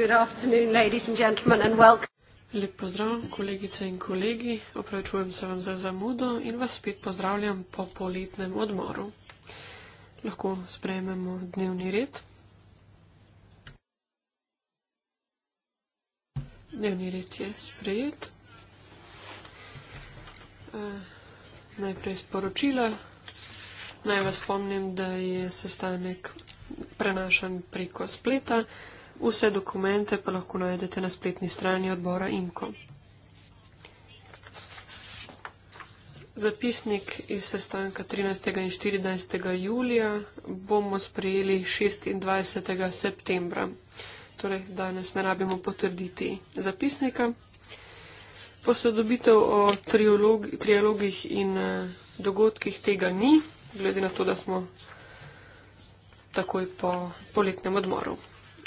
Good afternoon, ladies and gentlemen, and welcome. Lep pozdrav, kolegice in kolegi. Opravičujem se vam za zamudo in vas spet pozdravljam po poletnem odmoru. Lahko sprejmemo dnevni red. Dnevni red je sprejet. Eh, najprej sporočila. Naj vas spomnim, da je sestanek prenašan preko spleta. Vse dokumente pa lahko najdete na spletni strani odbora IMKO. Zapisnik iz sestanka 13. in 14. julija bomo sprejeli 26. septembra. Torej, danes ne rabimo potrditi zapisnika. Posodobitev o trialogih in eh, dogodkih tega ni, glede na to, da smo takoj po poletnem odmoru.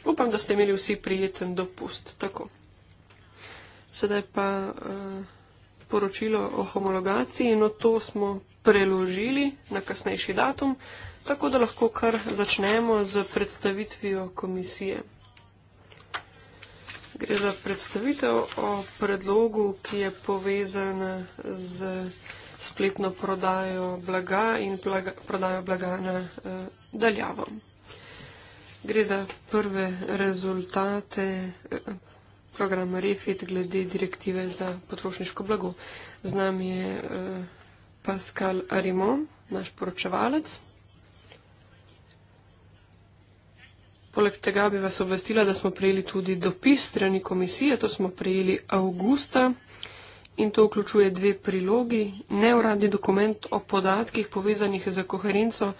Upam, da ste imeli vsi prijeten dopust. Tako. Sedaj pa uh, poročilo o homologaciji, no to smo preložili na kasnejši datum, tako da lahko kar začnemo z predstavitvijo komisije. Gre za predstavitev o predlogu, ki je povezan z spletno prodajo blaga in blaga, prodajo blaga na uh, daljavo. Gre za prve rezultate eh, programa REFIT glede direktive za potrošniško blago. Z nami je eh, Pascal Arimon, naš poročevalec. Poleg tega bi vas obvestila, da smo prejeli tudi dopis strani komisije, to smo prejeli avgusta in to vključuje dve prilogi, neuradni dokument o podatkih povezanih za koherenco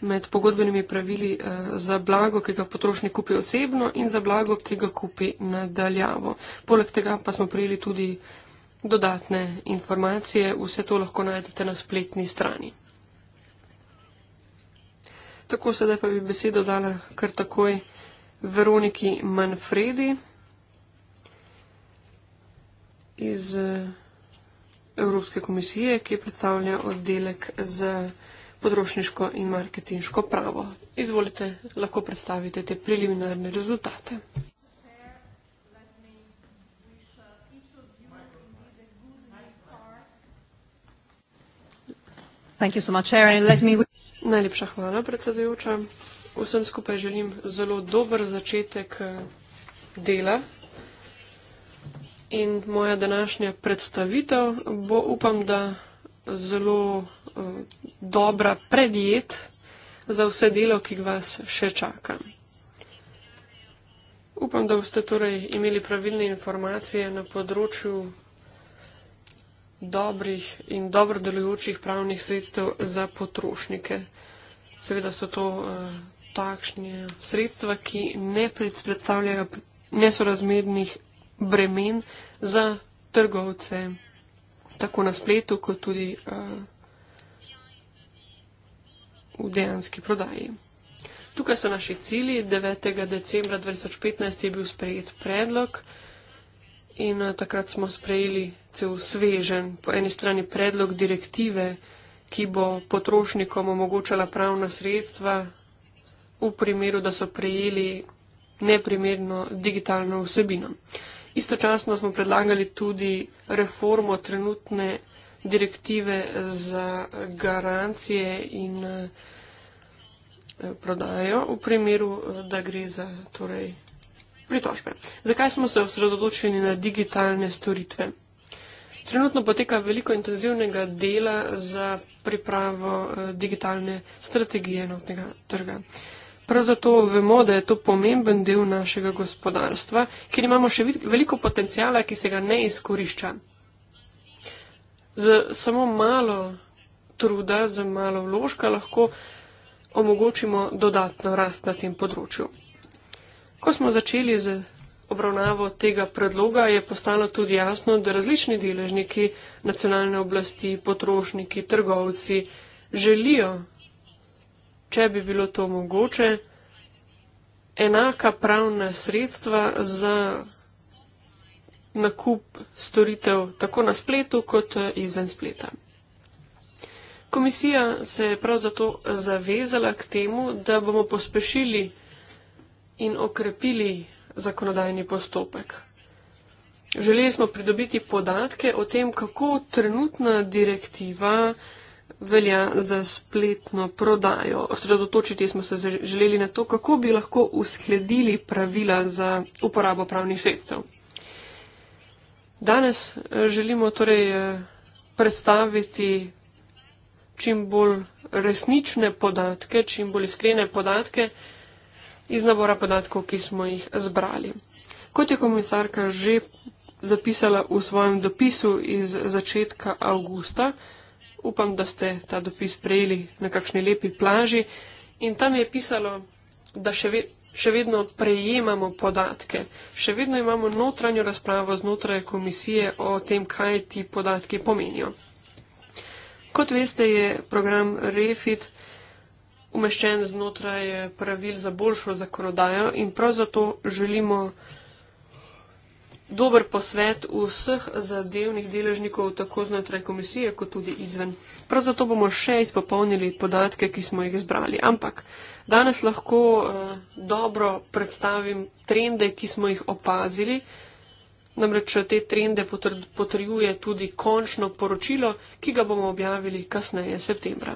med pogodbenimi pravili eh, za blago, ki ga potrošnik kupi osebno in za blago, ki ga kupi nadaljavo. Poleg tega pa smo prijeli tudi dodatne informacije. Vse to lahko najdete na spletni strani. Tako sedaj pa bi besedo dala kar takoj Veroniki Manfredi iz eh, Evropske komisije, ki predstavlja oddelek za potrošniško in marketinško pravo. Izvolite, lahko predstavite te preliminarne rezultate. So much, Najlepša hvala, predsedujoča. Vsem skupaj želim zelo dober začetek eh, dela. In moja današnja predstavitev bo, upam, da zelo uh, dobra predjed za vse delo, ki vas še čaka. Upam, da boste torej imeli pravilne informacije na področju dobrih in dobro delujočih pravnih sredstev za potrošnike. Seveda so to uh, takšne sredstva, ki ne predstavljajo nesorazmernih bremen za trgovce tako na spletu, kot tudi uh, v dejanski prodaji. Tukaj so naši cili. 9. decembra 2015 je bil sprejet predlog in uh, takrat smo sprejeli cel svežen, po eni strani predlog direktive, ki bo potrošnikom omogočala pravna sredstva v primeru, da so prejeli neprimerno digitalno vsebino. Uh, Istočasno smo predlagali tudi reformo trenutne direktive za garancije in eh, prodajo v primeru, eh, da gre za torej, pritožbe. Zakaj smo se osredotočili na digitalne storitve? Trenutno poteka veliko intenzivnega dela za pripravo eh, digitalne strategije enotnega trga. Prav zato vemo, da je to pomemben del našega gospodarstva, kjer imamo še veliko potencijala, ki se ga ne izkorišča. Z samo malo truda, z malo vložka lahko omogočimo dodatno rast na tem področju. Ko smo začeli z obravnavo tega predloga, je postalo tudi jasno, da različni deležniki, nacionalne oblasti, potrošniki, trgovci želijo če bi bilo to mogoče, enaka pravna sredstva za nakup storitev tako na spletu kot eh, izven spleta. Komisija se je prav zato zavezala k temu, da bomo pospešili in okrepili zakonodajni postopek. Želeli smo pridobiti podatke o tem, kako trenutna direktiva velja za spletno prodajo. Osredotočiti smo se želeli na to, kako bi lahko uskladili pravila za uporabo pravnih sredstev. Danes eh, želimo torej eh, predstaviti čim bolj resnične podatke, čim bolj iskrene podatke iz nabora podatkov, ki smo jih zbrali. Kot je komisarka že zapisala v svojem dopisu iz začetka avgusta, Upam, da ste ta dopis prejeli na kakšni lepi plaži. In tam je pisalo, da še, ve, še vedno prejemamo podatke, še vedno imamo notranjo razpravo znotraj komisije o tem, kaj ti podatki pomenijo. Kot veste, je program REFIT umeščen znotraj pravil za boljšo zakonodajo in prav zato želimo dober posvet vseh zadevnih deležnikov, tako znotraj komisije, kot tudi izven. Prav zato bomo še izpopolnili podatke, ki smo jih zbrali. Ampak danes lahko uh, dobro predstavim trende, ki smo jih opazili. Namreč te trende potr potrjuje tudi končno poročilo, ki ga bomo objavili kasneje septembra.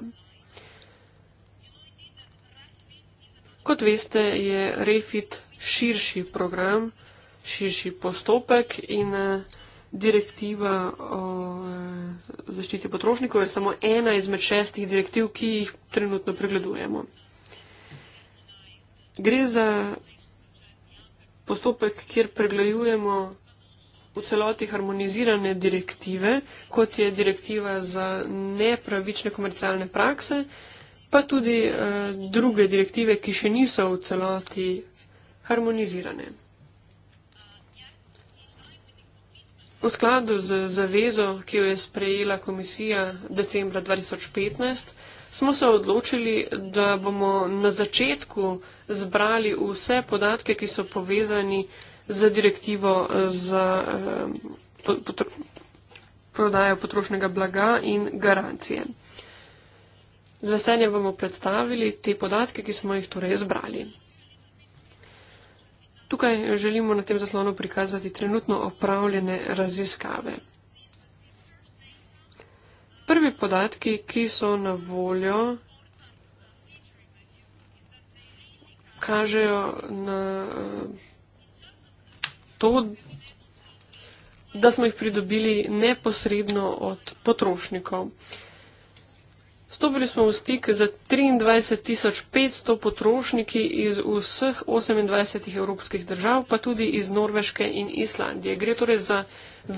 Kot veste, je REFIT širši program, širši postopek in eh, direktiva o eh, zaščiti potrošnikov je samo ena izmed šestih direktiv, ki jih trenutno pregledujemo. Gre za postopek, kjer pregledujemo v celoti harmonizirane direktive, kot je direktiva za nepravične komercialne prakse, pa tudi uh, druge direktive, ki še niso v celoti harmonizirane. V skladu z zavezo, ki jo je sprejela komisija decembra 2015, smo se odločili, da bomo na začetku zbrali vse podatke, ki so povezani z direktivo za eh, prodajo potrošnega blaga in garancije. Z veseljem bomo predstavili te podatke, ki smo jih torej zbrali. Tukaj želimo na tem zaslonu prikazati trenutno opravljene raziskave. Prvi podatki, ki so na voljo, kažejo na eh, to, da smo jih pridobili neposredno od potrošnikov. Stopili smo v stik z 23.500 potrošniki iz vseh 28 evropskih držav, pa tudi iz Norveške in Islandije. Gre torej za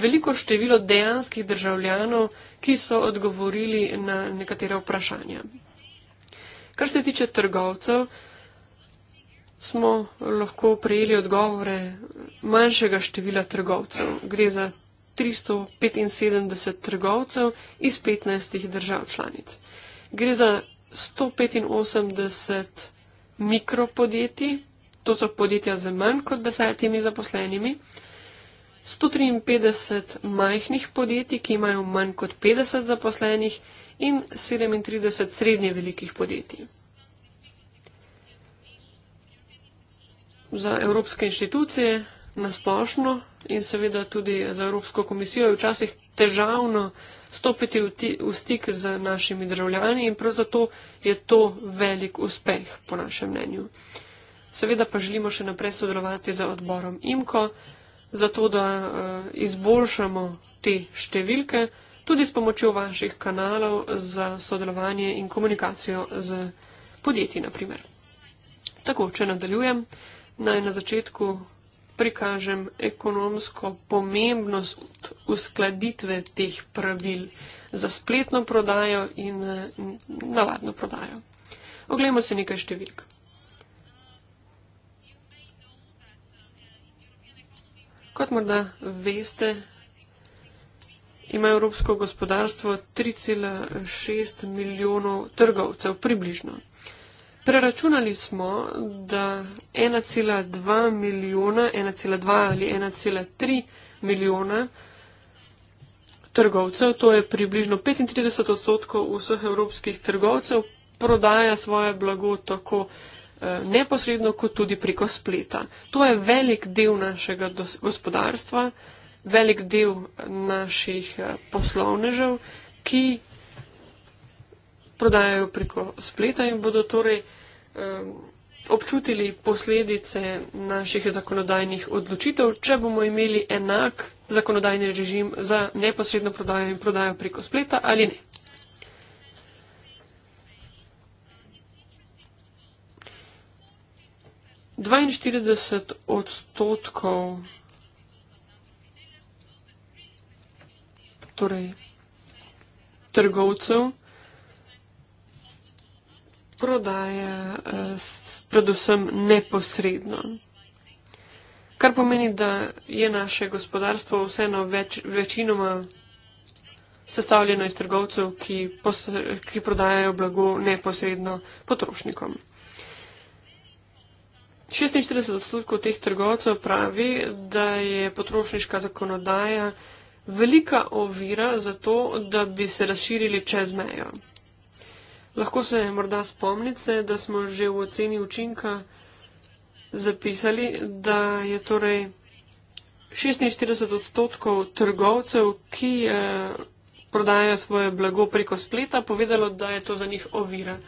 veliko število dejanskih državljanov, ki so odgovorili na nekatere vprašanja. Kar se tiče trgovcev, smo lahko prejeli odgovore manjšega števila trgovcev. Gre za 375 trgovcev iz 15 držav članic. Gre za 185 mikropodjetij, to so podjetja z manj kot desetimi zaposlenimi, 153 majhnih podjetij, ki imajo manj kot 50 zaposlenih in 37 srednje velikih podjetij. Za evropske inštitucije nasplošno in seveda tudi za Evropsko komisijo je včasih težavno, stopiti v, ti, v stik z našimi državljani in prav zato je to velik uspeh, po našem mnenju. Seveda pa želimo še naprej sodelovati z odborom IMKO, zato da uh, izboljšamo te številke, tudi s pomočjo vaših kanalov za sodelovanje in komunikacijo z podjetji, naprimer. Tako, če nadaljujem, naj na začetku prikažem ekonomsko pomembnost uskladitve teh pravil za spletno prodajo in eh, navadno prodajo. Oglejmo se nekaj številk. Kot morda veste, ima evropsko gospodarstvo 3,6 milijonov trgovcev, približno. Preračunali smo, da 1,2 milijona, 1,2 ali 1,3 milijona trgovcev, to je približno 35 odstotkov vseh evropskih trgovcev, prodaja svoje blago tako eh, neposredno, kot tudi preko spleta. To je velik del našega gospodarstva, velik del eh, naših eh, poslovnežev, ki prodajajo preko spleta in bodo torej ehm, občutili posledice naših zakonodajnih odločitev, če bomo imeli enak zakonodajni režim za neposredno prodajo in prodajo preko spleta ali ne. Dvainštirideset odstotkov torej, trgovcev prodaja eh, predvsem neposredno. Kar pomeni, da je naše gospodarstvo vseeno več, večinoma sestavljeno iz trgovcev, ki, ki prodajajo blago neposredno potrošnikom. 46 odstotkov teh trgovcev pravi, da je potrošniška zakonodaja velika ovira za to, da bi se razširili čez mejo. Lahko se morda spomnite, da smo že v oceni učinka zapisali, da je torej 46 odstotkov trgovcev, ki eh, prodajajo svoje blago preko spleta, povedalo, da je to za njih ovira.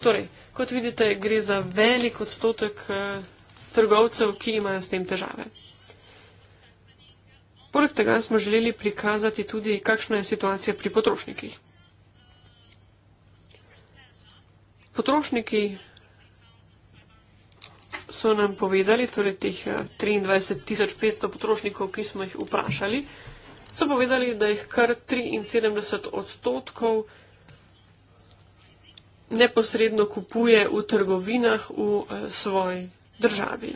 Torej, kot vidite, gre za velik odstotek eh, trgovcev, ki imajo s tem težave. Poleg tega smo želeli prikazati tudi, kakšna je situacija pri potrošnikih. Potrošniki so nam povedali, torej teh 23.500 eh, potrošnikov, ki smo jih vprašali, so povedali, da jih kar 73 odstotkov neposredno kupuje v trgovinah v eh, svoji državi.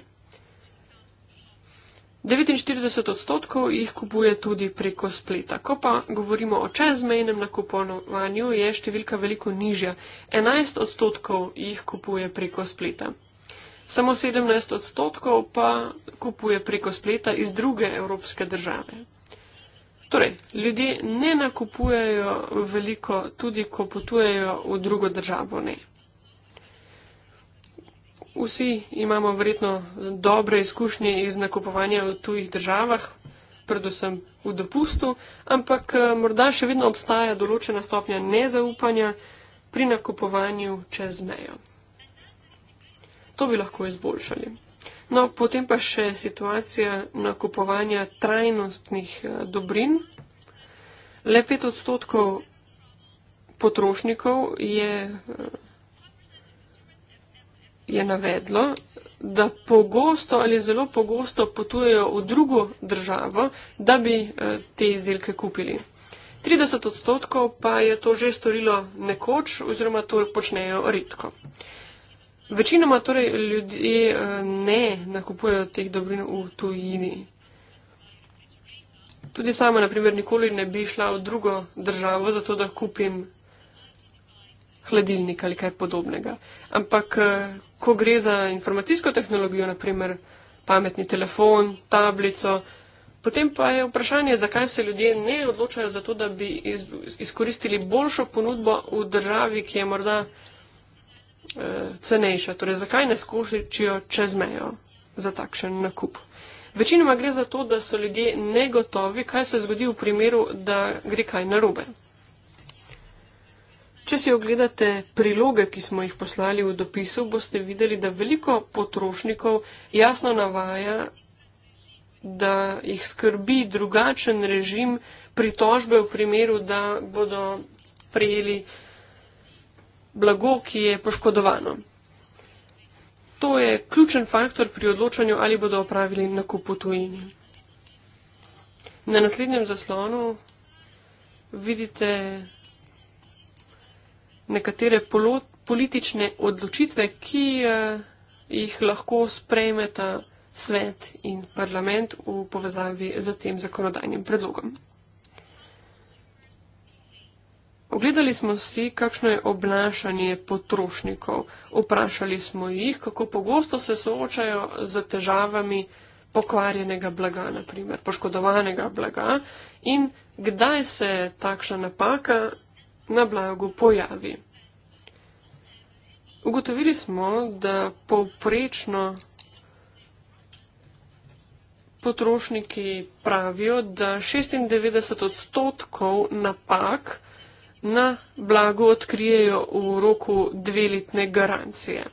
49 odstotkov jih kupuje tudi preko spleta. Ko pa govorimo o čezmejnem nakupovanju, je številka veliko nižja. 11 odstotkov jih kupuje preko spleta samo 17 odstotkov pa kupuje preko spleta iz druge evropske države. Torej, ljudje ne nakupujejo veliko, tudi ko potujejo v drugo državo. Ne. Vsi imamo verjetno dobre izkušnje iz nakupovanja v tujih državah, predvsem v dopustu, ampak eh, morda še vedno obstaja določena stopnja nezaupanja pri nakupovanju čez mejo to bi lahko izboljšali. No, potem pa še situacija nakupovanja trajnostnih eh, dobrin. Le pet odstotkov potrošnikov je, eh, je navedlo, da pogosto ali zelo pogosto potujejo v drugo državo, da bi eh, te izdelke kupili. 30 odstotkov pa je to že storilo nekoč oziroma to počnejo redko. Večinoma torej ljudje eh, ne nakupujejo teh dobrin v tujini. Tudi sama, naprimer, nikoli ne bi šla v drugo državo, zato da kupim hladilnik ali kaj podobnega. Ampak, eh, ko gre za informacijsko tehnologijo, naprimer pametni telefon, tablico, potem pa je vprašanje, zakaj se ljudje ne odločajo za to, da bi iz, izkoristili boljšo ponudbo v državi, ki je morda Eh, cenejša. Torej, zakaj ne skočijo čez mejo za takšen nakup? Večinoma gre za to, da so ljudje negotovi, kaj se zgodi v primeru, da gre kaj narobe. Če si ogledate priloge, ki smo jih poslali v dopisu, boste videli, da veliko potrošnikov jasno navaja, da jih skrbi drugačen režim pritožbe v primeru, da bodo prijeli uh, blago, ki je poškodovano. To je ključen faktor pri odločanju, ali bodo opravili nakup v tujini. Na naslednjem zaslonu vidite nekatere politične odločitve, ki eh, jih lahko sprejmeta svet in parlament v povezavi z tem zakonodajnim predlogom. Ogledali smo si, kakšno je obnašanje potrošnikov. Vprašali smo jih, kako pogosto se soočajo z težavami pokvarjenega blaga, naprimer poškodovanega blaga in kdaj se takšna napaka na blagu pojavi. Ugotovili smo, da povprečno potrošniki pravijo, da 96 odstotkov napak, na blago odkrijejo v roku dveletne garancije.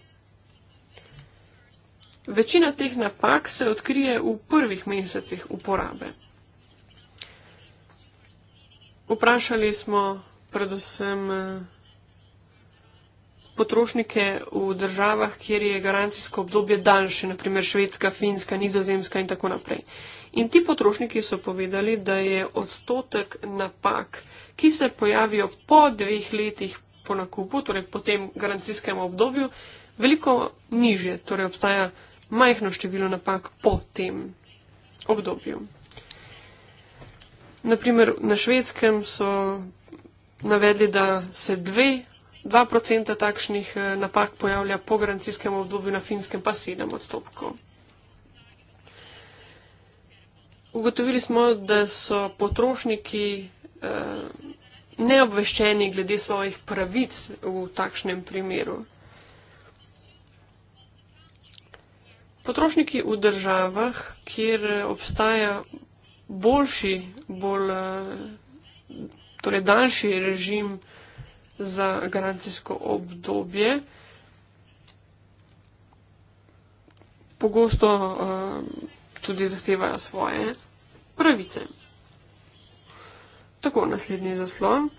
Večina teh napak se odkrije v prvih mesecih uporabe. Vprašali smo predvsem eh, potrošnike v državah, kjer je garancijsko obdobje daljše, naprimer Švedska, Finska, Nizozemska in tako naprej. In ti potrošniki so povedali, da je odstotek napak ki se pojavijo po dveh letih po nakupu, torej po tem garancijskem obdobju, veliko nižje, torej obstaja majhno število napak po tem obdobju. Naprimer, na švedskem so navedli, da se dve. 2% takšnih eh, napak pojavlja po garancijskem obdobju, na finskem pa 7 odstotkov. Ugotovili smo, da so potrošniki eh, neobveščeni glede svojih pravic v takšnem primeru. Potrošniki v državah, kjer obstaja boljši, bolj torej daljši režim za garancijsko obdobje, pogosto eh, tudi zahtevajo svoje pravice. Tako, naslednji zaslon.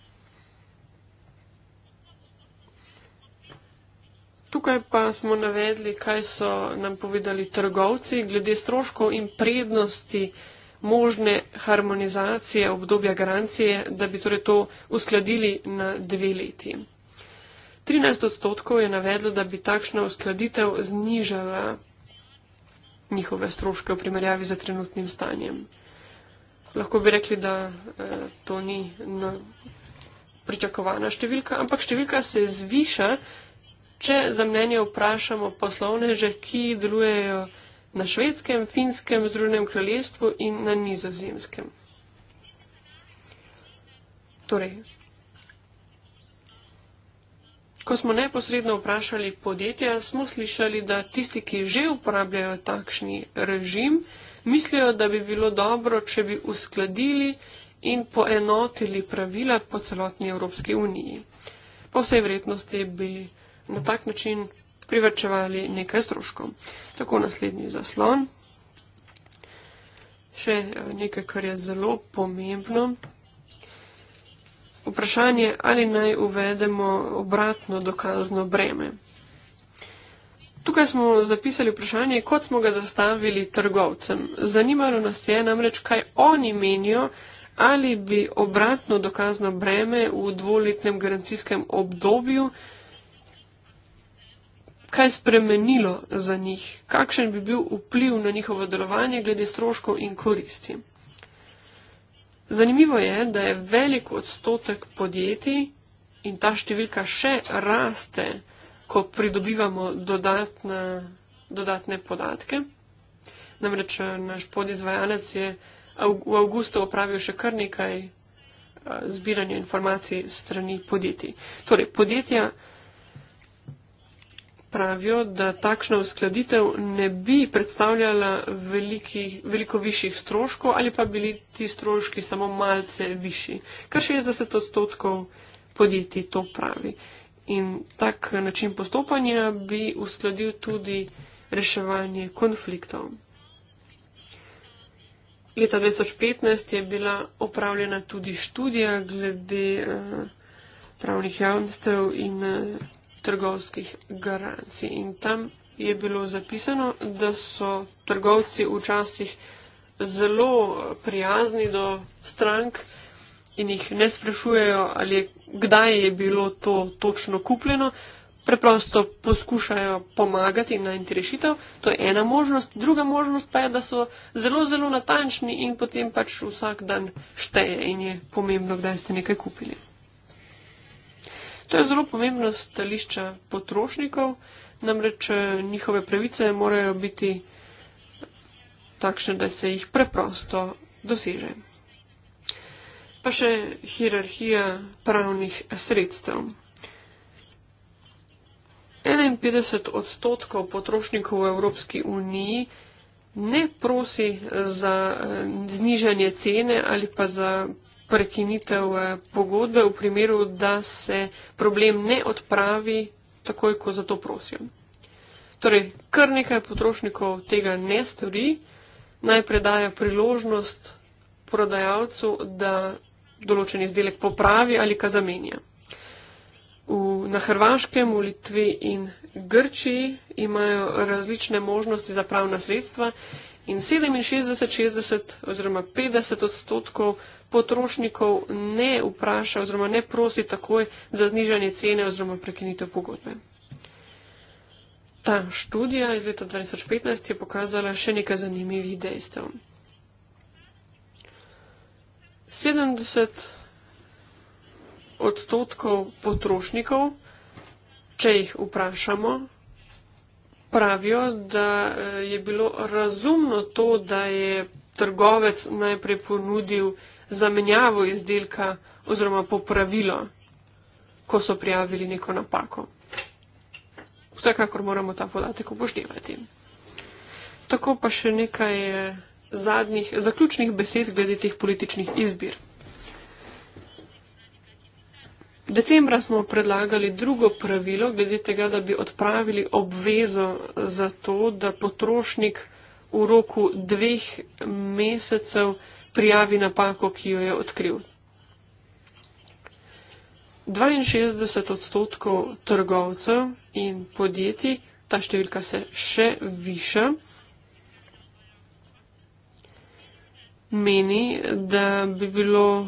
Tukaj pa smo navedli, kaj so nam povedali trgovci glede stroškov in prednosti možne harmonizacije obdobja garancije, da bi torej to uskladili na dve leti. 13 odstotkov je navedlo, da bi takšna uskladitev znižala njihove stroške v primerjavi z trenutnim stanjem lahko bi rekli, da eh, to ni no, pričakovana številka, ampak številka se zviša, če za mnenje vprašamo poslovneže, ki delujejo na švedskem, finskem, združenem kraljestvu in na nizozemskem. Torej, ko smo neposredno vprašali podjetja, smo slišali, da tisti, ki že uporabljajo takšni režim, mislijo, da bi bilo dobro, če bi uskladili in poenotili pravila po celotni Evropski uniji. Po vsej vrednosti bi na tak način privrčevali nekaj stroškov. Tako naslednji zaslon. Še eh, nekaj, kar je zelo pomembno. Vprašanje, ali naj uvedemo obratno dokazno breme. Tukaj smo zapisali vprašanje, kot smo ga zastavili trgovcem. Zanimalo nas je namreč, kaj oni menijo, ali bi obratno dokazno breme v dvoletnem garancijskem obdobju kaj spremenilo za njih, kakšen bi bil vpliv na njihovo delovanje glede stroškov in koristi. Zanimivo je, da je velik odstotek podjetij in ta številka še raste ko pridobivamo dodatne, dodatne podatke. Namreč eh, naš podizvajalec je v avgustu opravil še kar nekaj eh, zbiranja informacij strani podjetij. Torej, podjetja pravijo, da takšna uskladitev ne bi predstavljala veliki, veliko višjih stroškov ali pa bili ti stroški samo malce višji. Kar 60 odstotkov podjetij to pravi. In tak način postopanja bi uskladil tudi reševanje konfliktov. Leta 2015 je bila opravljena tudi študija glede eh, pravnih javnstev in eh, trgovskih garancij. In tam je bilo zapisano, da so trgovci včasih zelo prijazni do strank, in jih ne sprašujejo, ali kdaj je bilo to točno kupljeno, preprosto poskušajo pomagati in najti rešitev. To je ena možnost. Druga možnost pa je, da so zelo, zelo natančni in potem pač vsak dan šteje in je pomembno, kdaj ste nekaj kupili. To je zelo pomembno stališča potrošnikov, namreč eh, njihove pravice morajo biti takšne, da se jih preprosto doseže pa še hierarhija pravnih sredstev. 51 odstotkov potrošnikov v Evropski uniji ne prosi za eh, znižanje cene ali pa za prekinitev eh, pogodbe v primeru, da se problem ne odpravi takoj, ko za to prosim. Torej, kar nekaj potrošnikov tega ne stori, naj predaja priložnost prodajalcu, da določen izdelek popravi ali ga zamenja. V, na Hrvaškem, v Litvi in Grčiji imajo različne možnosti za pravna sredstva in 67, 60 oziroma 50 odstotkov potrošnikov ne vpraša oziroma ne prosi takoj za znižanje cene oziroma prekinitev pogodbe. Ta študija iz leta 2015 je pokazala še nekaj zanimivih dejstev. 70 odstotkov potrošnikov, če jih vprašamo, pravijo, da eh, je bilo razumno to, da je trgovec najprej ponudil zamenjavo izdelka oziroma popravilo, ko so prijavili neko napako. Vsekakor moramo ta podatek upoštevati. Tako pa še nekaj eh, zadnjih, zaključnih besed glede teh političnih izbir. Decembra smo predlagali drugo pravilo, glede tega, da bi odpravili obvezo za to, da potrošnik v roku dveh mesecev prijavi napako, ki jo je odkril. 62 odstotkov trgovcev in podjetij, ta številka se še viša. meni, da bi bilo,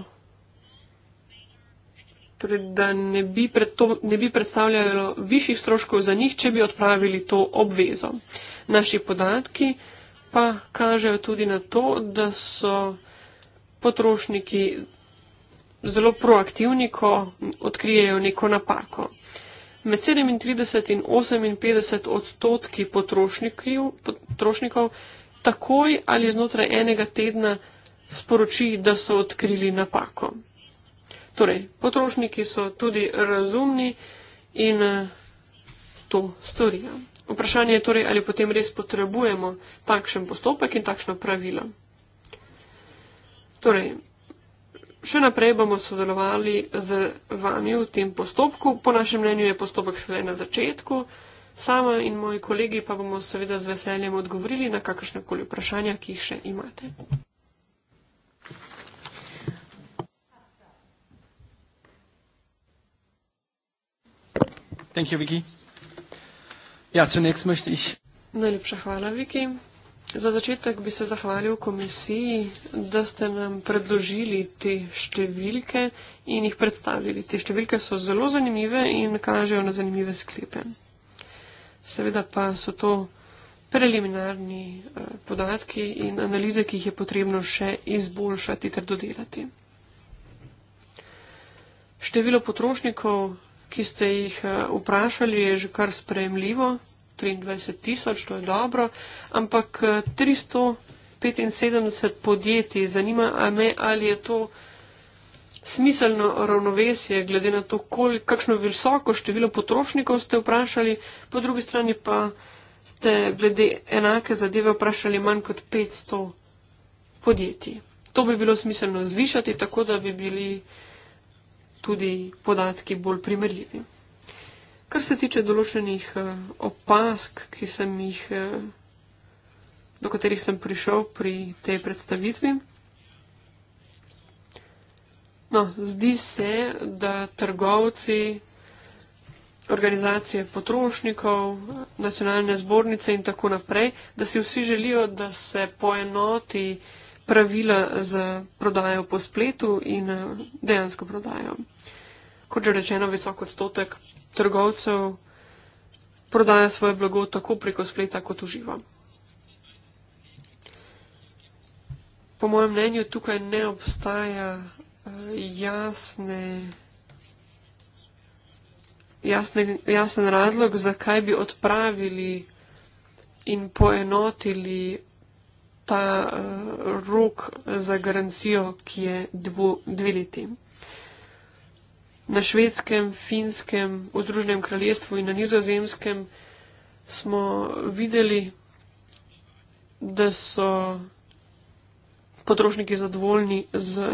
torej, da ne bi, pred to, ne bi predstavljalo višjih stroškov za njih, če bi odpravili to obvezo. Naši podatki pa kažejo tudi na to, da so potrošniki zelo proaktivni, ko odkrijejo neko napako. Med 37 in 58 odstotki potrošnikov, potrošnikov takoj ali znotraj enega tedna sporoči, da so odkrili napako. Torej, potrošniki so tudi razumni in eh, to storijo. Vprašanje je torej, ali potem res potrebujemo takšen postopek in takšno pravilo. Torej, še naprej bomo sodelovali z vami v tem postopku. Po našem mnenju je postopek šele na začetku. Sama in moji kolegi pa bomo seveda z veseljem odgovorili na kakršne koli vprašanja, ki jih še imate. Thank you, Vicky. Ja, zunächst möchte ich. Najlepša hvala, Viki. Za začetek bi se zahvalil komisiji, da ste nam predložili te številke in jih predstavili. Te številke so zelo zanimive in kažejo na zanimive sklepe. Seveda pa so to preliminarni eh, podatki in analize, ki jih je potrebno še izboljšati ter dodelati. Število potrošnikov ki ste jih eh, vprašali, je že kar sprejemljivo. 23 tisoč, to je dobro, ampak 375 eh, podjetij zanima me, ali je to smiselno ravnovesje, glede na to, kolik, kakšno visoko število potrošnikov ste vprašali, po drugi strani pa ste glede enake zadeve vprašali manj kot 500 podjetij. To bi bilo smiselno zvišati, tako da bi bili tudi podatki bolj primerljivi. Kar se tiče določenih eh, opask, ki sem jih, eh, do katerih sem prišel pri tej predstavitvi, no, zdi se, da trgovci, organizacije potrošnikov, nacionalne zbornice in tako naprej, da si vsi želijo, da se poenoti pravila za prodajo po spletu in eh, dejansko prodajo. Kot že rečeno, visok odstotek trgovcev prodaja svoje blago tako preko spleta, kot uživa. Po mojem mnenju tukaj ne obstaja eh, jasne, jasne, jasen razlog, zakaj bi odpravili in poenotili ta uh, rok za garancijo, ki je dvo, dve leti. Na švedskem, finskem, v Združenem kraljestvu in na nizozemskem smo videli, da so potrošniki zadovoljni z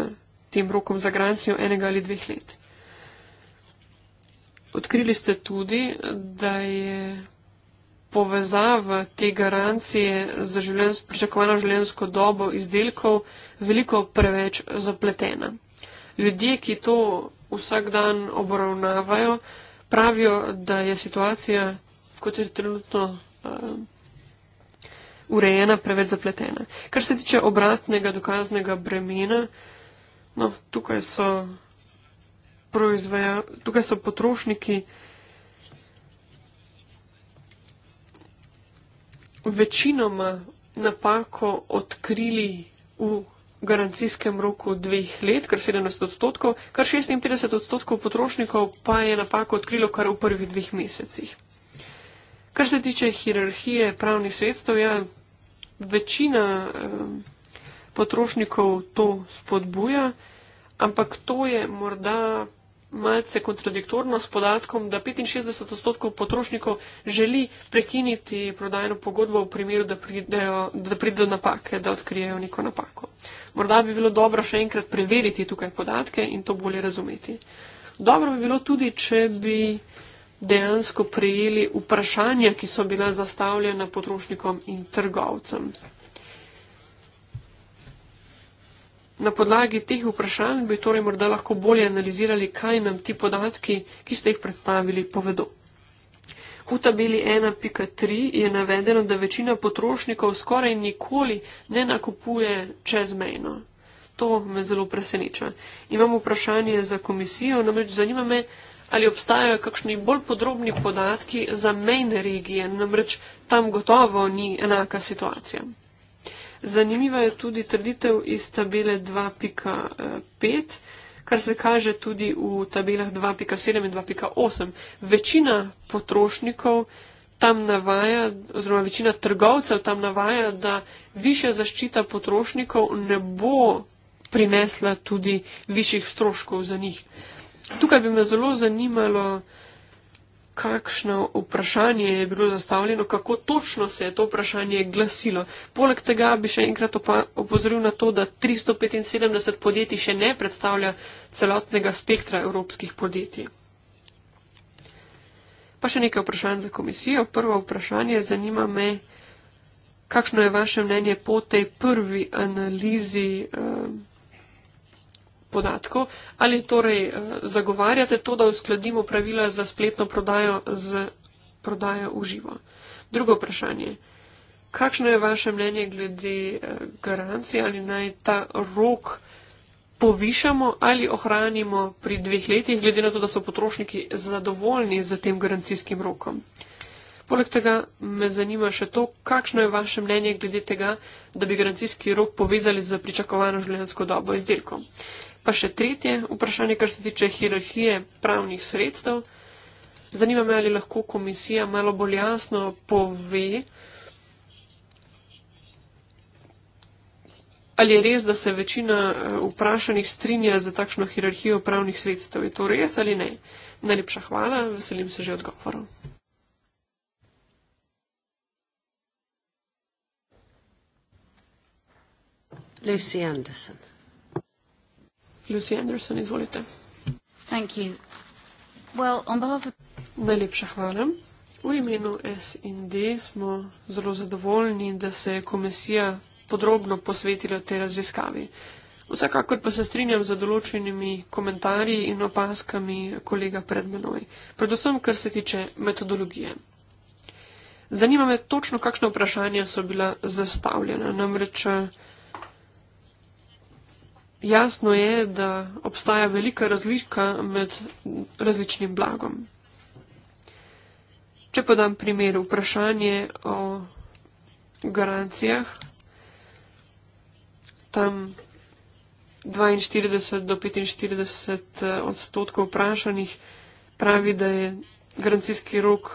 tem rokom za garancijo enega ali dveh let. Odkrili ste tudi, da je povezava te garancije za življens, pričakovano življenjsko dobo izdelkov veliko preveč zapletena. Ljudje, ki to vsak dan obravnavajo, pravijo, da je situacija, kot je trenutno uh, urejena, preveč zapletena. Kar se tiče obratnega dokaznega bremena, no, tukaj, so tukaj so potrošniki. večinoma napako odkrili v garancijskem roku dveh let, kar 17 odstotkov, kar 56 odstotkov potrošnikov pa je napako odkrilo kar v prvih dveh mesecih. Kar se tiče hierarhije pravnih sredstev, ja, večina eh, potrošnikov to spodbuja, ampak to je morda malce kontradiktorno s podatkom, da 65 odstotkov potrošnikov želi prekiniti prodajno pogodbo v primeru, da pridejo, da pridejo napake, da odkrijejo neko napako. Morda bi bilo dobro še enkrat preveriti tukaj podatke in to bolje razumeti. Dobro bi bilo tudi, če bi dejansko prijeli vprašanja, ki so bila zastavljena potrošnikom in trgovcem. Na podlagi teh vprašanj bi torej morda lahko bolje analizirali, kaj nam ti podatki, ki ste jih predstavili, povedo. V tabeli 1.3 je navedeno, da večina potrošnikov skoraj nikoli ne nakupuje čezmejno. To me zelo preseneča. Imam vprašanje za komisijo, namreč zanima me, ali obstajajo kakšni bolj podrobni podatki za mejne regije, namreč tam gotovo ni enaka situacija. Zanimiva je tudi trditev iz tabele 2.5, kar se kaže tudi v tabelah 2.7 in 2.8. Večina potrošnikov tam navaja, oziroma večina trgovcev tam navaja, da više zaščita potrošnikov ne bo prinesla tudi višjih stroškov za njih. Tukaj bi me zelo zanimalo, kakšno vprašanje je bilo zastavljeno, kako točno se je to vprašanje glasilo. Poleg tega bi še enkrat opozoril na to, da 375 podjetij še ne predstavlja celotnega spektra evropskih podjetij. Pa še nekaj vprašanj za komisijo. Prvo vprašanje zanima me, kakšno je vaše mnenje po tej prvi analizi. Eh, podatkov. Ali torej eh, zagovarjate to, da uskladimo pravila za spletno prodajo z prodajo v živo? Drugo vprašanje. Kakšno je vaše mnenje glede eh, garancije, ali naj ta rok povišamo ali ohranimo pri dveh letih, glede na to, da so potrošniki zadovoljni z tem garancijskim rokom? Poleg tega me zanima še to, kakšno je vaše mnenje glede tega, da bi garancijski rok povezali z pričakovano življenjsko dobo izdelkom. Pa še tretje vprašanje, kar se tiče hierarhije pravnih sredstev. Zanima me, ali lahko komisija malo bolj jasno pove, ali je res, da se večina eh, vprašanih strinja za takšno hierarhijo pravnih sredstev. Je to res ali ne? Najlepša hvala, veselim se že odgovorov. Lucy Anderson. Lucy Anderson, izvolite. Thank you. Well, on behalf of... Najlepša hvala. V imenu SND smo zelo zadovoljni, da se je komisija podrobno posvetila te raziskavi. Vsekakor pa se strinjam za določenimi komentarji in opaskami kolega pred menoj, predvsem kar se tiče metodologije. Zanima me točno, kakšne vprašanja so bila zastavljena. Namreč Jasno je, da obstaja velika razlika med različnim blagom. Če podam primer vprašanje o garancijah, tam 42 do 45 eh, odstotkov vprašanih pravi, da je garancijski rok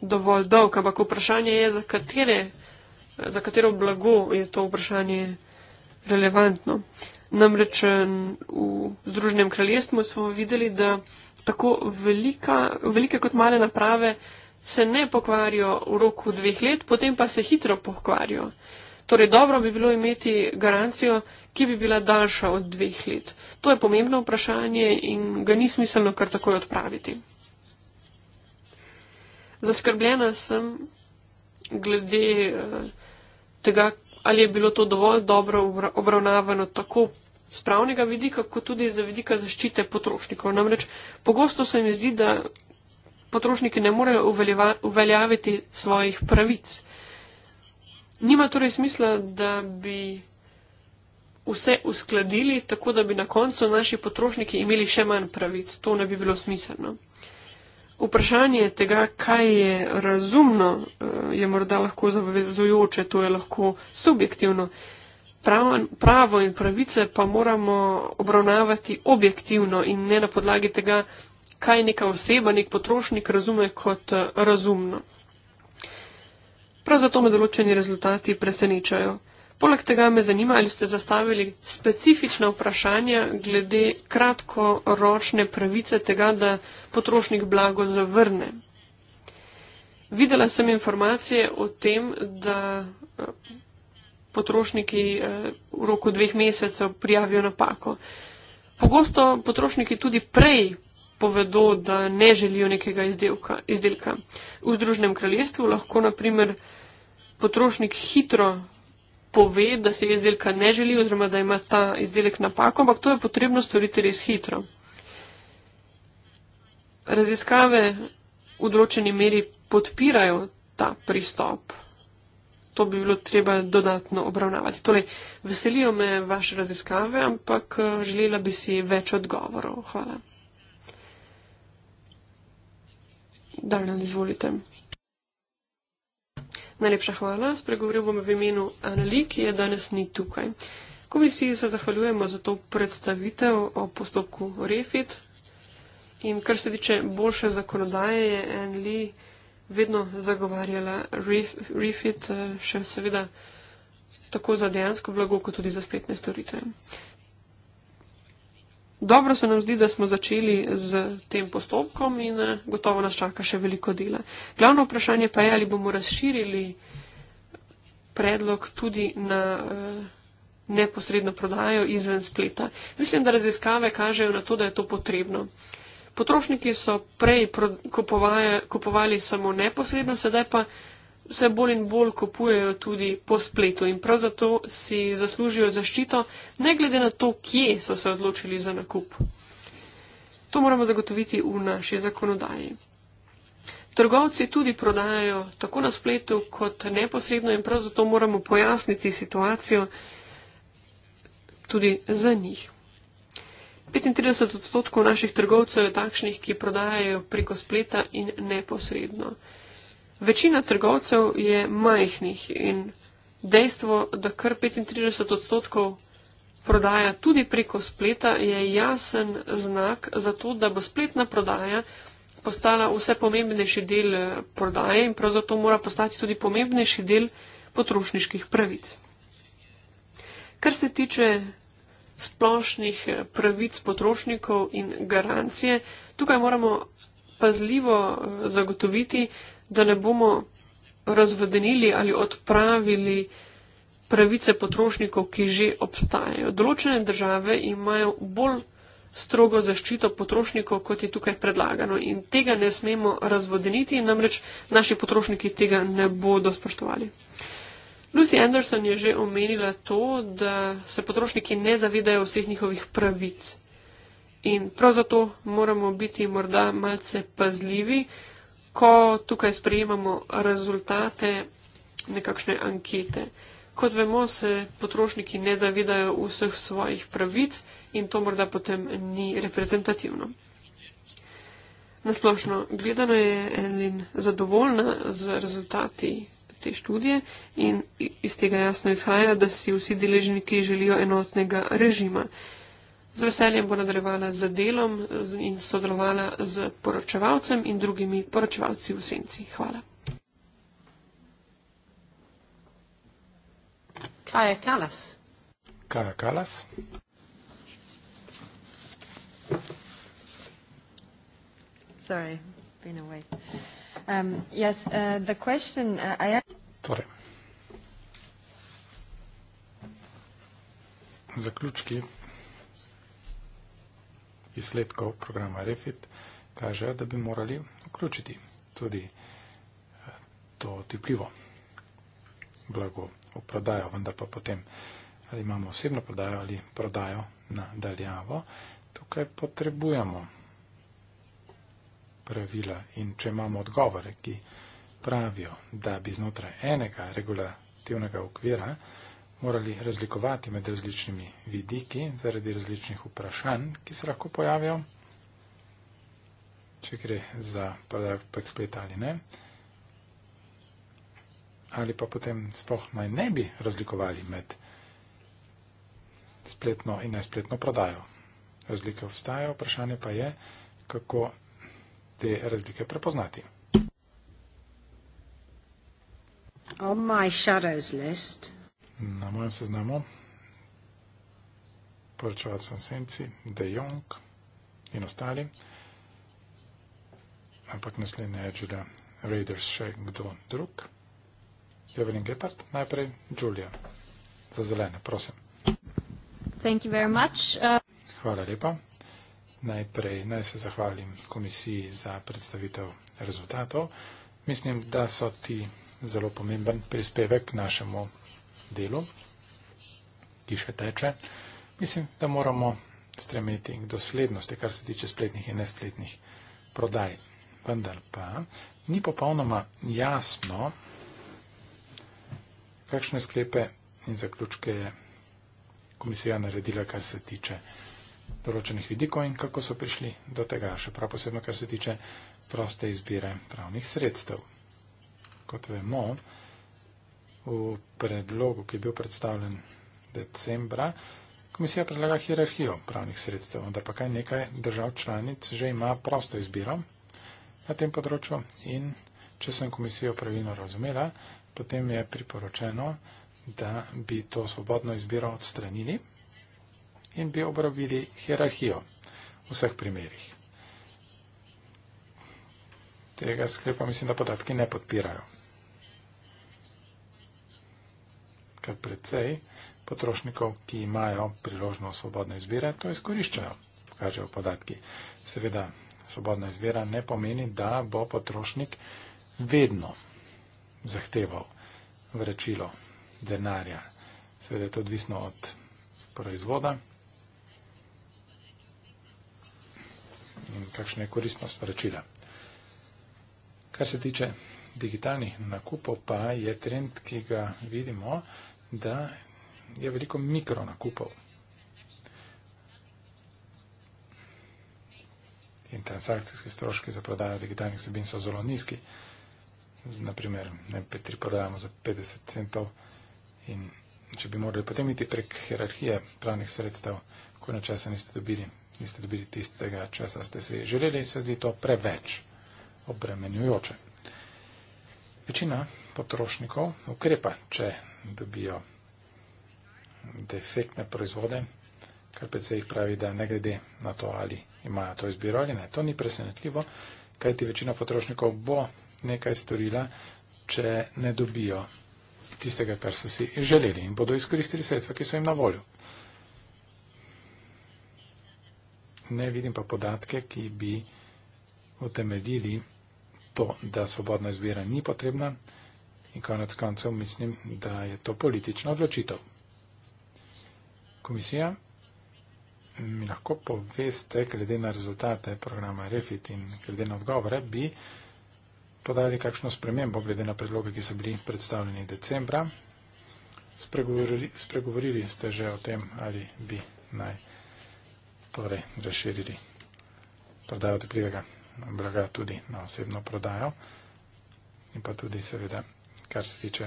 dovolj dolg, ampak vprašanje je, za, katere, za katero blago je to vprašanje relevantno. Namreč eh, v Združenem kraljestvu smo videli, da tako velika, velike kot male naprave se ne pokvarijo v roku dveh let, potem pa se hitro pokvarijo. Torej, dobro bi bilo imeti garancijo, ki bi bila daljša od dveh let. To je pomembno vprašanje in ga ni smiselno kar takoj odpraviti. Zaskrbljena sem glede eh, tega, ali je bilo to dovolj dobro obravnavano tako z pravnega vidika, kot tudi za vidika zaščite potrošnikov. Namreč pogosto se mi zdi, da potrošniki ne morejo uveljaviti svojih pravic. Nima torej smisla, da bi vse uskladili tako, da bi na koncu naši potrošniki imeli še manj pravic. To ne bi bilo smiselno. Vprašanje tega, kaj je razumno, eh, je morda lahko zavezujoče, to je lahko subjektivno. Pravo, pravo in pravice pa moramo obravnavati objektivno in ne na podlagi tega, kaj neka oseba, nek potrošnik razume kot eh, razumno. Prav zato me določeni rezultati presenečajo. Poleg tega me zanima, ali ste zastavili specifična vprašanja glede kratkoročne pravice tega, da potrošnik blago zavrne. Videla sem informacije o tem, da eh, potrošniki eh, v roku dveh mesecev prijavijo napako. Pogosto potrošniki tudi prej povedo, da ne želijo nekega izdelka, izdelka. V Združnem kraljestvu lahko naprimer potrošnik hitro pove, da se izdelka ne želi oziroma da ima ta izdelek napako, ampak to je potrebno storiti res hitro raziskave v določeni meri podpirajo ta pristop. To bi bilo treba dodatno obravnavati. Torej, veselijo me vaše raziskave, ampak eh, želela bi si več odgovorov. Hvala. Darnel, izvolite. Najlepša hvala. Spregovoril bom v imenu Anneli, ki je danes ni tukaj. Komisiji se zahvaljujemo za to predstavitev o postopku REFIT, In kar se tiče boljše zakonodaje, je Anne-Lee vedno zagovarjala refit, eh, še seveda tako za dejansko blago, kot tudi za spletne storitve. Dobro se nam zdi, da smo začeli z tem postopkom in eh, gotovo nas čaka še veliko dela. Glavno vprašanje pa je, ali bomo razširili predlog tudi na eh, neposredno prodajo izven spleta. Mislim, da raziskave kažejo na to, da je to potrebno. Potrošniki so prej kupovali samo neposredno, sedaj pa vse bolj in bolj kupujejo tudi po spletu in prav zato si zaslužijo zaščito, ne glede na to, kje so se odločili za nakup. To moramo zagotoviti v naši zakonodaji. Trgovci tudi prodajajo tako na spletu kot neposredno in prav zato moramo pojasniti situacijo tudi za njih. 35 odstotkov naših trgovcev je takšnih, ki prodajajo preko spleta in neposredno. Večina trgovcev je majhnih in dejstvo, da kar 35 odstotkov prodaja tudi preko spleta, je jasen znak za to, da bo spletna prodaja postala vse pomembnejši del eh, prodaje in prav zato mora postati tudi pomembnejši del potrošniških pravic. Kar se tiče splošnih eh, pravic potrošnikov in garancije. Tukaj moramo pazljivo eh, zagotoviti, da ne bomo razvedenili ali odpravili pravice potrošnikov, ki že obstajajo. Določene države imajo bolj strogo zaščito potrošnikov, kot je tukaj predlagano. In tega ne smemo razvodeniti, namreč naši potrošniki tega ne bodo spoštovali. Lucy Anderson je že omenila to, da se potrošniki ne zavedajo vseh njihovih pravic. In prav zato moramo biti morda malce pazljivi, ko tukaj sprejemamo rezultate nekakšne ankete. Kot vemo, se potrošniki ne zavedajo vseh svojih pravic in to morda potem ni reprezentativno. Nasplošno gledano je Elin zadovoljna z rezultati te študije in iz tega jasno izhaja, da si vsi deležniki želijo enotnega režima. Z veseljem bo nadaljevala z delom in sodelovala z poročevalcem in drugimi poročevalci v senci. Hvala. Kaja Kalas. Kaja Kalas. Sorry, been away. Um, yes, uh, the question uh, I have. Torej. Zaključki izsledkov programa REFIT kažejo, da bi morali vključiti tudi eh, to tipljivo blago v prodajo, vendar pa potem ali imamo osebno prodajo ali prodajo na daljavo, tukaj potrebujemo pravila in če imamo odgovore, ki pravijo, da bi znotraj enega regulativnega okvira morali razlikovati med različnimi vidiki zaradi različnih vprašanj, ki se lahko pojavijo, če gre za podatek prek spleta ali ne, ali pa potem spoh naj ne bi razlikovali med spletno in nespletno prodajo. Razlike obstajajo, vprašanje pa je, kako te razlike prepoznati. On my shadows list. Na mojem seznamu poročevalcev v senci, De Jong in ostali. Ampak naslednja je Julia Raiders še kdo drug. Evelyn Gepard, najprej Julia. Za zelene, prosim. Thank you very much. Uh... Hvala lepa najprej naj se zahvalim komisiji za predstavitev rezultatov. Mislim, da so ti zelo pomemben prispevek k našemu delu, ki še teče. Mislim, da moramo stremeti k doslednosti, kar se tiče spletnih in nespletnih prodaj. Vendar pa ni popolnoma jasno, kakšne sklepe in zaključke je komisija naredila, kar se tiče prodaj določenih vidikov in kako so prišli do tega, še prav posebno, kar se tiče proste izbire pravnih sredstev. Kot vemo, v predlogu, ki je bil predstavljen decembra, komisija predlaga hierarhijo pravnih sredstev, vendar pa kaj nekaj držav članic že ima prosto izbiro na tem področju in če sem komisijo pravilno razumela, potem je priporočeno, da bi to svobodno izbiro odstranili in bi obravili hierarhijo v vseh primerjih. Tega sklepa mislim, da podatki ne podpirajo. Ker predvsej potrošnikov, ki imajo priložno svobodne izbire, to izkoriščajo, kažejo podatki. Seveda, svobodna izbira ne pomeni, da bo potrošnik vedno zahteval vračilo denarja. Seveda je to odvisno od proizvoda, in kakšna je koristnost sporočila. Kar se tiče digitalnih nakupov, pa je trend, ki ga vidimo, da je veliko mikro nakupov. In transakcijski stroški za prodajo digitalnih vsebin so zelo nizki. Naprimer, tri prodajamo za 50 centov in če bi morali potem iti prek hierarhije pravnih sredstev, ko načesa niste dobili, niste dobili tistega, česa ste si želeli, se zdi to preveč obremenjujoče. Večina potrošnikov ukrepa, če dobijo defektne proizvode, kar PC jih pravi, da ne glede na to, ali imajo to izbiro ali ne. To ni presenetljivo, kajti večina potrošnikov bo nekaj storila, če ne dobijo tistega, kar so si želeli in bodo izkoristili sredstva, ki so jim na voljo. ne vidim pa podatke, ki bi utemeljili to, da svobodna izbira ni potrebna in konec koncev mislim, da je to politična odločitev. Komisija, mi lahko poveste, glede na rezultate programa REFIT in glede na odgovore, bi podali kakšno spremembo glede na predloge, ki so bili predstavljeni decembra. Spregovorili, spregovorili ste že o tem, ali bi naj torej razširili prodajo tepljivega blaga tudi na osebno prodajo in pa tudi seveda, kar se tiče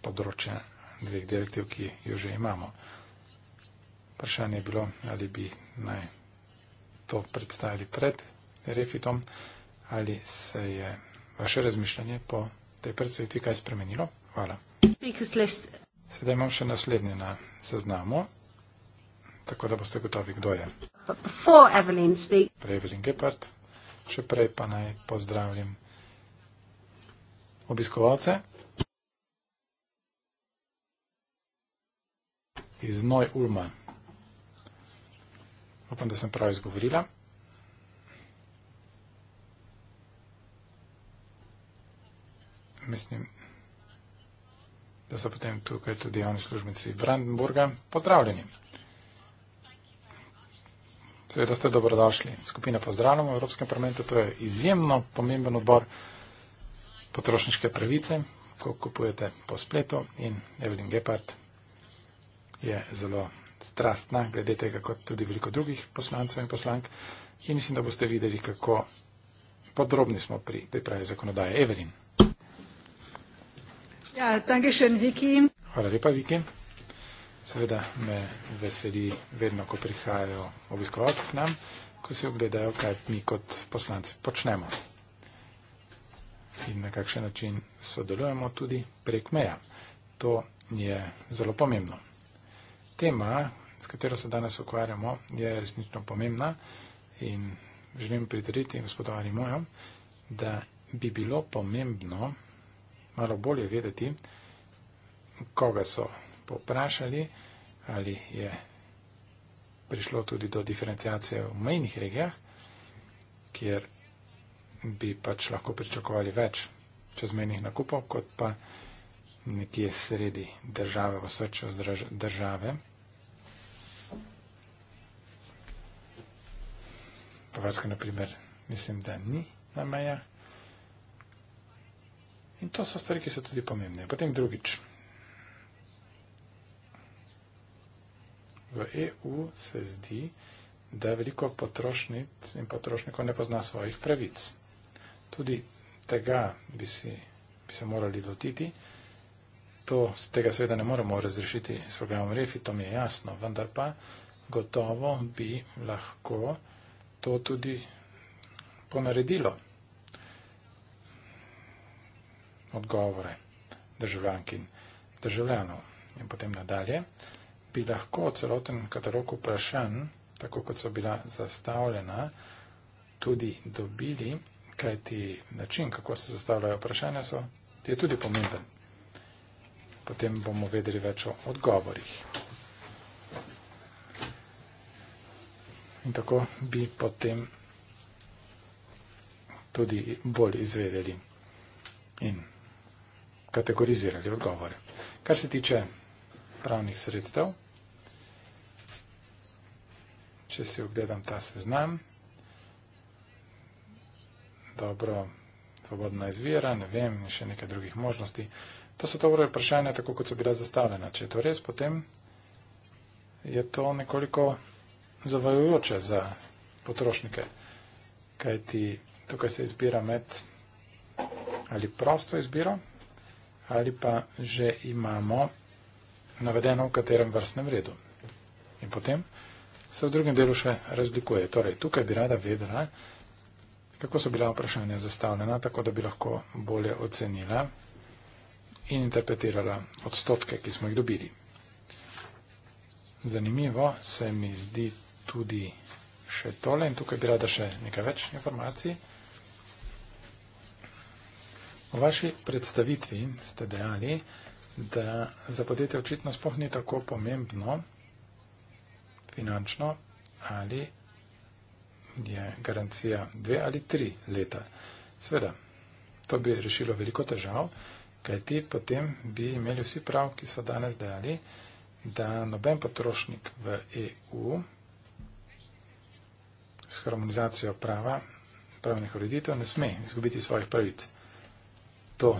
področja dveh direktiv, ki jo že imamo. Vprašanje je bilo, ali bi naj to predstavili pred refitom, ali se je vaše razmišljanje po tej predstavitvi kaj spremenilo. Hvala. Sedaj imam še naslednje na seznamu tako da boste gotovi, kdo je. Prej Evelyn Gepard, še prej pa naj pozdravim obiskovalce. Iz Noj Ulma. Upam, da sem prav izgovorila. Mislim, da so potem tukaj tudi javni službenci Brandenburga. Pozdravljeni. Seveda ste dobrodošli. Skupina pozdravljamo v Evropskem parlamentu. To je izjemno pomemben odbor potrošniške pravice, ko kupujete po spletu in Evelyn Gepard je zelo strastna, glede tega, kot tudi veliko drugih poslancev in poslank. In mislim, da boste videli, kako podrobni smo pri pripravi zakonodaje. Evelyn. Ja, Hvala lepa, Viki. Seveda me veseli vedno, ko prihajajo obiskovalci k nam, ko si ogledajo, kaj mi kot poslanci počnemo in na kakšen način sodelujemo tudi prek meja. To je zelo pomembno. Tema, s katero se danes ukvarjamo, je resnično pomembna in želim pritoriti gospodu Arimojo, da bi bilo pomembno malo bolje vedeti, koga so poprašali, ali je prišlo tudi do diferencijacije v mejnih regijah, kjer bi pač lahko pričakovali več čezmejnih nakupov, kot pa nekje sredi države, v srčju države. Bavarska, na primer, mislim, da ni na meja. In to so stvari, ki so tudi pomembne. Potem drugič, V EU se zdi, da veliko potrošnic in potrošnikov ne pozna svojih pravic. Tudi tega bi, si, bi se morali lotiti. To, tega seveda ne moremo razrešiti s programom REFI, to mi je jasno, vendar pa gotovo bi lahko to tudi ponaredilo odgovore državljank in državljanov. In potem nadalje bi lahko celoten katalog vprašanj, tako kot so bila zastavljena, tudi dobili, kajti način, kako se zastavljajo vprašanja, so, je tudi pomemben. Potem bomo vedeli več o odgovorih. In tako bi potem tudi bolj izvedeli in kategorizirali odgovore. Kar se tiče pravnih sredstev, če si ogledam ta seznam. Dobro, svobodna izvira, ne vem, še nekaj drugih možnosti. To so dobre vprašanja, tako kot so bila zastavljena. Če je to res, potem je to nekoliko zavajujoče za potrošnike, kaj ti tukaj se izbira med ali prosto izbiro, ali pa že imamo navedeno, v katerem vrstnem redu. In potem se v drugem delu še razlikuje. Torej, tukaj bi rada vedela, kako so bila vprašanja zastavljena, tako da bi lahko bolje ocenila in interpretirala odstotke, ki smo jih dobili. Zanimivo se mi zdi tudi še tole in tukaj bi rada še nekaj več informacij. V vaši predstavitvi ste dejali, da za podjetje očitno spohni tako pomembno, finančno ali je garancija dve ali tri leta. Sveda, to bi rešilo veliko težav, kajti potem bi imeli vsi prav, ki so danes dejali, da noben potrošnik v EU s harmonizacijo prava, pravnih ureditev ne sme izgubiti svojih pravic. To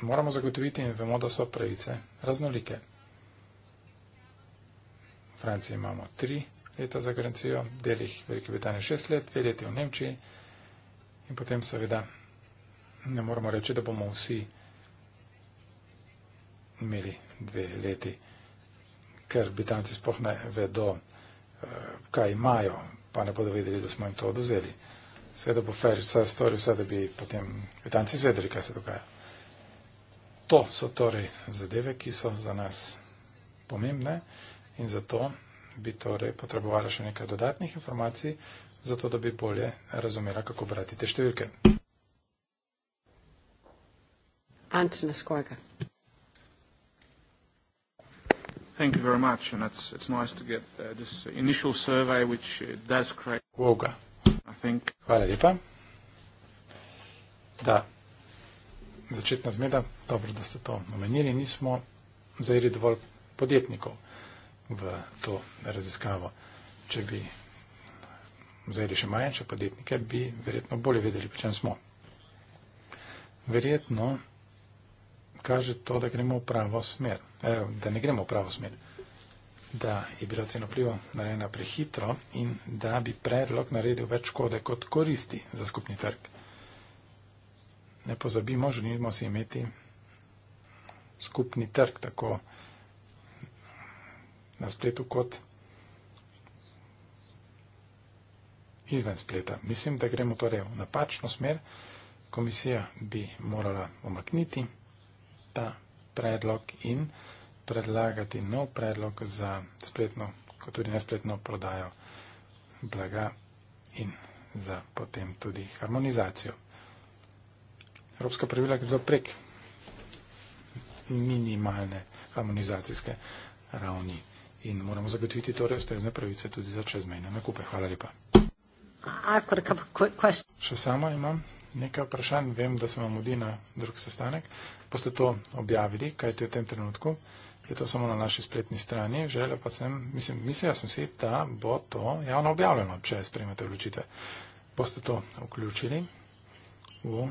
moramo zagotoviti in vemo, da so pravice raznolike. Franciji imamo tri leta za garancijo, delih Velike Britanije šest let, dve leti v Nemčiji in potem seveda ne moramo reči, da bomo vsi imeli dve leti, ker Britanci sploh ne vedo, eh, kaj imajo, pa ne bodo vedeli, da smo jim to oduzeli. Seveda bo Ferrič vse storil, vse da bi potem Britanci zvedeli, kaj se dogaja. To so torej zadeve, ki so za nas pomembne in zato bi torej potrebovala še nekaj dodatnih informacij, zato da bi bolje razumela, kako brati te številke. Antona Skorga. Thank you very much, and it's, it's nice to get uh, this initial survey, which uh, does create. Woga. I think. Hvala lepa. Da, začetna zmeda, dobro, da ste to omenili, nismo zajeli dovolj podjetnikov v to raziskavo. Če bi vzeli še manjše podjetnike, bi verjetno bolje vedeli, po čem smo. Verjetno kaže to, da gremo v pravo smer, e, da ne gremo v pravo smer, da je bila ceno vplivo narejena prehitro in da bi predlog naredil več škode kot koristi za skupni trg. Ne pozabimo, želimo si imeti skupni trg tako na spletu kot izven spleta. Mislim, da gremo torej v napačno smer. Komisija bi morala omakniti ta predlog in predlagati nov predlog za spletno, kot tudi nespletno prodajo blaga in za potem tudi harmonizacijo. Evropska pravila gredo prek minimalne harmonizacijske ravni in moramo zagotoviti torej ustrezne pravice tudi za čezmejne nakupe. Hvala lepa. Še sama imam nekaj vprašanj. Vem, da se vam odi na drug sestanek. Boste to objavili, kaj te v tem trenutku. Je to samo na naši spletni strani. Želel pa sem, mislim, mislila sem si, da bo to javno objavljeno, če sprejmete odločitve. Boste to vključili v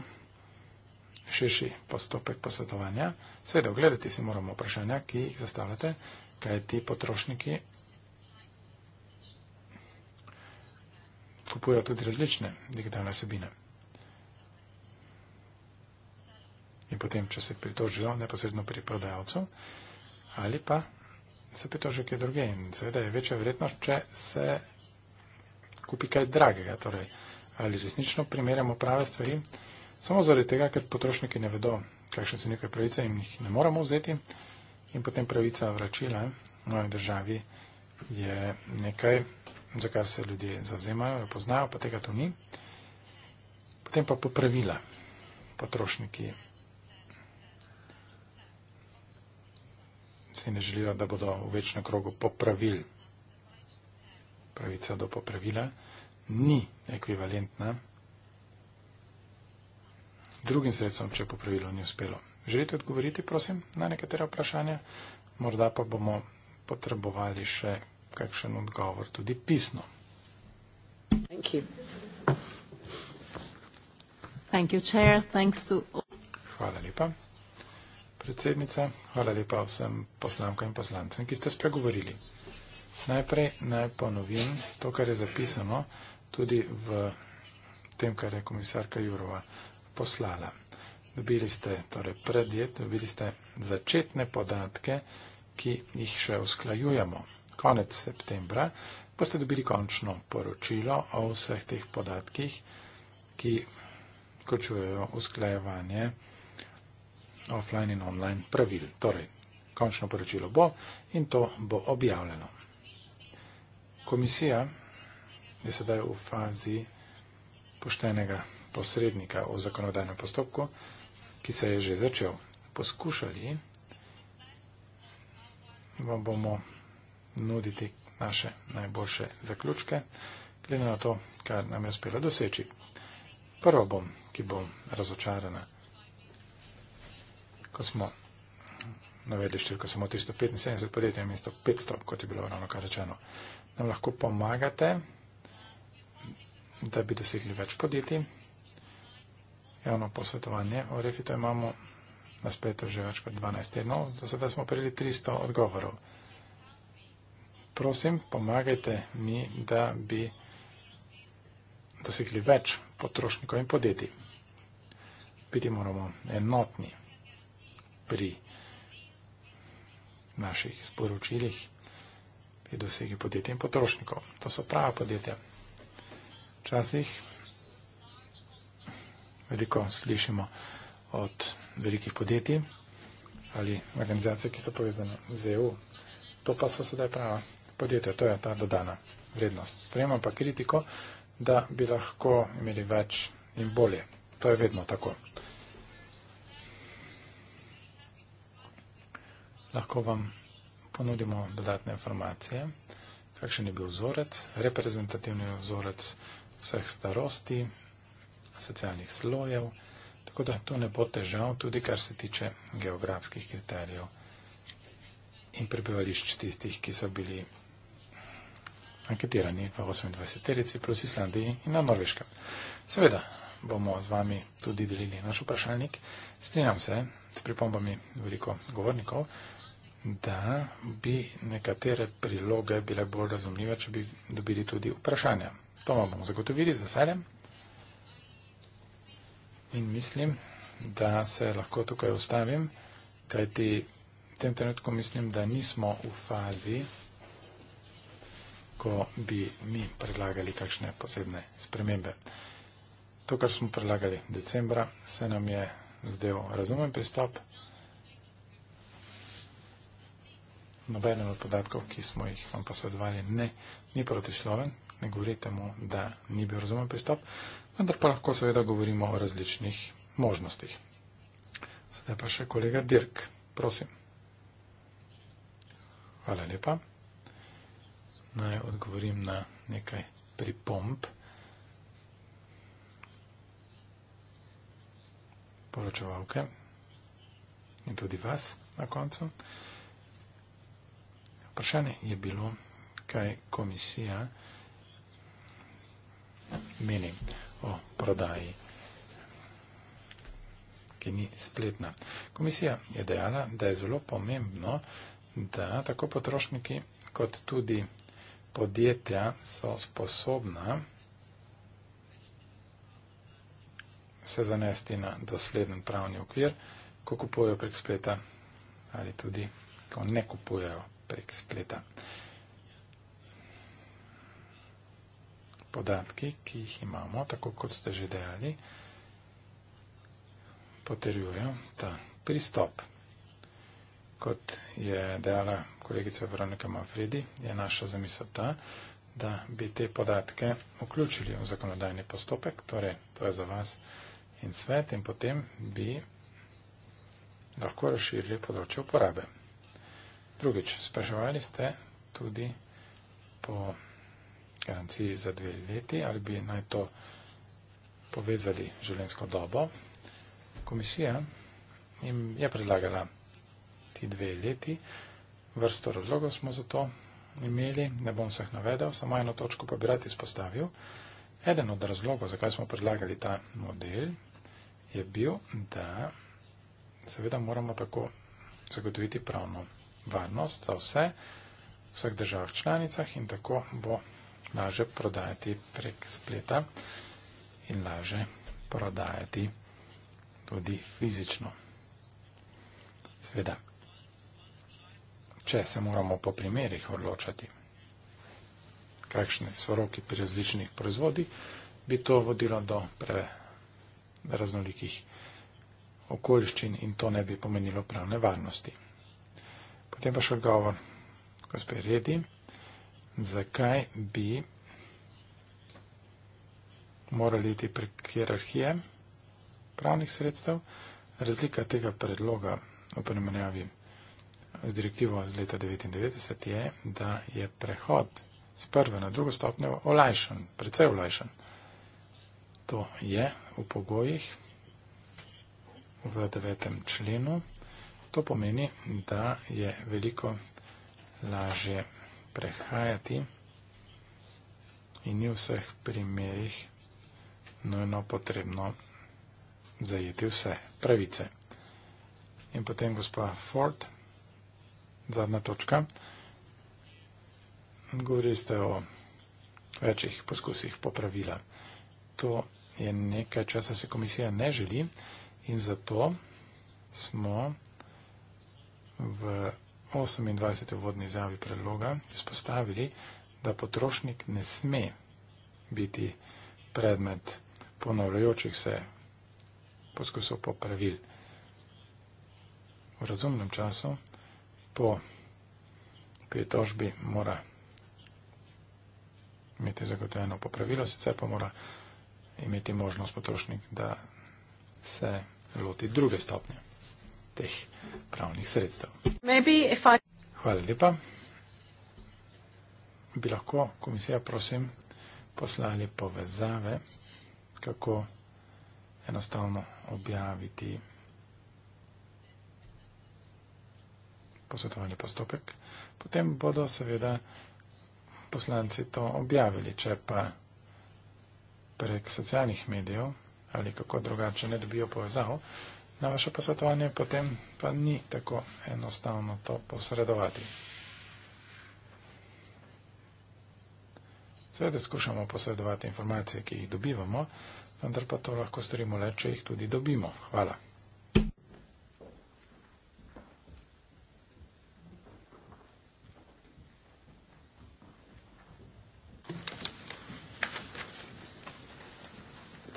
širši postopek posvetovanja. Seveda, gledati si moramo vprašanja, ki jih zastavljate kaj ti potrošniki kupujejo tudi različne digitalne vsebine. In potem, če se pritožijo neposredno pri prodajalcu ali pa se pritožijo kje druge in seveda je večja verjetnost, če se kupi kaj dragega. Torej, ali resnično primerjamo prave stvari, samo zaradi tega, ker potrošniki ne vedo, kakšne so njihove pravice in jih ne moramo vzeti. In potem pravica vračila v moji državi je nekaj, za kar se ljudje zavzemajo, jo poznajo, pa tega tu ni. Potem pa popravila potrošniki. Si ne želijo, da bodo v večnem krogu popravil. Pravica do popravila ni ekvivalentna drugim sredstvom, če popravilo ni uspelo želite odgovoriti, prosim, na nekatera vprašanja. Morda pa bomo potrebovali še kakšen odgovor, tudi pisno. Thank you. Thank you, chair. To... Hvala lepa, predsednica. Hvala lepa vsem poslankam in poslancem, ki ste spregovorili. Najprej naj ponovim to, kar je zapisano tudi v tem, kar je komisarka Jurova poslala dobili ste torej predjed, dobili ste začetne podatke, ki jih še usklajujemo. Konec septembra boste dobili končno poročilo o vseh teh podatkih, ki vključujejo usklajevanje offline in online pravil. Torej, končno poročilo bo in to bo objavljeno. Komisija je sedaj v fazi poštenega posrednika v zakonodajnem postopku ki se je že začel. Poskušali vam bomo nuditi naše najboljše zaključke, glede na to, kar nam je uspelo doseči. Prvo bom, ki bom razočarana, ko smo navedli številko samo 375 podjetij, mesto 500, kot je bilo ravno kar rečeno, nam lahko pomagate, da bi dosegli več podjetij javno posvetovanje. O refito imamo na spletu že več kot 12 tednov. Za sedaj smo prijeli 300 odgovorov. Prosim, pomagajte mi, da bi dosegli več potrošnikov in podjetij. Biti moramo enotni pri naših sporočilih in dosegi podjetij in potrošnikov. To so prava podjetja. Včasih veliko slišimo od velikih podjetij ali organizacij, ki so povezane z EU. To pa so sedaj prava podjetja, to je ta dodana vrednost. Sprejemam pa kritiko, da bi lahko imeli več in bolje. To je vedno tako. Lahko vam ponudimo dodatne informacije, kakšen je bil vzorec, reprezentativni vzorec vseh starosti, socialnih slojev, tako da to ne bo težav, tudi kar se tiče geografskih kriterijev in prebivališč tistih, ki so bili anketirani v 28-terici plus Islandiji in na Norveškem. Seveda bomo z vami tudi delili naš vprašalnik. Strinjam se s pripombami veliko govornikov, da bi nekatere priloge bile bolj razumljive, če bi dobili tudi vprašanja. To vam bomo zagotovili z veseljem. In mislim, da se lahko tukaj ustavim, kajti v tem trenutku mislim, da nismo v fazi, ko bi mi predlagali kakšne posebne spremembe. To, kar smo predlagali decembra, se nam je zdel razumen pristop. Nobeden od podatkov, ki smo jih vam posvedovali, ne, ni protisloven. Ne govorite mu, da ni bil razumen pristop vendar pa lahko seveda govorimo o različnih možnostih. Sedaj pa še kolega Dirk, prosim. Hvala lepa. Naj odgovorim na nekaj pripomp. Poročevalke in tudi vas na koncu. Vprašanje je bilo, kaj komisija meni o prodaji, ki ni spletna. Komisija je dejala, da je zelo pomembno, da tako potrošniki kot tudi podjetja so sposobna se zanesti na dosleden pravni okvir, ko kupujejo prek spleta ali tudi ko ne kupujejo prek spleta. podatki, ki jih imamo, tako kot ste že dejali, poterjujejo ta pristop. Kot je dejala kolegica Veronika Mafredi, je naša zamisel ta, da bi te podatke vključili v zakonodajni postopek, torej to je za vas in svet in potem bi lahko razširili področje uporabe. Drugič, spraševali ste tudi po garanciji za dve leti ali bi naj to povezali življenjsko dobo. Komisija jim je predlagala ti dve leti. Vrsto razlogov smo za to imeli, ne bom vseh navedel, samo eno točko pa bi rad izpostavil. Eden od razlogov, zakaj smo predlagali ta model, je bil, da seveda moramo tako zagotoviti pravno varnost za vse, vseh državah članicah in tako bo laže prodajati prek spleta in laže prodajati tudi fizično. Sveda, če se moramo po primerih odločati, kakšne so roki pri različnih proizvodih, bi to vodilo do preraznolikih okoliščin in to ne bi pomenilo pravne varnosti. Potem pa še odgovor gospe Redi zakaj bi morali iti prek hierarhije pravnih sredstev. Razlika tega predloga v primerjavi z direktivo z leta 1999 je, da je prehod z prve na drugo stopnjo olajšan, precej olajšan. To je v pogojih v devetem členu. To pomeni, da je veliko lažje prehajati in ni v vseh primerjih nujno potrebno zajeti vse pravice. In potem gospa Ford, zadnja točka. Govorili ste o večjih poskusih popravila. To je nekaj časa se komisija ne želi in zato smo v 28. vodni izjavi predloga izpostavili, da potrošnik ne sme biti predmet ponavljajočih se poskusov popravil. V razumnem času po pritožbi mora imeti zagotovljeno popravilo, sicer pa mora imeti možnost potrošnik, da se loti druge stopnje teh pravnih sredstev. I... Hvala lepa. Bi lahko komisija, prosim, poslali povezave, kako enostavno objaviti posvetovalni postopek. Potem bodo seveda poslanci to objavili, če pa prek socialnih medijev ali kako drugače ne dobijo povezav, na vaše posvetovanje, potem pa ni tako enostavno to posredovati. Seveda skušamo posredovati informacije, ki jih dobivamo, vendar pa to lahko storimo le, če jih tudi dobimo. Hvala.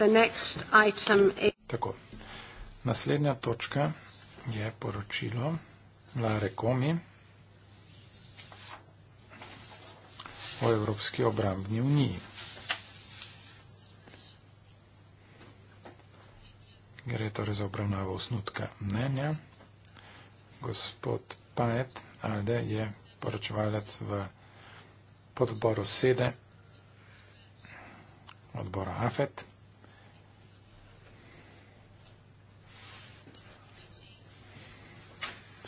The next item is... Tako. Naslednja točka je poročilo Lare Komi o Evropski obrambni uniji. Gre torej za obravnavo osnutka mnenja. Gospod Paet Alde je poročevalec v podboru sede odbora AFET.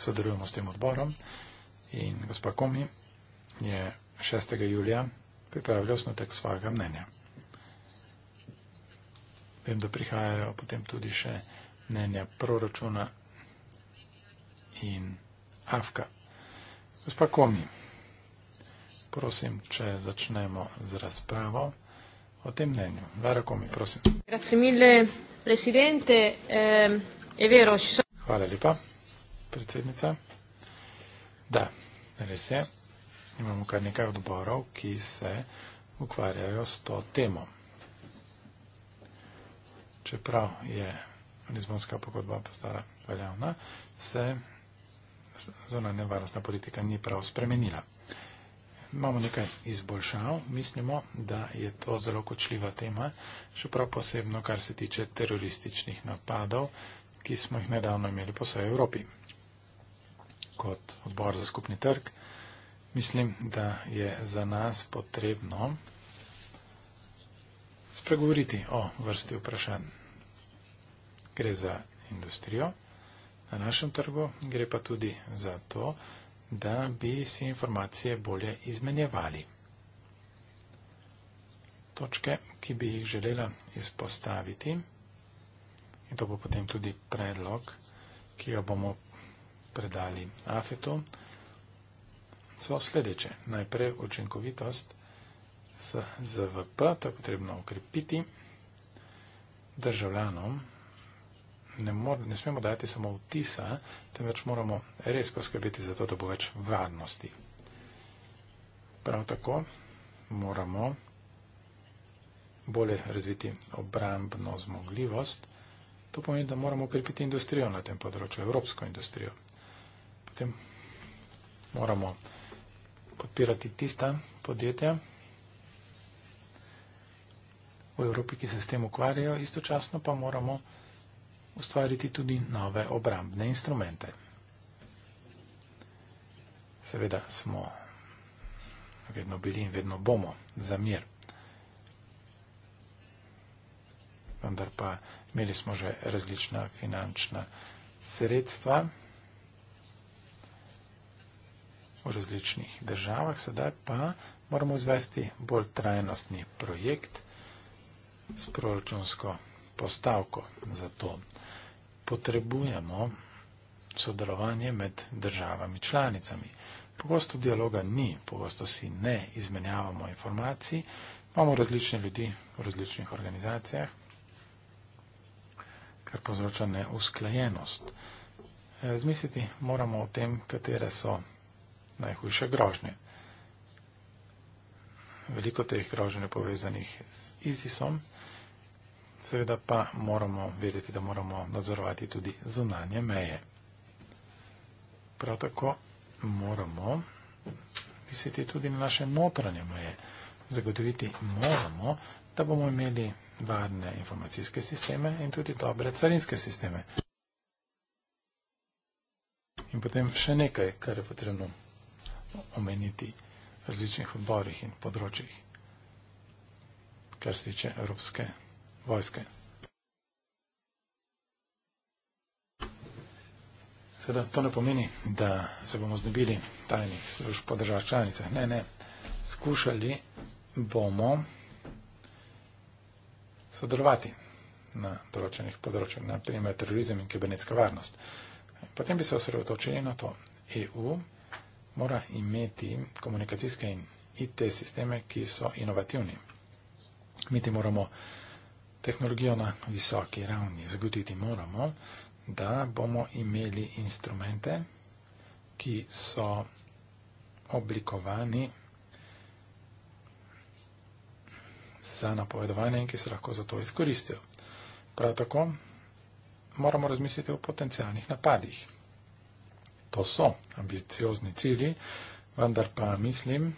sodelujemo s tem odborom. In gospa Komi je 6. julija pripravila osnutek svojega mnenja. Vem, da prihajajo potem tudi še mnenja proračuna in AFK. Gospa Komi, prosim, če začnemo z razpravo o tem mnenju. Vara Komi, prosim. Ehm, Hvala lepa predsednica. Da, res je. Imamo kar nekaj odborov, ki se ukvarjajo s to temo. Čeprav je Lizbonska pogodba postala veljavna, se zunanja varnostna politika ni prav spremenila. Imamo nekaj izboljšav, mislimo, da je to zelo kočljiva tema, še prav posebno, kar se tiče terorističnih napadov, ki smo jih nedavno imeli po vsej Evropi kot odbor za skupni trg, mislim, da je za nas potrebno spregovoriti o vrsti vprašanj. Gre za industrijo na našem trgu, gre pa tudi za to, da bi si informacije bolje izmenjevali. Točke, ki bi jih želela izpostaviti, in to bo potem tudi predlog, ki jo bomo predali Afetu, so sledeče. Najprej učinkovitost z ZVP, to je potrebno ukrepiti državljanom. Ne, mor, ne smemo dati samo vtisa, temveč moramo res poskrbeti za to, da bo več varnosti. Prav tako moramo bolje razviti obrambno zmogljivost. To pomeni, da moramo ukrepiti industrijo na tem področju, evropsko industrijo potem moramo podpirati tista podjetja v Evropi, ki se s tem ukvarjajo, istočasno pa moramo ustvariti tudi nove obrambne instrumente. Seveda smo vedno bili in vedno bomo za mir. Vendar pa imeli smo že različna finančna sredstva v različnih državah, sedaj pa moramo izvesti bolj trajnostni projekt s proračunsko postavko. Zato potrebujemo sodelovanje med državami članicami. Pogosto dialoga ni, pogosto si ne izmenjavamo informacij, imamo različne ljudi v različnih organizacijah, kar povzroča neusklajenost. Razmisliti moramo o tem, katere so najhujše grožnje. Veliko teh grožnje je povezanih z ISISom, seveda pa moramo vedeti, da moramo nadzorovati tudi zunanje meje. Prav tako moramo misliti tudi na naše notranje meje. Zagotoviti moramo, da bomo imeli varne informacijske sisteme in tudi dobre carinske sisteme. In potem še nekaj, kar je potrebno omeniti različnih odborih in področjih, kar se tiče Evropske vojske. Seveda to ne pomeni, da se bomo znebili tajnih služb po državah članicah. Ne, ne. Skušali bomo sodelovati na določenih področjih, naprimer terorizem in kibernetska varnost. Potem bi se osredotočili na to. EU mora imeti komunikacijske in IT sisteme, ki so inovativni. Mi ti moramo tehnologijo na visoki ravni zagotiti moramo, da bomo imeli instrumente, ki so oblikovani za napovedovanje in ki se lahko za to izkoristijo. Prav tako moramo razmisliti o potencijalnih napadih to so ambiciozni cilji, vendar pa mislim,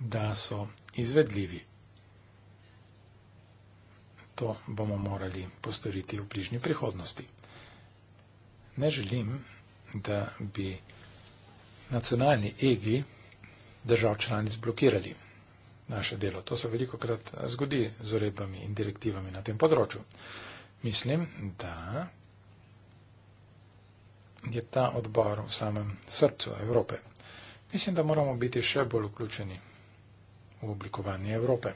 da so izvedljivi. To bomo morali postoriti v bližnji prihodnosti. Ne želim, da bi nacionalni egi držav članic blokirali naše delo. To se veliko krat zgodi z uredbami in direktivami na tem področju. Mislim, da je ta odbor v samem srcu Evrope. Mislim, da moramo biti še bolj vključeni v oblikovanje Evrope.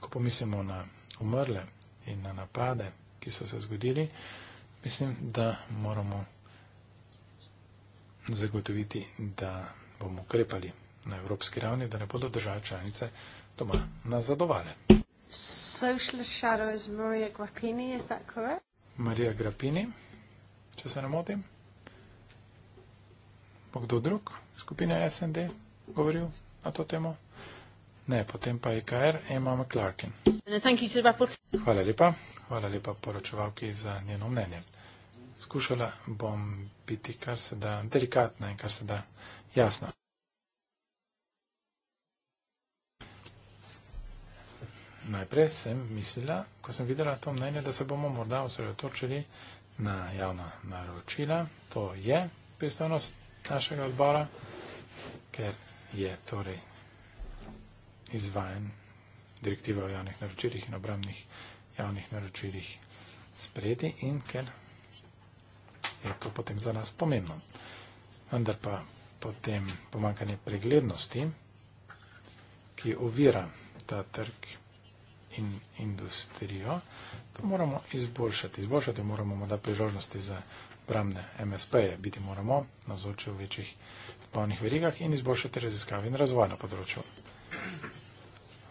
Ko pomislimo na umrle in na napade, ki so se zgodili, mislim, da moramo zagotoviti, da bomo ukrepali na evropski ravni, da ne bodo države članice doma nazadovale. Socialist shadow is Maria Grappini, is that correct? Maria Grappini, če se ne motim. Bo kdo drug skupine SND govoril na to temo? Ne, potem pa IKR, e Emma McClarkin. Hvala lepa, hvala lepa poročevalki za njeno mnenje. Skušala bom biti kar se da delikatna in kar se da jasna. Najprej sem mislila, ko sem videla to mnenje, da se bomo morda osredotočili na javna naročila. To je pristojnost našega odbora, ker je torej izvajen direktiva o javnih naročilih in obramnih javnih naročilih sprejeti in ker je to potem za nas pomembno. Vendar pa potem pomankanje preglednosti, ki ovira ta trg in industrijo. To moramo izboljšati. Izboljšati moramo morda priložnosti za bramne MSP-je. Biti moramo navzoči v večjih polnih verigah in izboljšati raziskave in razvoj na področju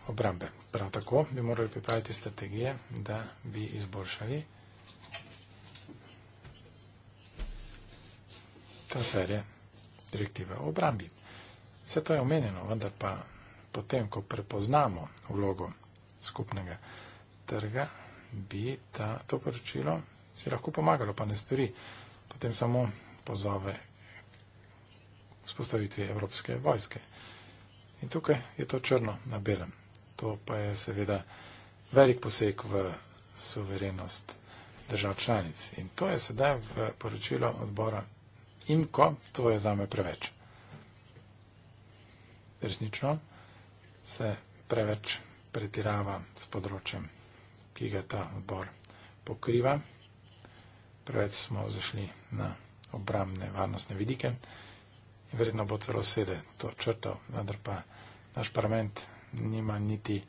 obrambe. Prav tako bi morali pripraviti strategije, da bi izboljšali transferje direktive o obrambi. Vse to je omenjeno, vendar pa potem, ko prepoznamo vlogo skupnega trga, bi ta, to poročilo si lahko pomagalo, pa ne stori. Potem samo pozove spostavitvi Evropske vojske. In tukaj je to črno na belem. To pa je seveda velik poseg v suverenost držav članic. In to je sedaj v poročilo odbora IMKO, to je zame preveč. Resnično se preveč pretirava s področjem, ki ga ta odbor pokriva. Preveč smo zašli na obramne varnostne vidike in verjetno bo celo sede to črtal, vendar pa naš parlament nima niti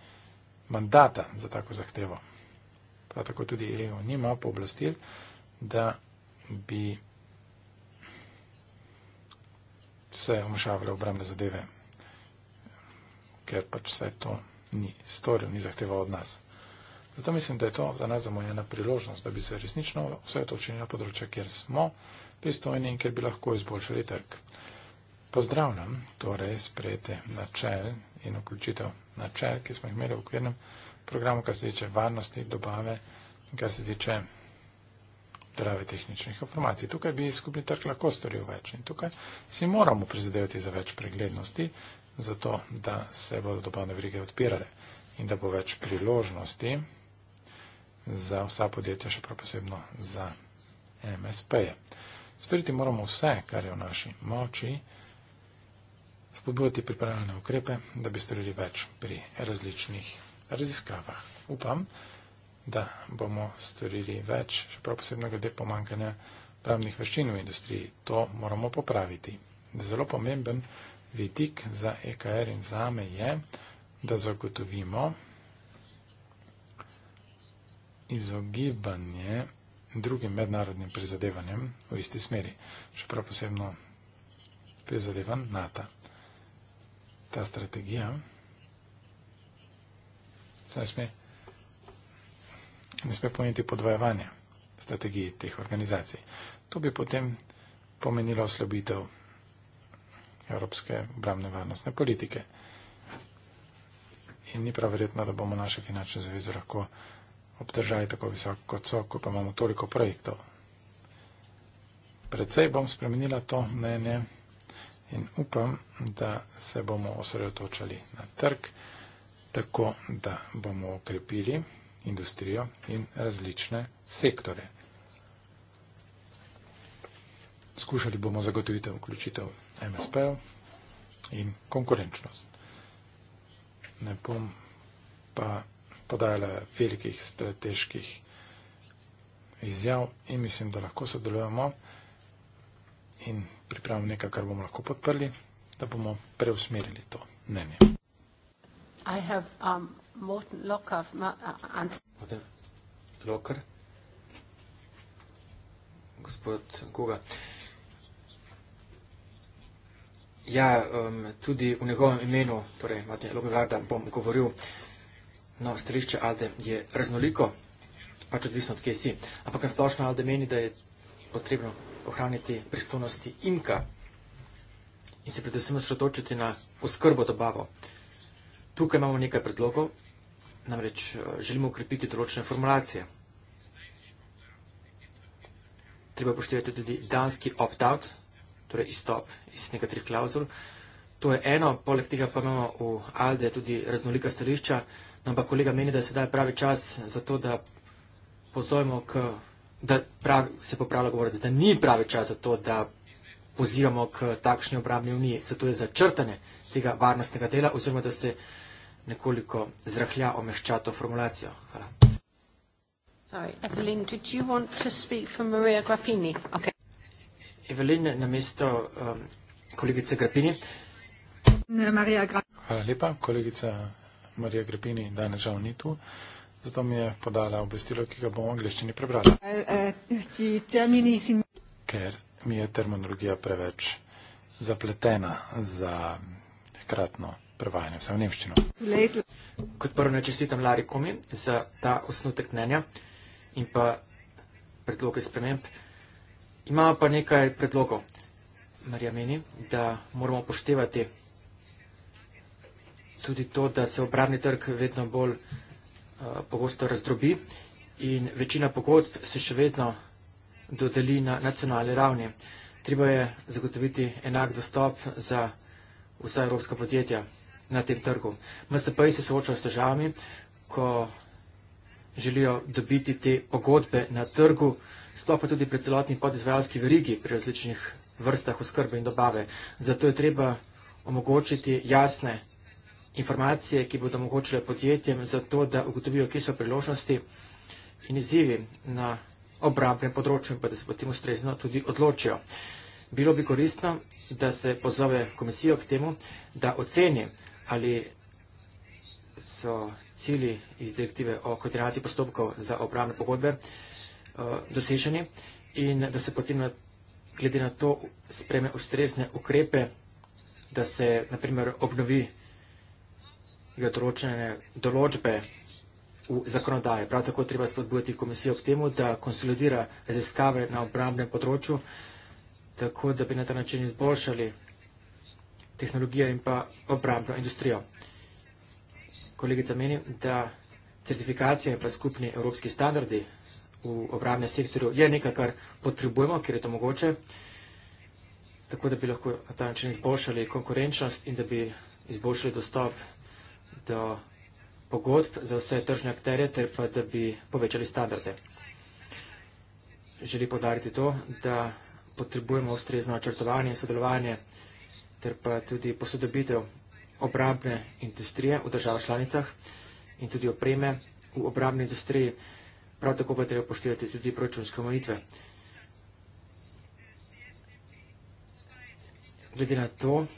mandata za tako zahtevo. Prav tako tudi EU nima pooblastil, da bi se umšavale obramne zadeve, ker pač vse to ni storil, ni zahteval od nas. Zato mislim, da je to za nas zamujena priložnost, da bi se resnično vse to učinilo na področju, kjer smo pristojni in kjer bi lahko izboljšali trg. Pozdravljam torej sprejete načel in vključitev načel, ki smo jih imeli v okvirnem programu, kar se tiče varnosti, dobave in kar se tiče drave tehničnih informacij. Tukaj bi skupni trg lahko storil več in tukaj si moramo prizadevati za več preglednosti zato, da se bodo dobavne verige odpirale in da bo več priložnosti za vsa podjetja, še posebno za MSP-je. Storiti moramo vse, kar je v naši moči, spodbujati pripravljene ukrepe, da bi storili več pri različnih raziskavah. Upam, da bomo storili več, še posebno glede pomankanja pravnih veščin v industriji. To moramo popraviti. Zelo pomemben vidik za EKR in zame je, da zagotovimo izogibanje drugim mednarodnim prizadevanjem v isti smeri, še prav posebno prizadevan NATO. Ta strategija se ne sme, ne sme pomeniti podvojevanja strategiji teh organizacij. To bi potem pomenilo oslobitev evropske obramne varnostne politike. In ni prav verjetno, da bomo naše finančne zaveze lahko obdržali tako visoko, kot so, ko pa imamo toliko projektov. Predvsej bom spremenila to mnenje in upam, da se bomo osredotočali na trg, tako da bomo okrepili industrijo in različne sektore. Skušali bomo zagotoviti vključitev MSP-ov in konkurenčnost. Ne bom pa podajala velikih strateških izjav in mislim, da lahko sodelujemo in pripravim nekaj, kar bomo lahko podprli, da bomo preusmerili to mnenje. I have um, Morten Locker. Uh, uh Morten Locker. Gospod Kuga. Uh, Ja, um, tudi v njegovem imenu, torej Matija Logogarda, bom govoril. No, stališče Alde je raznoliko, pač odvisno od kje si. Ampak na splošno Alde meni, da je potrebno ohraniti pristojnosti imka in se predvsem osredotočiti na oskrbo dobavo. Tukaj imamo nekaj predlogov, namreč eh, želimo ukrepiti določene formulacije. Treba poštevati tudi danski opt-out, torej izstop iz nekaterih klauzul. To je eno, poleg tega pa imamo v Alde tudi raznolika stališča, no, ampak kolega meni, da je sedaj pravi čas za to, da pozovemo, k, da prav, se popravlja govorec, da ni pravi čas za to, da pozivamo k takšni obrambni uniji, zato je začrtane tega varnostnega dela oziroma da se nekoliko zrahlja omeščato to formulacijo. Hvala. Sorry, Evelyn, did you want to speak for Maria Grappini? Okay. Evelin, na mesto um, kolegice Grapini. Hvala lepa. Kolegica Marija Grapini danes žal ni tu, zato mi je podala obvestilo, ki ga bom v angliščini prebrala. Eh, eh, Ker mi je terminologija preveč zapletena za hkratno prevajanje vse v nemščino. Kot prvo ne čestitam Lari Komi za ta osnutek mnenja in pa predloge sprememb. Imamo pa nekaj predlogov. Marija meni, da moramo poštevati tudi to, da se obradni trg vedno bolj uh, pogosto razdrobi in večina pogodb se še vedno dodeli na nacionalni ravni. Treba je zagotoviti enak dostop za vsa evropska podjetja na tem trgu. MSP-ji se soočajo s težavami, ko želijo dobiti te pogodbe na trgu. Uh, sploh pa tudi pri celotni podizvajalski verigi pri različnih vrstah oskrbe in dobave. Zato je treba omogočiti jasne informacije, ki bodo omogočile podjetjem za to, da ugotovijo, kje so priložnosti in izzivi na obrambnem področju in pa da se potem ustrezno tudi odločijo. Bilo bi koristno, da se pozove komisijo k temu, da oceni, ali so cili iz direktive o koordinaciji postopkov za obrambne pogodbe, Eh, doseženi in da se potem glede na to spreme ustrezne ukrepe, da se naprimer obnovi določene določbe v zakonodaje. Prav tako treba spodbujati komisijo k temu, da konsolidira raziskave na obrambnem področju, tako da bi na ta način izboljšali tehnologijo in pa obrambno industrijo. Kolegica meni, da certifikacija in pa skupni evropski standardi v obramnem sektorju je nekaj, kar potrebujemo, ker je to mogoče, tako da bi lahko na ta način izboljšali konkurenčnost in da bi izboljšali dostop do pogodb za vse tržne akterje, ter pa da bi povečali standarde. Želi podariti to, da potrebujemo ustrezno načrtovanje in sodelovanje, ter pa tudi posodobitev obrambne industrije v državah članicah in tudi opreme v obrambni industriji. Prav tako pa treba poštevati tudi proračunske omejitve. Glede na to, uh,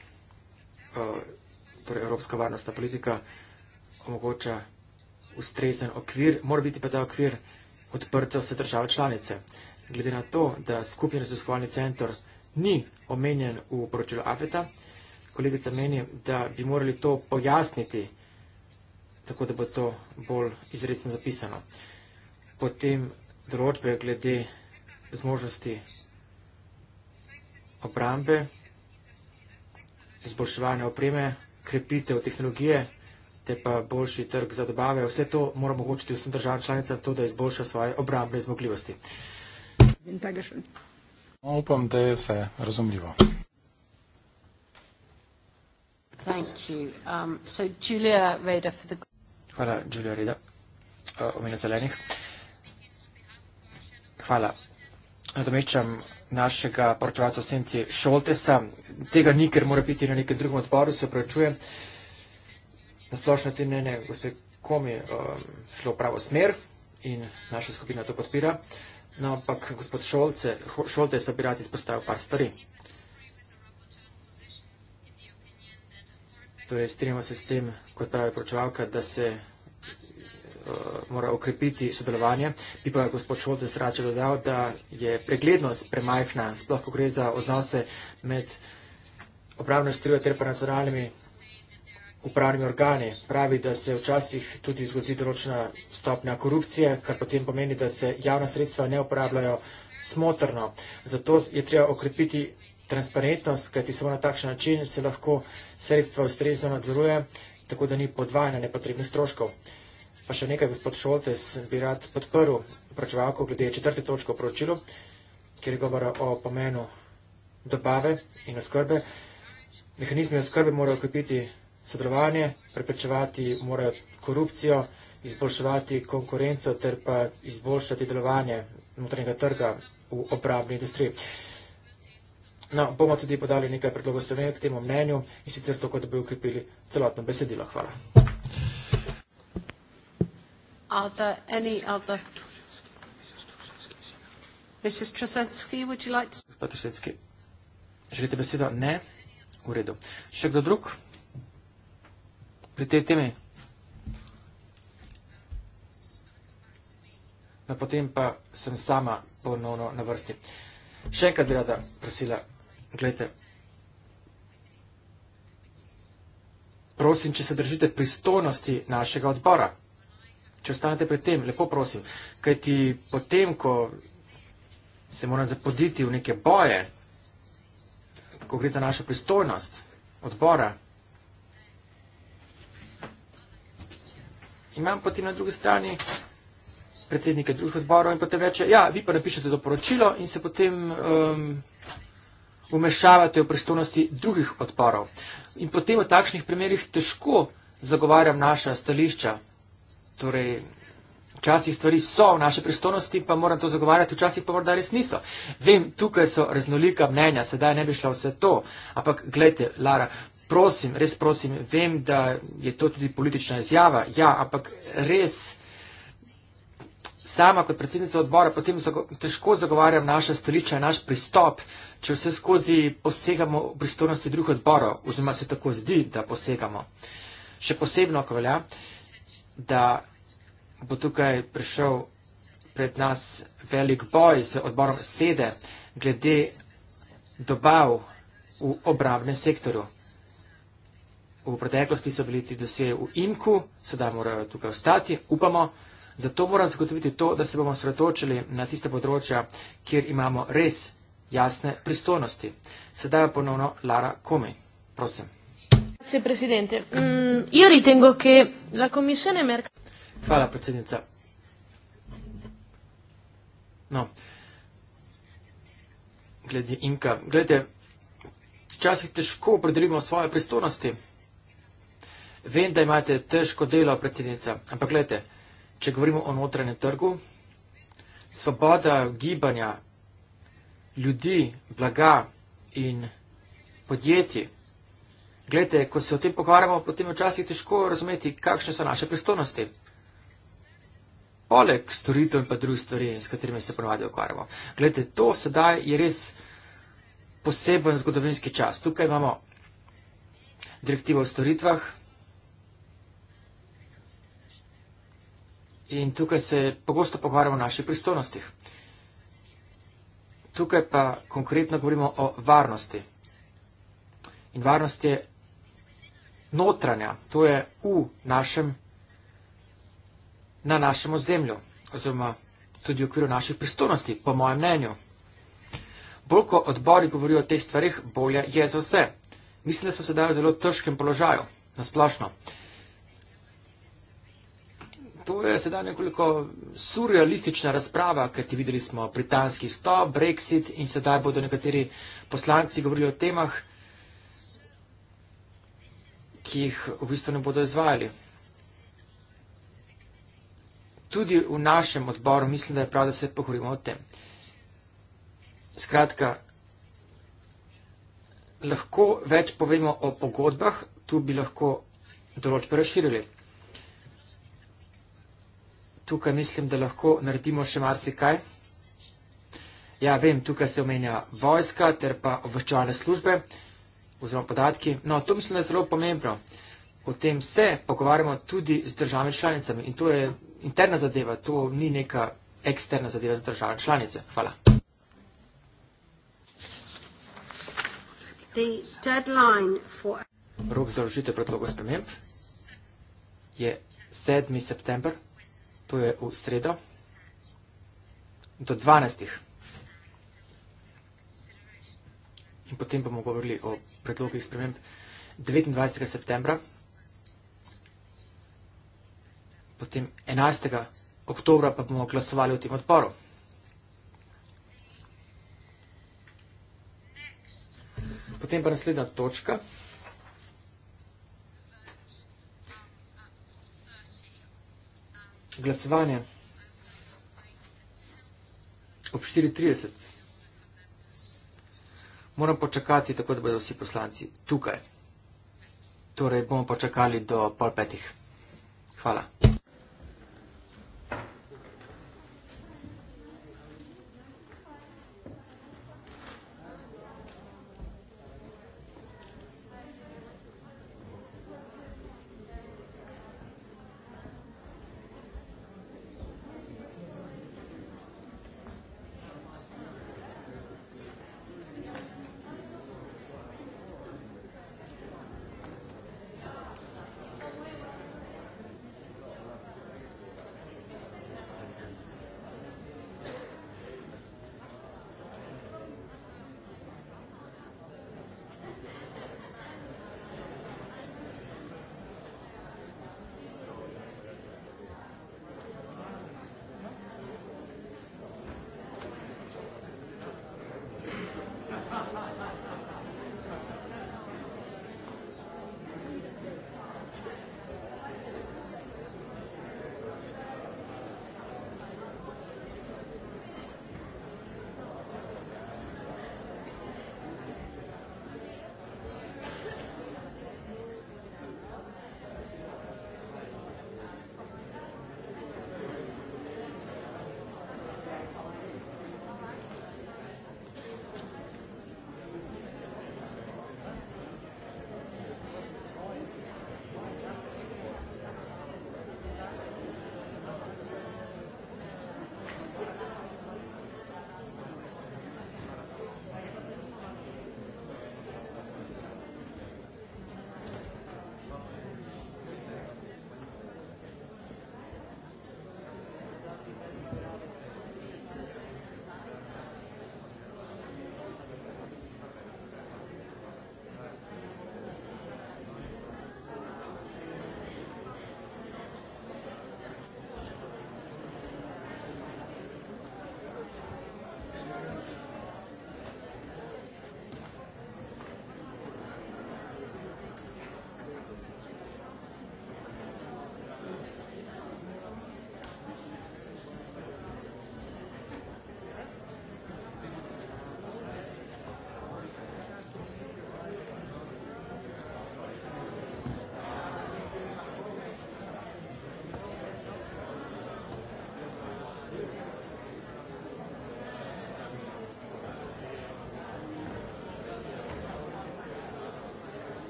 torej Evropska varnostna politika omogoča ustrezen okvir, mora biti pa ta okvir odprt za vse države članice. Glede na to, da skupni raziskovalni centr ni omenjen v poročilu APETA, kolegica meni, da bi morali to pojasniti, tako da bo to bolj izredno zapisano potem določbe glede zmožnosti obrambe, izboljševanja opreme, krepitev tehnologije, te pa boljši trg za dobave. Vse to mora omogočiti vsem državam članicam to, da izboljša svoje obrambne zmogljivosti. Upam, da je vse razumljivo. Um, Hvala, Julija Reda, omenja zelenih hvala. Nadomečam našega poročevalca v senci Šoltesa. Tega ni, ker mora biti na nekem drugem odboru, se opravičujem. Na splošno te mnenje, gospe Komi, um, šlo v pravo smer in naša skupina to podpira. No, ampak gospod Šolce, Šoltes pa bi rad izpostavil par stvari. Torej, strinjamo se s tem, kot pravi poročevalka, da se Eh, mora okrepiti sodelovanje. Bi pa gospod Šoltes rad še dodal, da je preglednost premajhna, sploh ko gre za odnose med upravno strijo ter pa nacionalnimi upravnimi organi. Pravi, da se včasih tudi zgodi določena stopnja korupcije, kar potem pomeni, da se javna sredstva ne uporabljajo smotrno. Zato je treba okrepiti transparentnost, kajti samo na takšen način se lahko sredstva ustrezno nadzoruje, tako da ni podvajanja nepotrebnih stroškov. Pa še nekaj, gospod Šoltes, bi rad podprl vprašavko glede četrte točke poročilo, kjer je govora o pomenu dobave in oskrbe. Mehanizmi oskrbe morajo okrepiti sodelovanje, preprečevati morajo korupcijo, izboljševati konkurenco ter pa izboljšati delovanje notranjega trga v obrambni industriji. No, bomo tudi podali nekaj predlogov spremenja k temu mnenju in sicer to, kot bi ukrepili celotno besedilo. Hvala. Are there any other? Mrs. Trzecki, would you like to? Mr. Trzecki, želite besedo? Ne? V redu. Še kdo drug? Pri tej temi? No, potem pa sem sama ponovno na vrsti. Še enkrat bi rada prosila, gledajte. Prosim, če se držite pristojnosti našega odbora če ostanete pri tem, lepo prosim. Kaj ti potem, ko se mora zapoditi v neke boje, ko gre za našo pristojnost odbora, imam potem na drugi strani predsednike drugih odborov in potem reče, ja, vi pa napišete to poročilo in se potem um, umešavate v pristojnosti drugih odborov. In potem v takšnih primerjih težko zagovarjam naša stališča. Torej, včasih stvari so v naši pristojnosti, pa moram to zagovarjati, včasih pa morda res niso. Vem, tukaj so raznolika mnenja, sedaj ne bi šla vse to. Ampak, gledajte, Lara, prosim, res prosim, vem, da je to tudi politična izjava, ja, ampak res. Sama kot predsednica odbora potem zago težko zagovarjam naše stališče, naš pristop, če vse skozi posegamo v pristojnosti drugih odborov, oziroma se tako zdi, da posegamo. Še posebno, ko velja. Uh, da bo tukaj prišel pred nas velik boj z odborom sede glede dobav v obravnem sektorju. V preteklosti so bili ti dosje v imku, sedaj morajo tukaj ostati, upamo. Zato mora zagotoviti to, da se bomo sretočili na tiste področja, kjer imamo res jasne pristojnosti. Sedaj je ponovno Lara Komi. Prosim. Grazie Presidente. Mm, io ritengo che la Commissione Mercato. Fa la Presidenza. No. Glede Inka, glede, včasih težko opredelimo svoje pristojnosti. Vem, da imate težko delo, predsednica, ampak glede, če govorimo o notranjem trgu, svoboda gibanja ljudi, blaga in podjetij. Glede, ko se o tem pogovarjamo, potem je včasih težko razumeti, kakšne so naše pristojnosti. Poleg storitev in pa drugih stvari, s katerimi se ponovadi ukvarjamo. Glede, to sedaj je res poseben zgodovinski čas. Tukaj imamo direktivo o storitvah in tukaj se pogosto pogovarjamo o naših pristojnostih. Tukaj pa konkretno govorimo o varnosti. In varnost je notranja, to je v našem, na našem ozemlju, oziroma tudi v okviru naših pristojnosti, po mojem mnenju. Bolj ko odbori govorijo o teh stvarih, bolje je za vse. Mislim, da so sedaj v zelo težkem položaju, nasplošno. To je sedaj nekoliko surrealistična razprava, kaj ti videli smo britanski stop, Brexit in sedaj bodo nekateri poslanci govorili o temah, ki jih v bistvu ne bodo izvajali. Tudi v našem odboru mislim, da je prav, da se pohorimo o tem. Skratka, lahko več povemo o pogodbah, tu bi lahko določbe razširili. Tukaj mislim, da lahko naredimo še marsikaj. Ja, vem, tukaj se omenja vojska ter pa obveščevalne službe oziroma podatki. No, to mislim, da je zelo pomembno. O tem se pogovarjamo tudi z državami članicami in to je interna zadeva, to ni neka eksterna zadeva z državami članice. Hvala. Rok za ložitev predlogov sprememb je 7. september, to je v sredo, do 12. september. in potem bomo govorili o predlogih sprememb 29. septembra, potem 11. oktobra pa bomo glasovali v tem odporu. Potem pa naslednja točka. Glasovanje ob 4.30 moram počakati, tako da bodo vsi poslanci tukaj. Torej bomo počakali do pol petih. Hvala.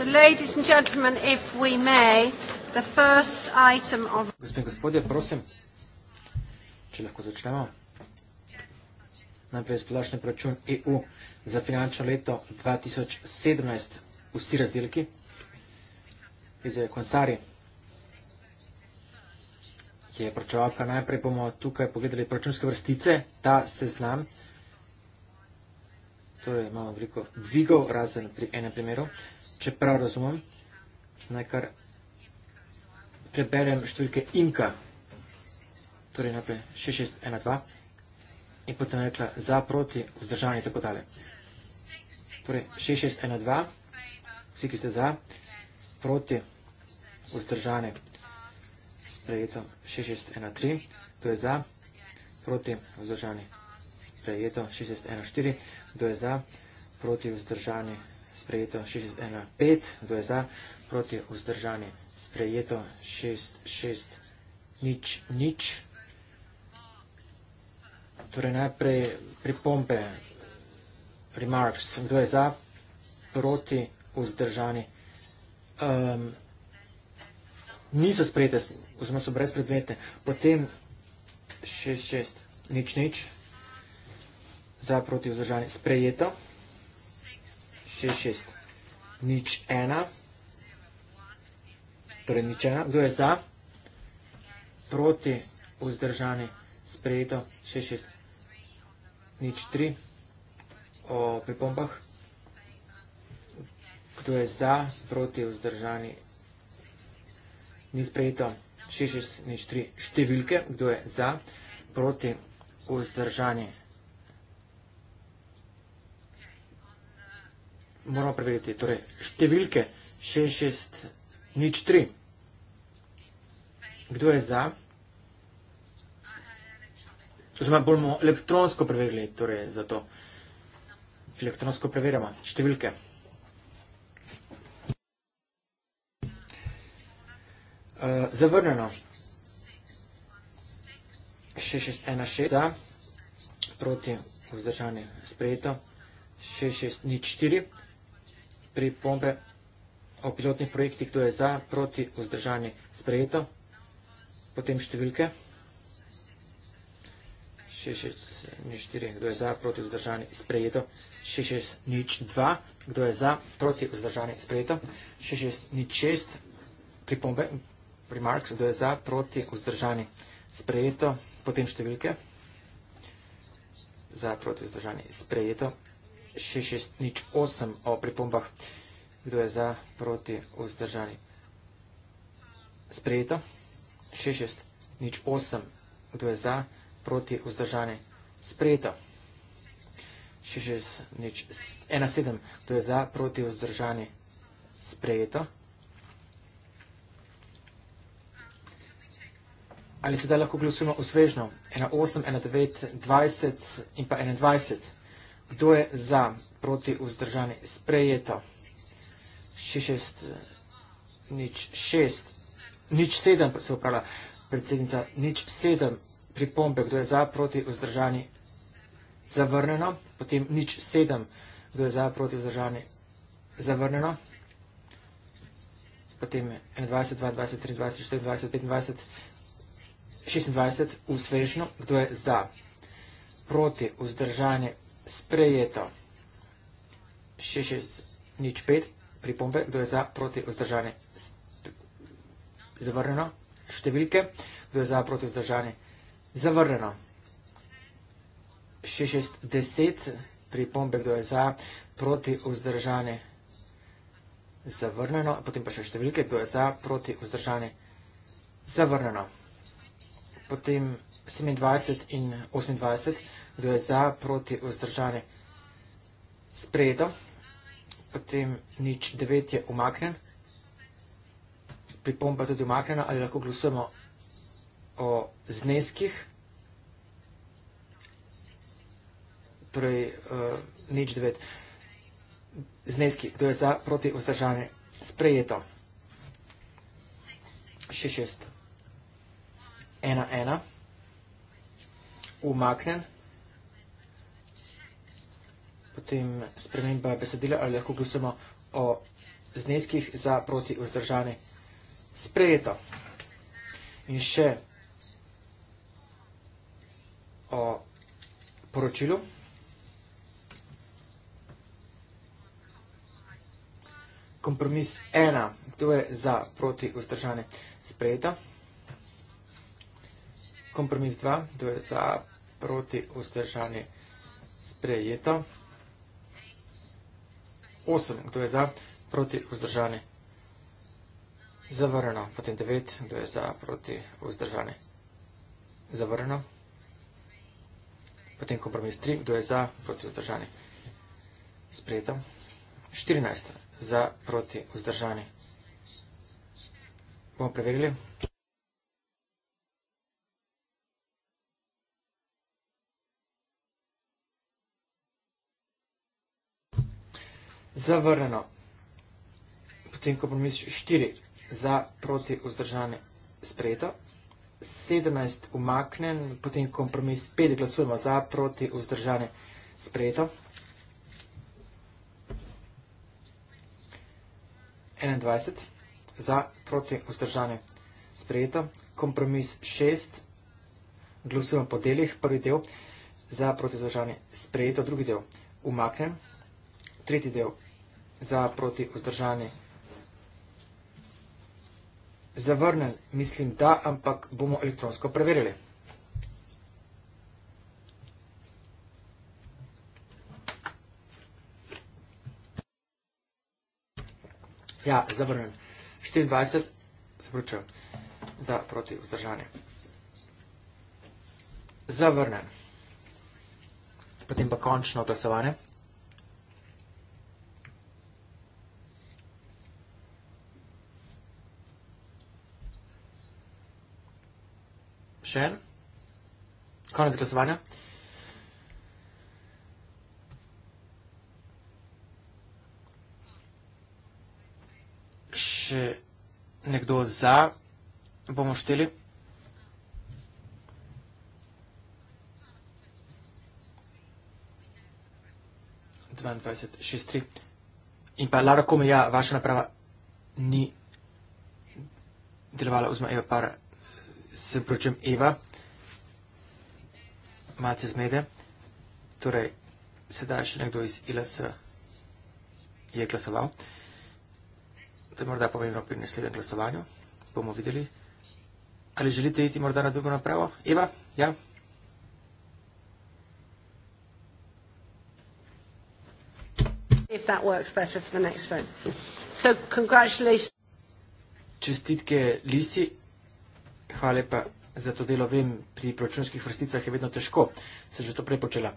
So, ladies and gentlemen, if we may, the first item of... Gospod gospodje, prosim, če lahko začnemo. Najprej splošni proračun EU za finančno leto 2017, vsi razdelki. Izve Konsari, ki je pročevalka. Najprej bomo tukaj pogledali proračunske vrstice, ta seznam. znam torej imamo veliko dvigov, razen pri enem primeru. Če prav razumem, naj kar preberem številke imka, torej naprej 6612 in potem rekla za, proti, vzdržanje in tako dalje. Torej 6612, vsi, ki ste za, proti, vzdržanje, sprejeto 6613, to je za, proti, vzdržanje, sprejeto 6614 kdo je za, proti vzdržanje, sprejeto 615, kdo je za, proti vzdržanje, sprejeto 66, nič, nič. Torej najprej pripompe, remarks, kdo je za, proti vzdržanje. Um, niso sprejete, oziroma so brez predmete. Potem 6-6, nič-nič, za proti vzdržanje. Sprejeto. 6-6. Nič ena. Torej nič ena. Kdo je za? Proti vzdržanje. Sprejeto. 6-6. Nič tri. O pripombah. Kdo je za? Proti vzdržanje. Ni sprejeto. 6-6. Nič tri. Številke. Kdo je za? Proti vzdržanje. 6-6. moramo preveriti. Torej, številke 6603. Kdo je za? Zdaj bomo elektronsko preverili, torej za to. Elektronsko preverjamo številke. Uh, zavrneno. 6616 za, proti vzdržanje sprejeto. 6604 pripombe o pilotnih projektih, kdo je za, proti, vzdržanje, sprejeto. Potem številke. 64, kdo je za, proti, vzdržanje, sprejeto. 62, kdo je za, proti, vzdržanje, sprejeto. 66, pripombe, remarks, kdo je za, proti, vzdržanje, sprejeto. Potem številke. Za, proti, vzdržanje, sprejeto. 668 o pripombah, kdo je za, proti, vzdržani. Sprejeto. 668, kdo je za, proti, vzdržani. Sprejeto. 617, kdo je za, proti, vzdržani. Sprejeto. Ali sedaj lahko glasujemo usvežno? 1, 8, 1, 9, 20 in pa 21. 21. Kdo je za proti vzdržani? Sprejeto. Še šest. Nič šest. Nič sedem, se upravlja predsednica. Nič sedem pripombe. Kdo je za proti vzdržani? Zavrneno. Potem nič sedem. Kdo je za proti vzdržani? Zavrneno. Potem 21, 22, 23, 24, 25, 26 v svežno. Kdo je za proti vzdržanje sprejeto. 665, pripombe, kdo je za proti vzdržanje, zavrneno. Številke, kdo je za proti vzdržanje, zavrneno. 660, pripombe, kdo je za proti vzdržanje, zavrneno. Potem pa še številke, kdo je za proti vzdržanje, zavrneno. Potem 27 in 28 bil je za, proti, vzdržane spredo, potem nič, devet je umaknen, pripomba tudi umaknena, ali lahko glasujemo o zneskih, torej uh, nič, devet, zneski, kdo je za, proti, vzdržane sprejeto, še šest, ena, ena, umaknen, potem sprememba besedila ali lahko glasujemo o zneskih za proti vzdržane. Sprejeto. In še o poročilu. Kompromis ena. Kdo je za proti vzdržane? Sprejeto. Kompromis dva. Kdo je za proti vzdržane? Sprejeto. 8, kdo je za, proti, vzdržani. Zavrno. Potem 9, kdo je za, proti, vzdržani. Zavrno. Potem kompromis 3, kdo je za, proti, vzdržani. Sprejeto. 14, za, proti, vzdržani. Bomo preverili. zavrnjeno. Potem, ko pomisliš 4 za proti vzdržanje sprejeto, 17 umaknen, potem kompromis 5 glasujemo za proti vzdržanje sprejeto. 21 za proti vzdržanje sprejeto, kompromis 6, glasujemo po delih, prvi del za proti vzdržanje sprejeto, drugi del umaknen, tretji del za proti vzdržanje. Zavrnen, mislim da, ampak bomo elektronsko preverili. Ja, zavrnen. 24, zapročujem, za proti vzdržanje. Zavrnen. Potem pa končno glasovanje. Še en? Konec glasovanja. Še nekdo za, bomo šteli. In pa Lara Kome, ja, vaša naprava ni delovala, oziroma je par s ključem Eva, malce zmede. Torej, sedaj še nekdo iz ILS je glasoval. To je morda pomembno pri naslednjem glasovanju. Bomo videli. Ali želite iti morda na drugo napravo? Eva, ja. Čestitke listi. Hvala lepa za to delo. Vem, pri proračunskih vrsticah je vedno težko, se že to prej počela.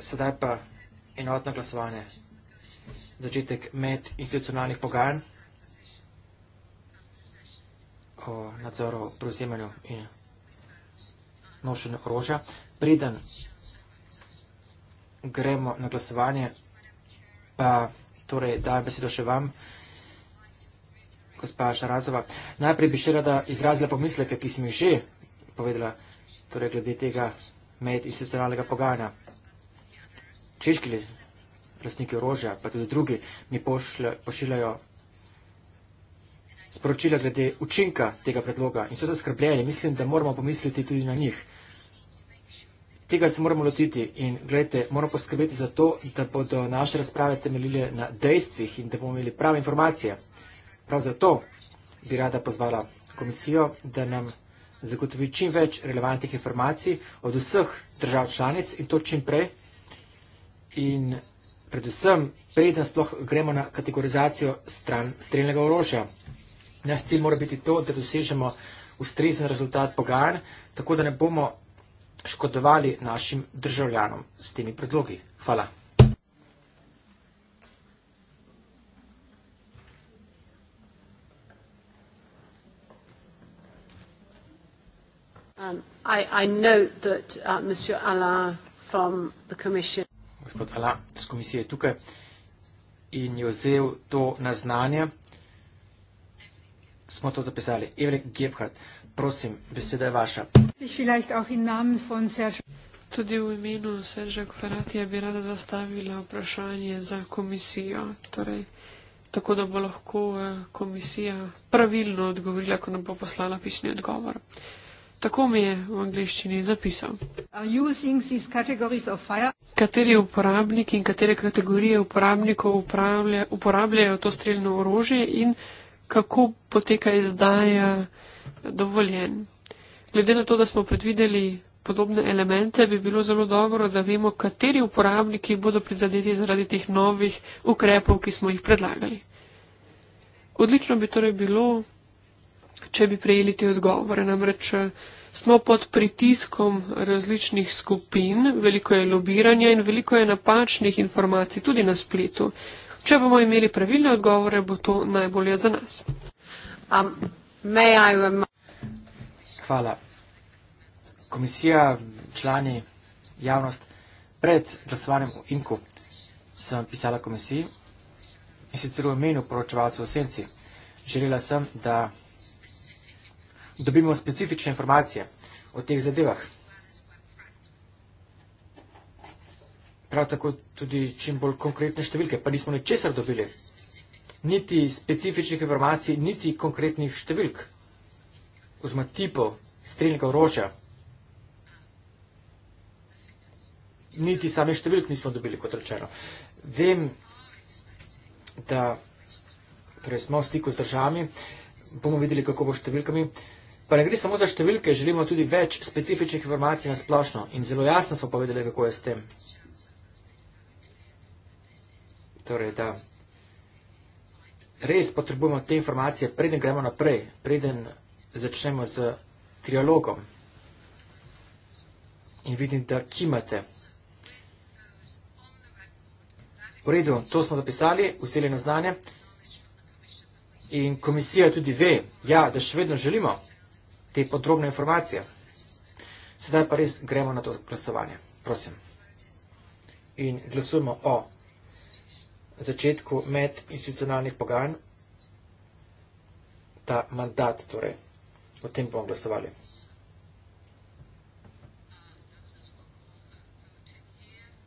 Sedaj pa enotno glasovanje. Začetek med institucionalnih pogajanj o nadzoru prevzemanju in nošenju orožja. Preden gremo na glasovanje, pa torej dajem besedo še vam gospa Šarazova. Najprej bi še rada izrazila pomisleke, ki sem jih že povedala, torej glede tega medinstitucionalnega pogajanja. Češki li lastniki orožja, pa tudi drugi, mi pošiljajo sporočila glede učinka tega predloga in so zaskrbljeni. Mislim, da moramo pomisliti tudi na njih. Tega se moramo lotiti in gledajte, moramo poskrbeti za to, da bodo naše razprave temeljile na dejstvih in da bomo imeli prave informacije. Prav zato bi rada pozvala komisijo, da nam zagotovi čim več relevantnih informacij od vseh držav članic in to čim prej. In predvsem, preden sploh gremo na kategorizacijo stran streljnega orožja. Naš cilj mora biti to, da dosežemo ustrezen rezultat pogajanj, tako da ne bomo škodovali našim državljanom s temi predlogi. Hvala. Um, I, I note that uh, Monsieur Alain from the Commission. Gospod Alain z komisije tukaj in je vzel to na znanje. Smo to zapisali. Evrek Gebhardt, prosim, beseda je vaša. Tudi v imenu Serža Kuperatija bi rada zastavila vprašanje za komisijo, torej, tako da bo lahko eh, komisija pravilno odgovorila, ko nam bo poslala pisni odgovor. Uh, Tako mi je v angleščini zapisal. Kateri uporabniki in katere kategorije uporabnikov uporablja, uporabljajo to streljno orožje in kako poteka izdaja dovoljen. Glede na to, da smo predvideli podobne elemente, bi bilo zelo dobro, da vemo, kateri uporabniki bodo prizadeti zaradi teh novih ukrepov, ki smo jih predlagali. Odlično bi torej bilo, če bi prejeli te odgovore. Namreč eh, smo pod pritiskom različnih skupin, veliko je lobiranja in veliko je napačnih informacij tudi na spletu. Če bomo imeli pravilne odgovore, bo to najbolje za nas. Um, Hvala. Komisija, člani, javnost, pred glasovanjem v Inku sem pisala komisiji in sicer v imenu poročevalcev v Senci. Želela sem, da dobimo specifične informacije o teh zadevah. Prav tako tudi čim bolj konkretne številke, pa nismo ničesar dobili. Niti specifičnih informacij, niti konkretnih številk, oziroma tipov streljnega orožja. Niti same številk nismo dobili, kot rečeno. Vem, da torej smo v stiku z državami, bomo videli, kako bo s številkami. Uh, Pa ne gre samo za številke, želimo tudi več specifičnih informacij na splošno in zelo jasno smo povedali, kako je s tem. Torej, da res potrebujemo te informacije, preden gremo naprej, preden začnemo z trialogom in vidim, da kimate. V redu, to smo zapisali, vzeli na znanje in komisija tudi ve, ja, da še vedno želimo te podrobne informacije. Sedaj pa res gremo na to glasovanje, prosim. In glasujemo o začetku med institucionalnih pogajanj, ta mandat, torej, o tem bomo glasovali.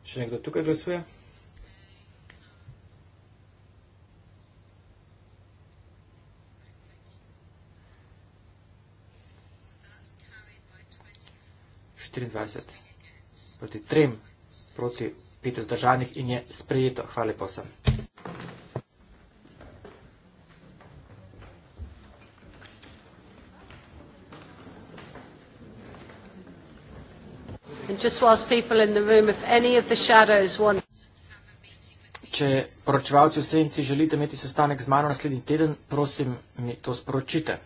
Še nekdo tukaj glasuje? Še nekdo tukaj glasuje? 24 proti 3 proti 5 zdržanih in je sprejeto. Hvala lepo sem. Če poročevalci v senci želite imeti sestanek z mano naslednji teden, prosim mi to sporočite.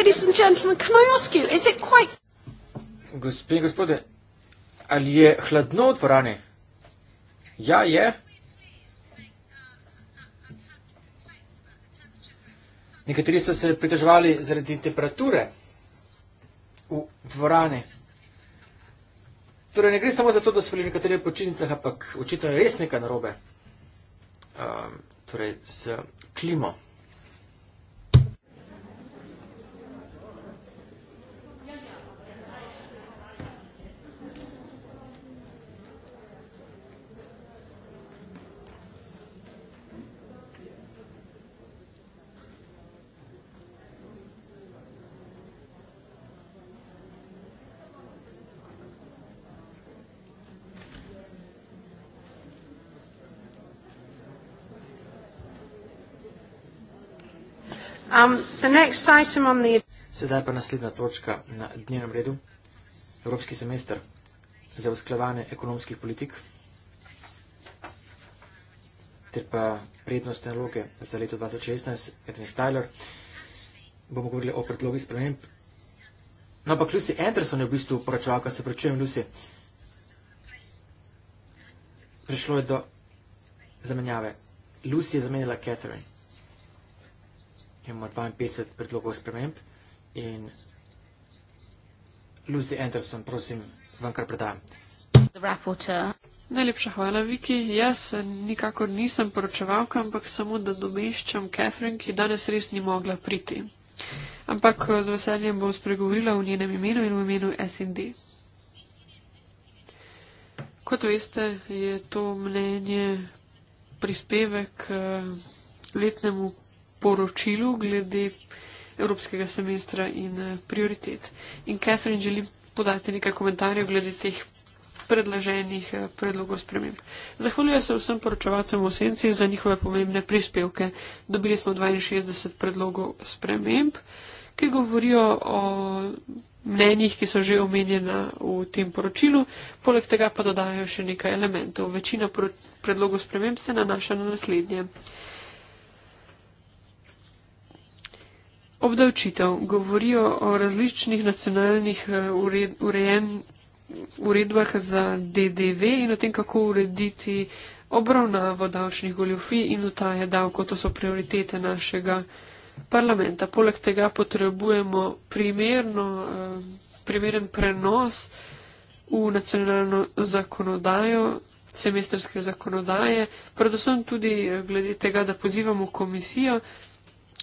ladies and gentlemen, can I ask you, is it quite... Gospi in gospode, ali je hladno v dvorani? Ja, je. Nekateri so se pridržavali zaradi temperature v dvorani. Torej, ne gre samo za to, da so bili nekateri v počinicah, ampak očitno je res nekaj narobe. Um, torej, z klimo. Torej, z klimo. Um, the next item on the... Sedaj pa naslednja točka na dnevnem redu. Evropski semester za usklavanje ekonomskih politik ter pa prednostne naloge za leto 2016, Edwin Styler, bomo govorili o predlogi sprememb. No, ampak Lucy Anderson je v bistvu poračevalka, se pričujem, Lucy. Prišlo je do zamenjave. Lucy je zamenjala Catherine imamo 52 predlogov sprememb in Lucy Anderson, prosim, vam kar predam. Najlepša hvala, Viki. Jaz nikakor nisem poročevalka, ampak samo da domeščam Catherine, ki danes res ni mogla priti. Ampak eh, z veseljem bom spregovorila v njenem imenu in v imenu SND. Kot veste, je to mnenje prispevek k eh, letnemu poročilu glede evropskega semestra in eh, prioritet. In Catherine želi podati nekaj komentarjev glede teh predlaženih eh, predlogov sprememb. Zahvaljujem se vsem poročevalcem v senci za njihove pomembne prispevke. Dobili smo 62 predlogov sprememb, ki govorijo o mnenjih, ki so že omenjena v tem poročilu, poleg tega pa dodajo še nekaj elementov. Večina predlogov sprememb se nanaša na naslednje. Obdavčitev. Govorijo o različnih nacionalnih eh, urejen, uredbah za DDV in o tem, kako urediti obravnavo davčnih goljofij in utaje davko. To so prioritete našega parlamenta. Poleg tega potrebujemo primerno, eh, primeren prenos v nacionalno zakonodajo, semestrske zakonodaje, predvsem tudi eh, glede tega, da pozivamo komisijo,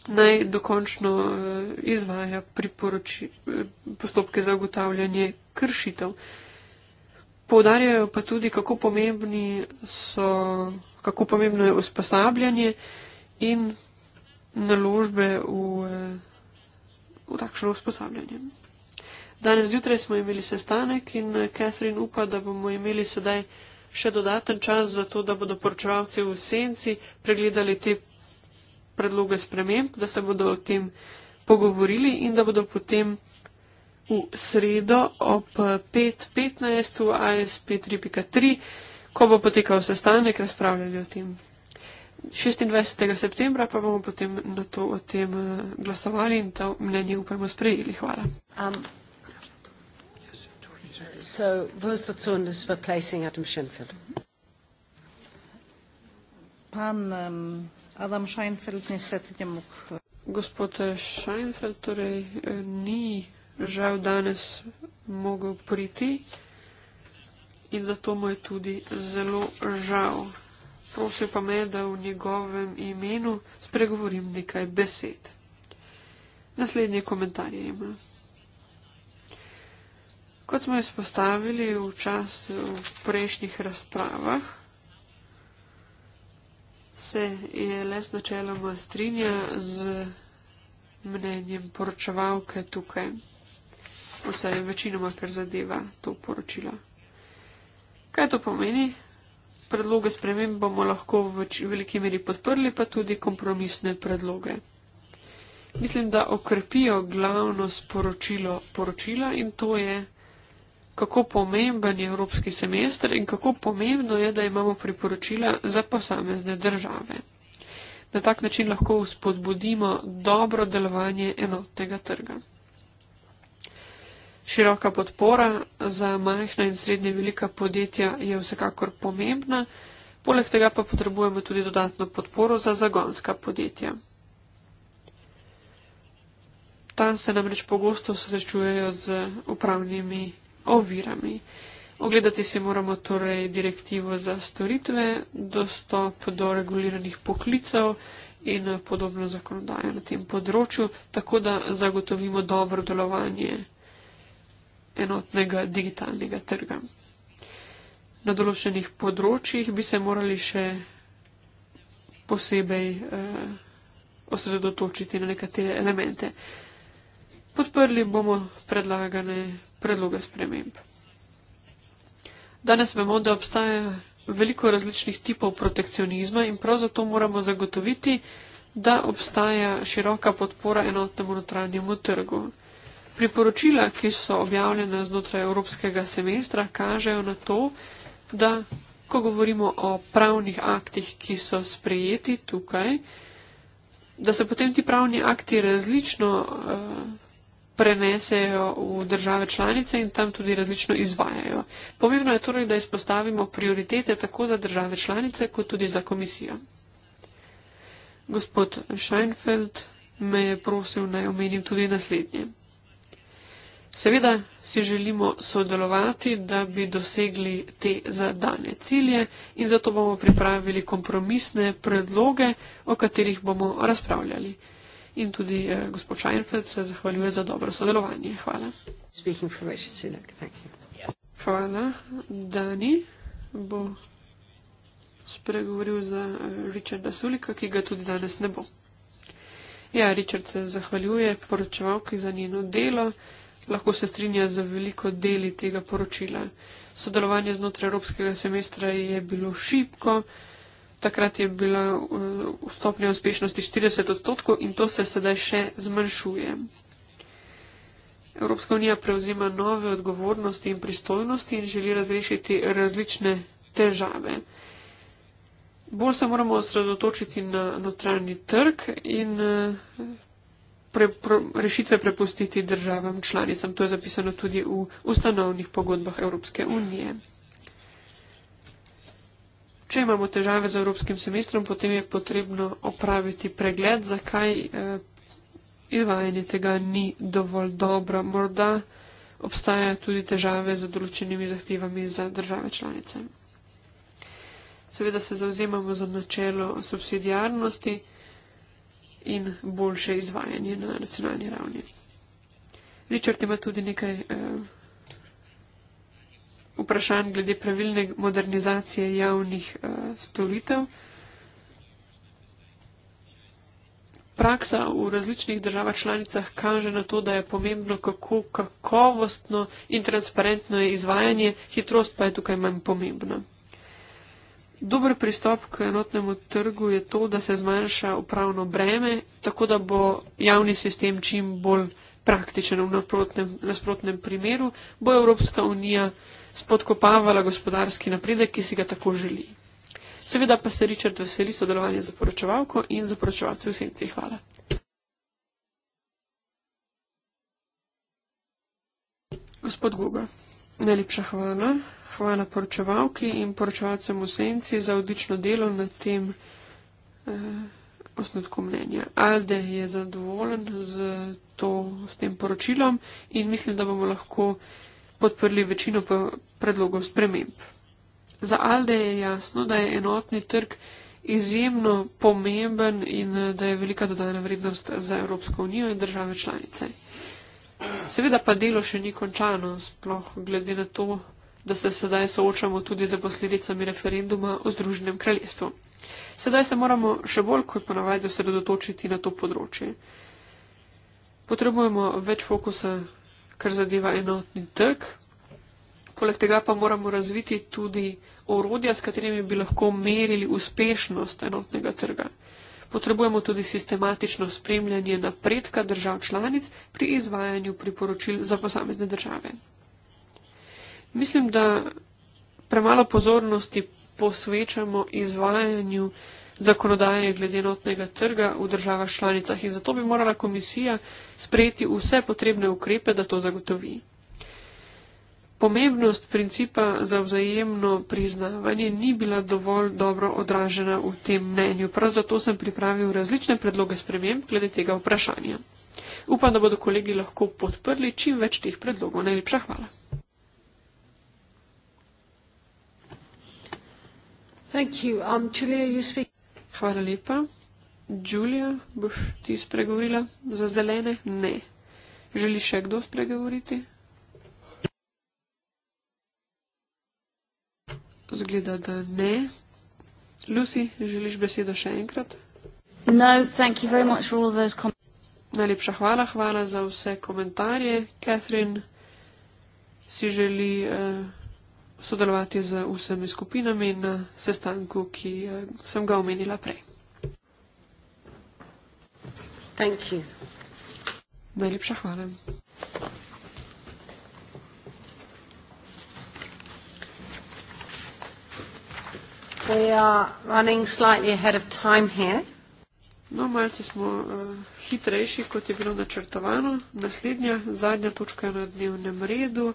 naj dokončno eh, izvaja priporoči, eh, postopke za ugotavljanje kršitev. Povdarjajo pa tudi, kako, so, kako pomembno je usposabljanje in naložbe v, eh, v takšno usposabljanje. Danes zjutraj smo imeli sestanek in Catherine upa, da bomo imeli sedaj še dodaten čas za to, da bodo poročevalci v senci pregledali te predloge sprememb, da se bodo o tem pogovorili in da bodo potem v sredo ob 5.15 v ASP 3.3, ko bo potekal sestanek, razpravljali o tem. 26. septembra pa bomo potem na to o tem eh, glasovali in to mnenje upajmo sprejeli. Hvala. Um. So, Vos the Tsun is for placing Adam Schenfeld. Pan, um... Adam Scheinfeld niestety nie mógł. Gospod Scheinfeld, który torej, e, nie żał danes mógł przyjść i za to mu jest tudi zelo żał. Proszę pa me, da w njegovem imieniu spregovorim nekaj besed. Naslednje komentarje ima. Kot smo izpostavili v času prejšnjih razpravah, se je les načeloma strinja z mnenjem poročevalke tukaj, vsaj večinoma, kar zadeva to poročilo. Kaj to pomeni? Predloge sprememb bomo lahko v veliki meri podprli, pa tudi kompromisne predloge. Mislim, da okrepijo glavno sporočilo poročila in to je kako pomemben je evropski semester in kako pomembno je, da imamo priporočila za posamezne države. Na tak način lahko spodbudimo dobro delovanje enotnega trga. Široka podpora za majhna in srednje velika podjetja je vsekakor pomembna, poleg tega pa potrebujemo tudi dodatno podporo za zagonska podjetja. Tam se namreč pogosto srečujejo z upravnimi ovirami. Ogledati si moramo torej direktivo za storitve, dostop do reguliranih poklicev in podobno zakonodajo na tem področju, tako da zagotovimo dobro delovanje enotnega digitalnega trga. Na določenih področjih bi se morali še posebej eh, osredotočiti na nekatere elemente. Podprli bomo predlagane predloge sprememb. Danes vemo, da obstaja veliko različnih tipov protekcionizma in prav zato moramo zagotoviti, da obstaja široka podpora enotnemu notranjemu trgu. Priporočila, ki so objavljena znotraj Evropskega semestra, kažejo na to, da ko govorimo o pravnih aktih, ki so sprejeti tukaj, da se potem ti pravni akti različno. Uh, prenesejo v države članice in tam tudi različno izvajajo. Pomembno je torej, da izpostavimo prioritete tako za države članice, kot tudi za komisijo. Gospod Scheinfeld me je prosil naj omenim tudi naslednje. Seveda si želimo sodelovati, da bi dosegli te zadane cilje in zato bomo pripravili kompromisne predloge, o katerih bomo razpravljali in tudi eh, gospod Scheinfeld se zahvaljuje za dobro sodelovanje. Hvala. Hvala. Dani bo spregovoril za eh, Richarda Sulika, ki ga tudi danes ne bo. Ja, Richard se zahvaljuje poročevalki za njeno delo, lahko se strinja za veliko deli tega poročila. Sodelovanje znotraj evropskega semestra je bilo šipko. Takrat je bila uh, stopnja uspešnosti 40 odstotkov in to se sedaj še zmanjšuje. Evropska unija prevzima nove odgovornosti in pristojnosti in želi razrešiti različne težave. Bolj se moramo osredotočiti na notranji trg in eh, pre, pre, rešitve prepustiti državam članicam. To je zapisano tudi v ustanovnih pogodbah Evropske unije. Če imamo težave z evropskim semestrom, potem je potrebno opraviti pregled, zakaj eh, izvajanje tega ni dovolj dobro. Morda obstaja tudi težave z določenimi zahtevami za države članice. Seveda se zauzemamo za načelo subsidijarnosti in boljše izvajanje na nacionalni ravni. Richard ima tudi nekaj. Eh, vprašanj glede pravilne modernizacije javnih uh, storitev. Praksa v različnih državah članicah kaže na to, da je pomembno, kako kakovostno in transparentno je izvajanje, hitrost pa je tukaj manj pomembna. Dober pristop k enotnemu trgu je to, da se zmanjša upravno breme, tako da bo javni sistem čim bolj praktičen. V nasprotnem, nasprotnem primeru bo Evropska unija spodkopavala gospodarski napredek, ki si ga tako želi. Seveda pa se Richard veseli sodelovanja za poročevalko in za poročevalce v senci. Hvala. Gospod Guga, najlepša hvala. Hvala poročevalki in poročevalcem v senci za odlično delo na tem eh, osnotku mnenja. Alde je zadovoljen z, to, s tem poročilom in mislim, da bomo lahko podprli večino predlogov sprememb. Za Alde je jasno, da je enotni trg izjemno pomemben in eh, da je velika dodana vrednost za Evropsko unijo in države članice. Seveda pa delo še ni končano, sploh glede na to, da se sedaj soočamo tudi za posledicami referenduma o Združenem kraljestvu. Sedaj se moramo še bolj kot ponavadi osredotočiti na to področje. Potrebujemo več fokusa kar zadeva enotni trg. Poleg tega pa moramo razviti tudi orodja, s katerimi bi lahko merili uspešnost enotnega trga. Potrebujemo tudi sistematično spremljanje napredka držav članic pri izvajanju priporočil za posamezne države. Mislim, da premalo pozornosti posvečamo izvajanju zakonodaje glede notnega trga v državah članicah in zato bi morala komisija sprejeti vse potrebne ukrepe, da to zagotovi. Pomembnost principa za vzajemno priznavanje ni bila dovolj dobro odražena v tem mnenju. Prav zato sem pripravil različne predloge sprememb glede tega vprašanja. Upam, da bodo kolegi lahko podprli čim več teh predlogov. Najlepša hvala. Thank you. Um, Julia, you speak. Hvala lepa. Julija, boš ti spregovorila za zelene? Ne. Želi še kdo spregovoriti? Zgleda, da ne. Lucy, želiš besedo še enkrat? No, thank you very much for all those Najlepša hvala, hvala za vse komentarje. Catherine si želi. Uh, sodelovati z vsemi skupinami na sestanku, ki eh, sem ga omenila prej. Thank you. Najlepša hvala. We are running slightly ahead of time here. No, malce smo uh, hitrejši, kot je bilo načrtovano. Naslednja, zadnja točka na dnevnem redu.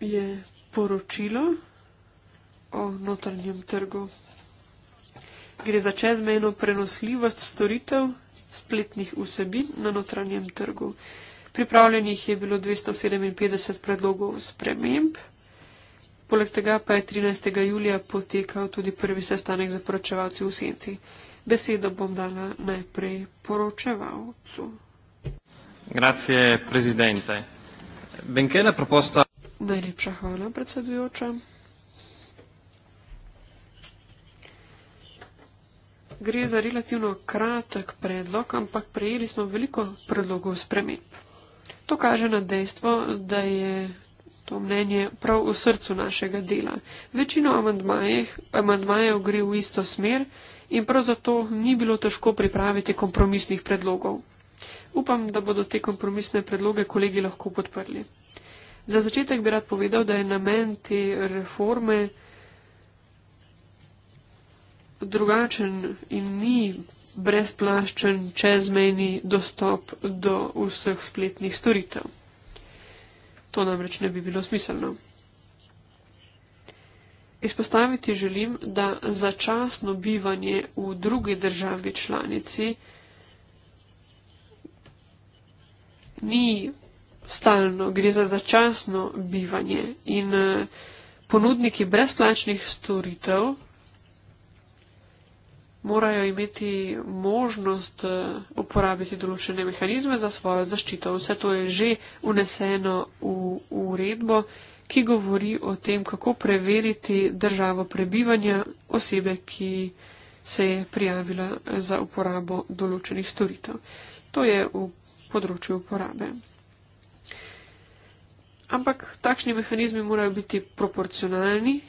je poročilo o notranjem trgu. Gre za čezmejno prenosljivost storitev spletnih vsebin na notranjem trgu. Pripravljenih je bilo 257 predlogov sprememb. Poleg tega pa je 13. julija potekal tudi prvi sestanek za poročevalce v senci. Besedo bom dala najprej poročevalcu. Grazie, presidente. Benché la proposta Najlepša hvala, predsedujoča. Gre za relativno kratek predlog, ampak prejeli smo veliko predlogov sprememb. To kaže na dejstvo, da je to mnenje prav v srcu našega dela. Večino amandmajev gre v isto smer in prav zato ni bilo težko pripraviti kompromisnih predlogov. Upam, da bodo te kompromisne predloge kolegi lahko podprli. Za začetek bi rad povedal, da je namen te reforme drugačen in ni brezplaščen čezmejni dostop do vseh spletnih storitev. To namreč ne bi bilo smiselno. Izpostaviti želim, da začasno bivanje v drugi državi članici ni stalno, gre za začasno bivanje in eh, ponudniki brezplačnih storitev morajo imeti možnost eh, uporabiti določene mehanizme za svojo zaščito. Vse to je že uneseno v uredbo, ki govori o tem, kako preveriti državo prebivanja osebe, ki se je prijavila za uporabo določenih storitev. To je v področju uporabe. Ampak takšni mehanizmi morajo biti proporcionalni,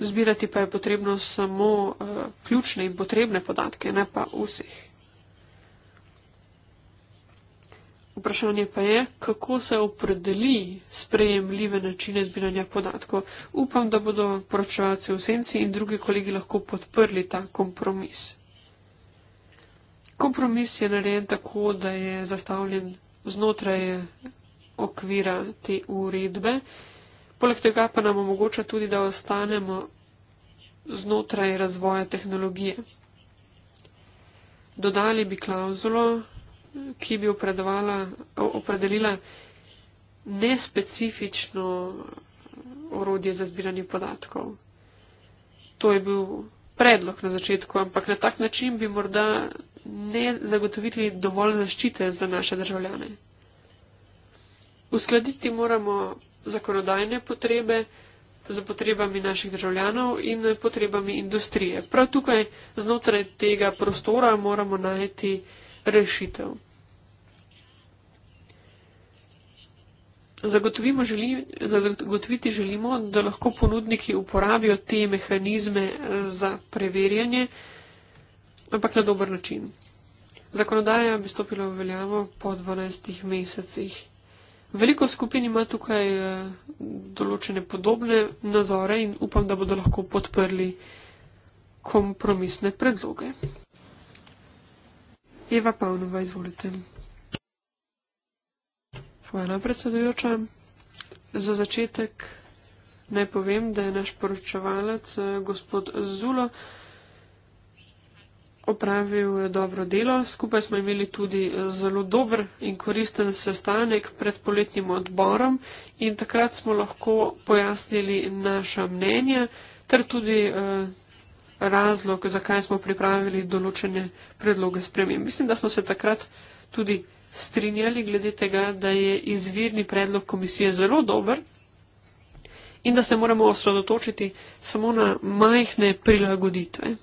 zbirati pa je potrebno samo uh, ključne in potrebne podatke, ne pa vseh. Vprašanje pa je, kako se opredeli sprejemljive načine zbiranja podatkov. Upam, da bodo poročevalci v senci in drugi kolegi lahko podprli ta kompromis. Kompromis je narejen tako, da je zastavljen znotraj okvira te uredbe. Poleg tega pa nam omogoča tudi, da ostanemo znotraj razvoja tehnologije. Dodali bi klauzulo, ki bi opredelila nespecifično orodje za zbiranje podatkov. To je bil predlog na začetku, ampak na tak način bi morda ne zagotovili dovolj zaščite za naše državljane. Uskladiti moramo zakonodajne potrebe za potrebami naših državljanov in potrebami industrije. Prav tukaj znotraj tega prostora moramo najti rešitev. Želi, zagotoviti želimo, da lahko ponudniki uporabijo te mehanizme za preverjanje, ampak na dober način. Zakonodaja bi stopila v veljavo po 12 mesecih. Veliko skupin ima tukaj eh, določene podobne nazore in upam, da bodo lahko podprli kompromisne predloge. Eva Pavnova, izvolite. Hvala, predsedujoča. Za začetek naj povem, da je naš poročevalec eh, gospod Zulo opravil dobro delo. Skupaj smo imeli tudi eh, zelo dober in koristen sestanek pred poletnim odborom in takrat smo lahko pojasnili naša mnenja ter tudi eh, razlog, zakaj smo pripravili določene predloge spremem. Mislim, da smo se takrat tudi strinjali glede tega, da je izvirni predlog komisije zelo dober in da se moramo osredotočiti samo na majhne prilagoditve.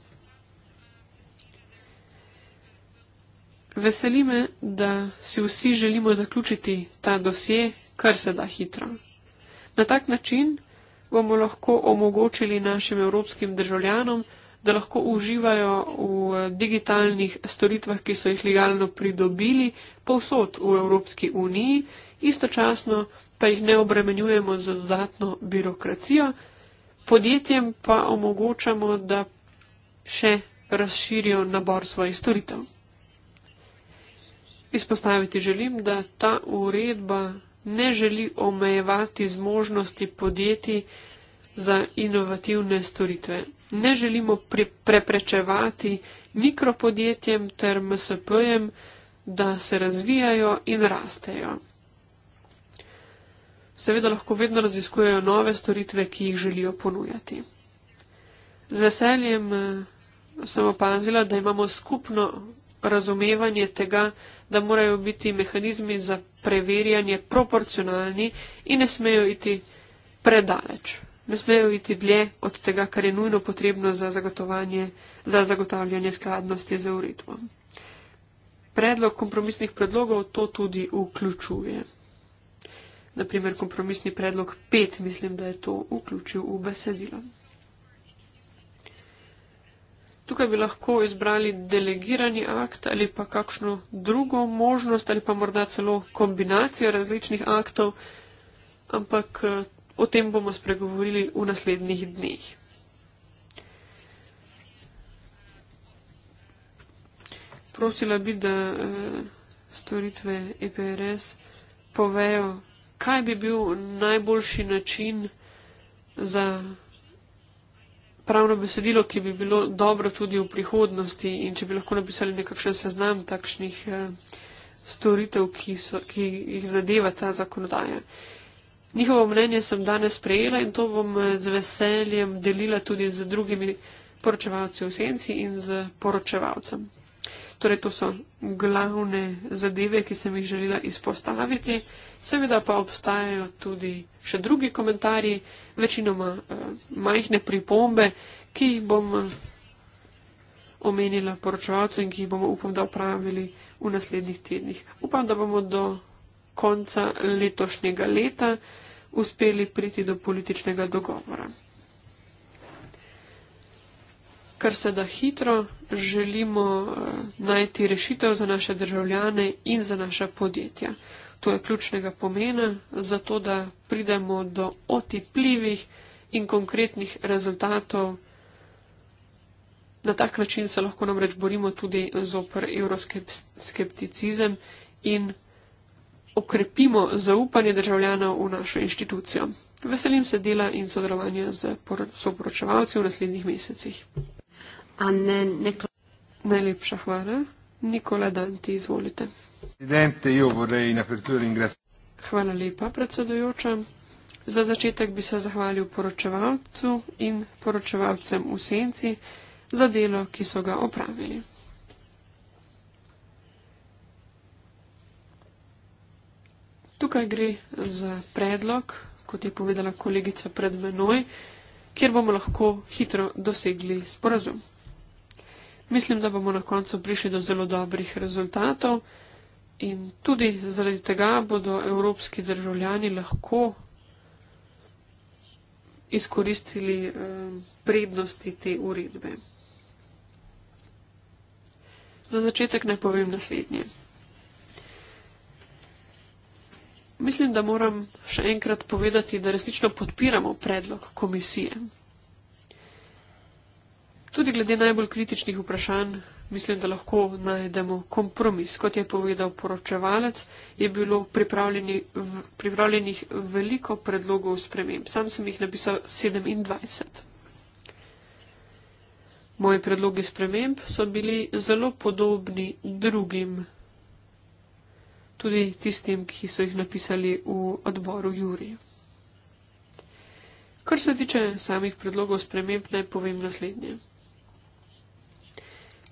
Veseli me, da si vsi želimo zaključiti ta dosje, kar se da hitro. Na tak način bomo lahko omogočili našim evropskim državljanom, da lahko uživajo v eh, digitalnih storitvah, ki so jih legalno pridobili, povsod v Evropski uniji, istočasno pa jih ne obremenjujemo z dodatno birokracijo, podjetjem pa omogočamo, da še razširijo nabor svojih storitev. Izpostaviti želim, da ta uredba ne želi omejevati zmožnosti podjetij za inovativne storitve. Ne želimo pre preprečevati mikropodjetjem ter MSP-jem, da se razvijajo in rastejo. Seveda lahko vedno raziskujejo nove storitve, ki jih želijo ponujati. Z veseljem eh, sem opazila, da imamo skupno razumevanje tega, da morajo biti mehanizmi za preverjanje proporcionalni in ne smejo iti predaleč. Ne smejo iti dlje od tega, kar je nujno potrebno za, za zagotavljanje skladnosti z uredbom. Predlog kompromisnih predlogov to tudi vključuje. Naprimer, kompromisni predlog 5 mislim, da je to vključil v besedilo. Tukaj bi lahko izbrali delegirani akt ali pa kakšno drugo možnost ali pa morda celo kombinacijo različnih aktov, ampak eh, o tem bomo spregovorili v naslednjih dneh. Prosila bi, da eh, storitve EPRS povejo, kaj bi bil najboljši način za pravno besedilo, ki bi bilo dobro tudi v prihodnosti in če bi lahko napisali nekakšen seznam takšnih eh, storitev, ki, so, ki jih zadeva ta zakonodaja. Njihovo mnenje sem danes prejela in to bom eh, z veseljem delila tudi z drugimi poročevalci v senci in z poročevalcem. Torej, to so glavne zadeve, ki sem jih želela izpostaviti. Seveda pa obstajajo tudi še drugi komentarji, večinoma eh, majhne pripombe, ki jih bom eh, omenila poročevalcu in ki jih bomo upam, da upravili v naslednjih tednih. Upam, da bomo do konca letošnjega leta uspeli priti do političnega dogovora kar se da hitro, želimo eh, najti rešitev za naše državljane in za naše podjetja. To je ključnega pomena, zato da pridemo do otipljivih in konkretnih rezultatov. Na tak način se lahko namreč borimo tudi zopr euroskepticizem in okrepimo zaupanje državljanov v našo inštitucijo. Veselim se dela in sodelovanja z soporočevalci v naslednjih mesecih. Najlepša hvala. Nikola Danti, izvolite. Hvala lepa, predsedujoča. Za začetek bi se zahvalil poročevalcu in poročevalcem v senci za delo, ki so ga opravili. Tukaj gre za predlog, kot je povedala kolegica pred menoj, kjer bomo lahko hitro dosegli sporazum. Mislim, da bomo na koncu prišli do zelo dobrih rezultatov in tudi zaradi tega bodo evropski državljani lahko izkoristili eh, prednosti te uredbe. Za začetek naj povem naslednje. Mislim, da moram še enkrat povedati, da resnično podpiramo predlog komisije. Tudi glede najbolj kritičnih vprašanj mislim, da lahko najdemo kompromis. Kot je povedal poročevalec, je bilo pripravljeni, v, pripravljenih veliko predlogov sprememb. Sam sem jih napisal 27. Moji predlogi sprememb so bili zelo podobni drugim, tudi tistim, ki so jih napisali v odboru Juri. Kar se tiče samih predlogov sprememb, naj povem naslednje.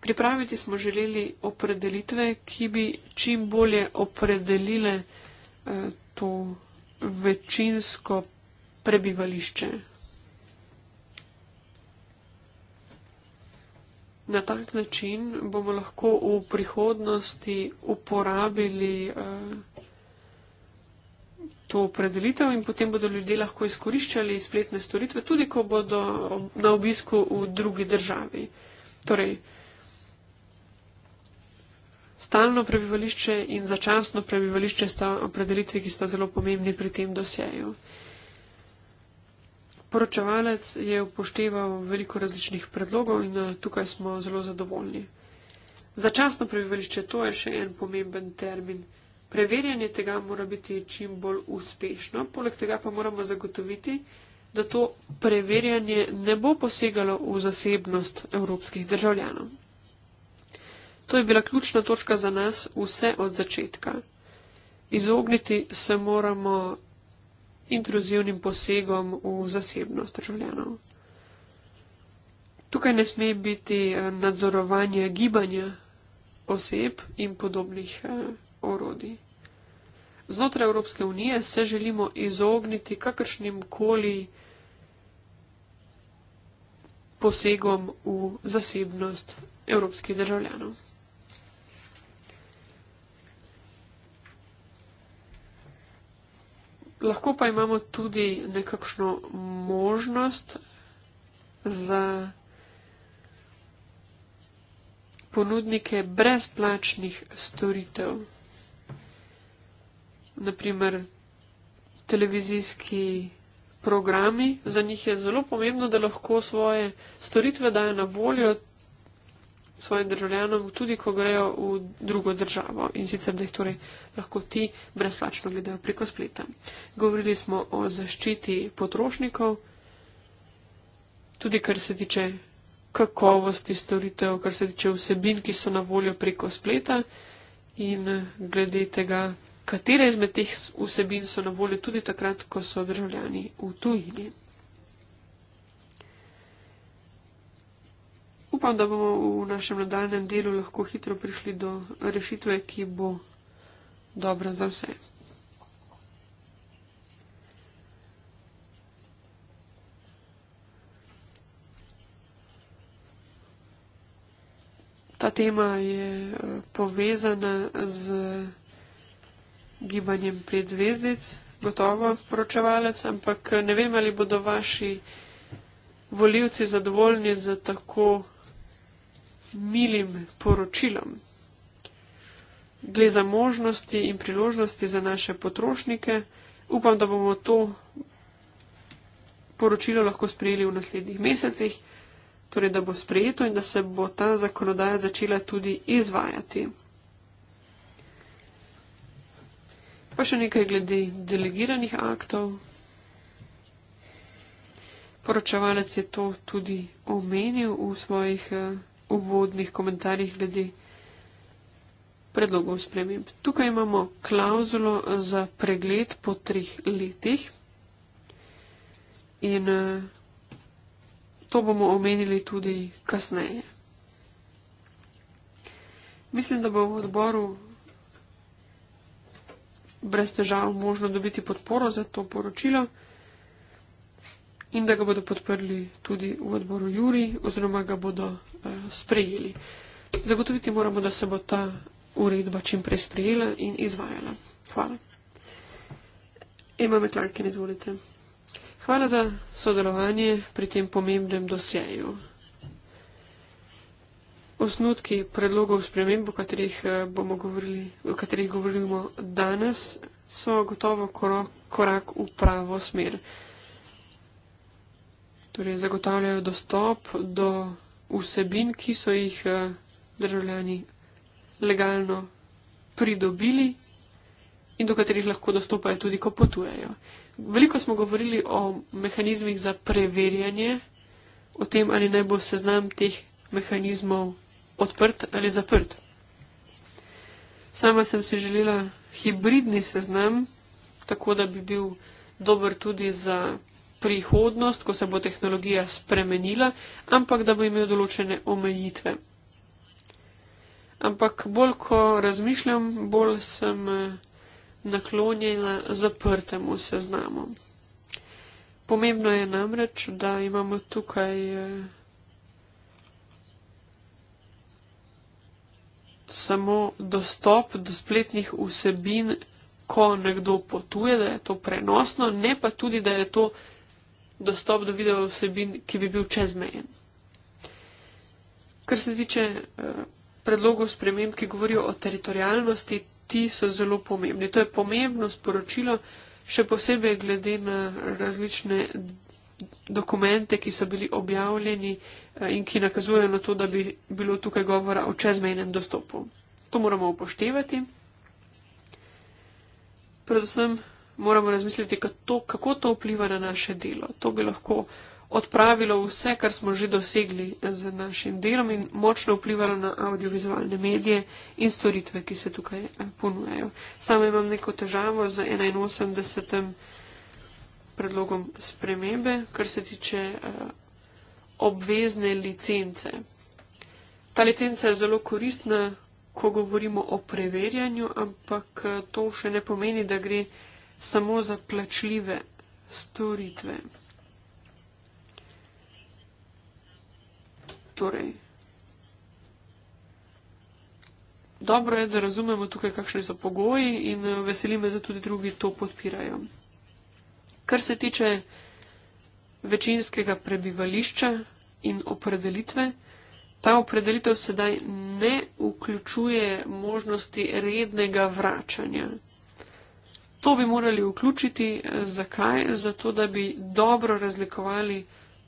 Pripraviti smo želeli opredelitve, ki bi čim bolje opredelile eh, to večinsko prebivališče. Na tak način bomo lahko v prihodnosti uporabili eh, to opredelitev in potem bodo ljudje lahko izkoriščali spletne storitve, tudi ko bodo na obisku v drugi državi. Torej, Stalno prebivališče in začasno prebivališče sta opredelitve, ki sta zelo pomembni pri tem dosjeju. Poročevalec je upošteval veliko različnih predlogov in eh, tukaj smo zelo zadovoljni. Začasno prebivališče, to je še en pomemben termin. Preverjanje tega mora biti čim bolj uspešno, poleg tega pa moramo zagotoviti, da to preverjanje ne bo posegalo v zasebnost evropskih državljanov. To je bila ključna točka za nas vse od začetka. Izogniti se moramo intruzivnim posegom v zasebnost državljanov. Tukaj ne sme biti eh, nadzorovanja gibanja oseb in podobnih eh, orodij. Znotraj Evropske unije se želimo izogniti kakršnim koli posegom v zasebnost evropskih državljanov. Lahko pa imamo tudi nekakšno možnost za ponudnike brezplačnih storitev. Naprimer, televizijski programi, za njih je zelo pomembno, da lahko svoje storitve dajo na voljo svojim državljanom, tudi ko grejo v drugo državo in sicer, da jih torej lahko ti brezplačno gledajo preko spleta. Govorili smo o zaščiti potrošnikov, tudi kar se tiče kakovosti storitev, kar se tiče vsebin, ki so na voljo preko spleta in glede tega, katere izmed teh vsebin so na voljo tudi takrat, ko so državljani v tujini. upam, da bomo v našem nadaljem delu lahko hitro prišli do rešitve, ki bo dobra za vse. Ta tema je eh, povezana z gibanjem pred zvezdic, gotovo poročevalec, ampak ne vem, ali bodo vaši volivci zadovoljni za tako milim poročilom. Gle za možnosti in priložnosti za naše potrošnike. Upam, da bomo to poročilo lahko sprejeli v naslednjih mesecih, torej da bo sprejeto in da se bo ta zakonodaja začela tudi izvajati. Pa še nekaj glede delegiranih aktov. Poročevalec je to tudi omenil v svojih eh, uvodnih komentarjih glede predlogov sprememb. Tukaj imamo klauzulo za pregled po treh letih in eh, to bomo omenili tudi kasneje. Mislim, da bo v odboru brez težav možno dobiti podporo za to poročilo in da ga bodo podprli tudi v odboru Juri oziroma ga bodo sprejeli. Zagotoviti moramo, da se bo ta uredba čim prej sprejela in izvajala. Hvala. Ema Meklankin, izvolite. Hvala za sodelovanje pri tem pomembnem dosjeju. Osnutki predlogov sprememb, o katerih, eh, bomo govorili, o katerih govorimo danes, so gotovo korak, korak v pravo smer. Torej, zagotavljajo dostop do vsebin, ki so jih eh, državljani legalno pridobili in do katerih lahko dostopajo tudi, ko potujejo. Veliko smo govorili o mehanizmih za preverjanje, o tem, ali naj bo seznam teh mehanizmov odprt ali zaprt. Sama sem si želela hibridni seznam, tako da bi bil dober tudi za prihodnost, ko se bo tehnologija spremenila, ampak da bo imel določene omejitve. Ampak bolj, ko razmišljam, bolj sem eh, naklonjena zaprtemu seznamu. Pomembno je namreč, da imamo tukaj eh, samo dostop do spletnih vsebin, ko nekdo potuje, da je to prenosno, ne pa tudi, da je to dostop do video vsebin, ki bi bil čezmejen. Kar se tiče eh, predlogov sprememb, ki govorijo o teritorijalnosti, ti so zelo pomembni. To je pomembno sporočilo, še posebej glede na različne dokumente, ki so bili objavljeni eh, in ki nakazujejo na to, da bi bilo tukaj govora o čezmejnem dostopu. To moramo upoštevati. Predvsem moramo razmisliti, kako to vpliva na naše delo. To bi lahko odpravilo vse, kar smo že dosegli z našim delom in močno vplivalo na audiovizualne medije in storitve, ki se tukaj eh, ponujajo. Sama imam neko težavo z 81. predlogom spremembe, kar se tiče uh, obvezne licence. Ta licenca je zelo koristna, ko govorimo o preverjanju, ampak eh, to še ne pomeni, da gre samo za plačljive storitve. Torej, dobro je, da razumemo tukaj, kakšni so pogoji in eh, veseli me, da tudi drugi to podpirajo. Kar se tiče večinskega prebivališča in opredelitve, ta opredelitev sedaj ne vključuje možnosti rednega vračanja. To bi morali vključiti. Eh, zakaj? Zato, da bi dobro razlikovali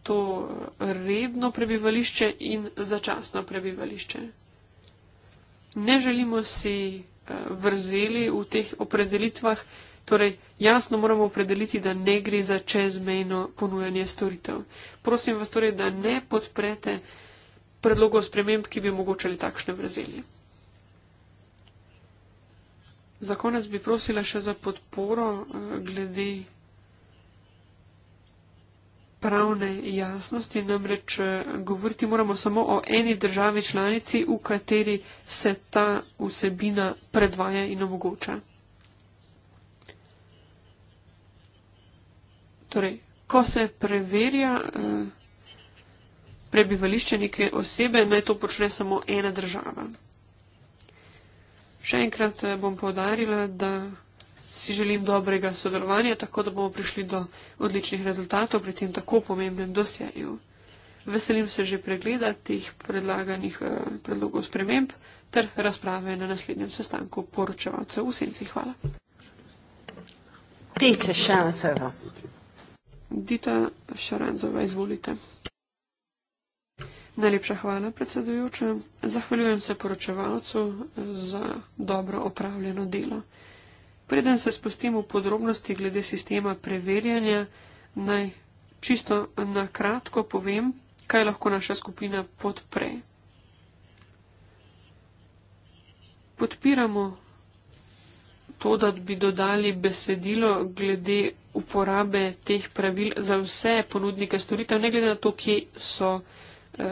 to eh, redno prebivališče in začasno prebivališče. Ne želimo si eh, vrzeli v teh opredelitvah, torej jasno moramo opredeliti, da ne gre za čezmejno ponujanje storitev. Prosim vas torej, da ne podprete predlogov sprememb, ki bi omogočali takšne vrzeli. Za konec bi prosila še za podporo eh, glede pravne jasnosti. Namreč eh, govoriti moramo samo o eni državi članici, v kateri se ta vsebina predvaja in omogoča. Torej, ko se preverja eh, prebivališče neke osebe, naj to počne samo ena država. Še enkrat eh, bom povdarila, da si želim dobrega sodelovanja, tako da bomo prišli do odličnih rezultatov pri tem tako pomembnem dosjeju. Veselim se že pregledati predlaganih eh, predlogov sprememb ter razprave na naslednjem sestanku poročevalcev v Senci. Hvala. Dita Šaranzova. Dita Šaranzova, izvolite. Najlepša hvala, predsedujoča. Zahvaljujem se poročevalcu za dobro opravljeno delo. Preden se spustimo v podrobnosti glede sistema preverjanja, naj čisto na kratko povem, kaj lahko naša skupina podpre. Podpiramo to, da bi dodali besedilo glede uporabe teh pravil za vse ponudnike storitev, ne glede na to, kje so uh,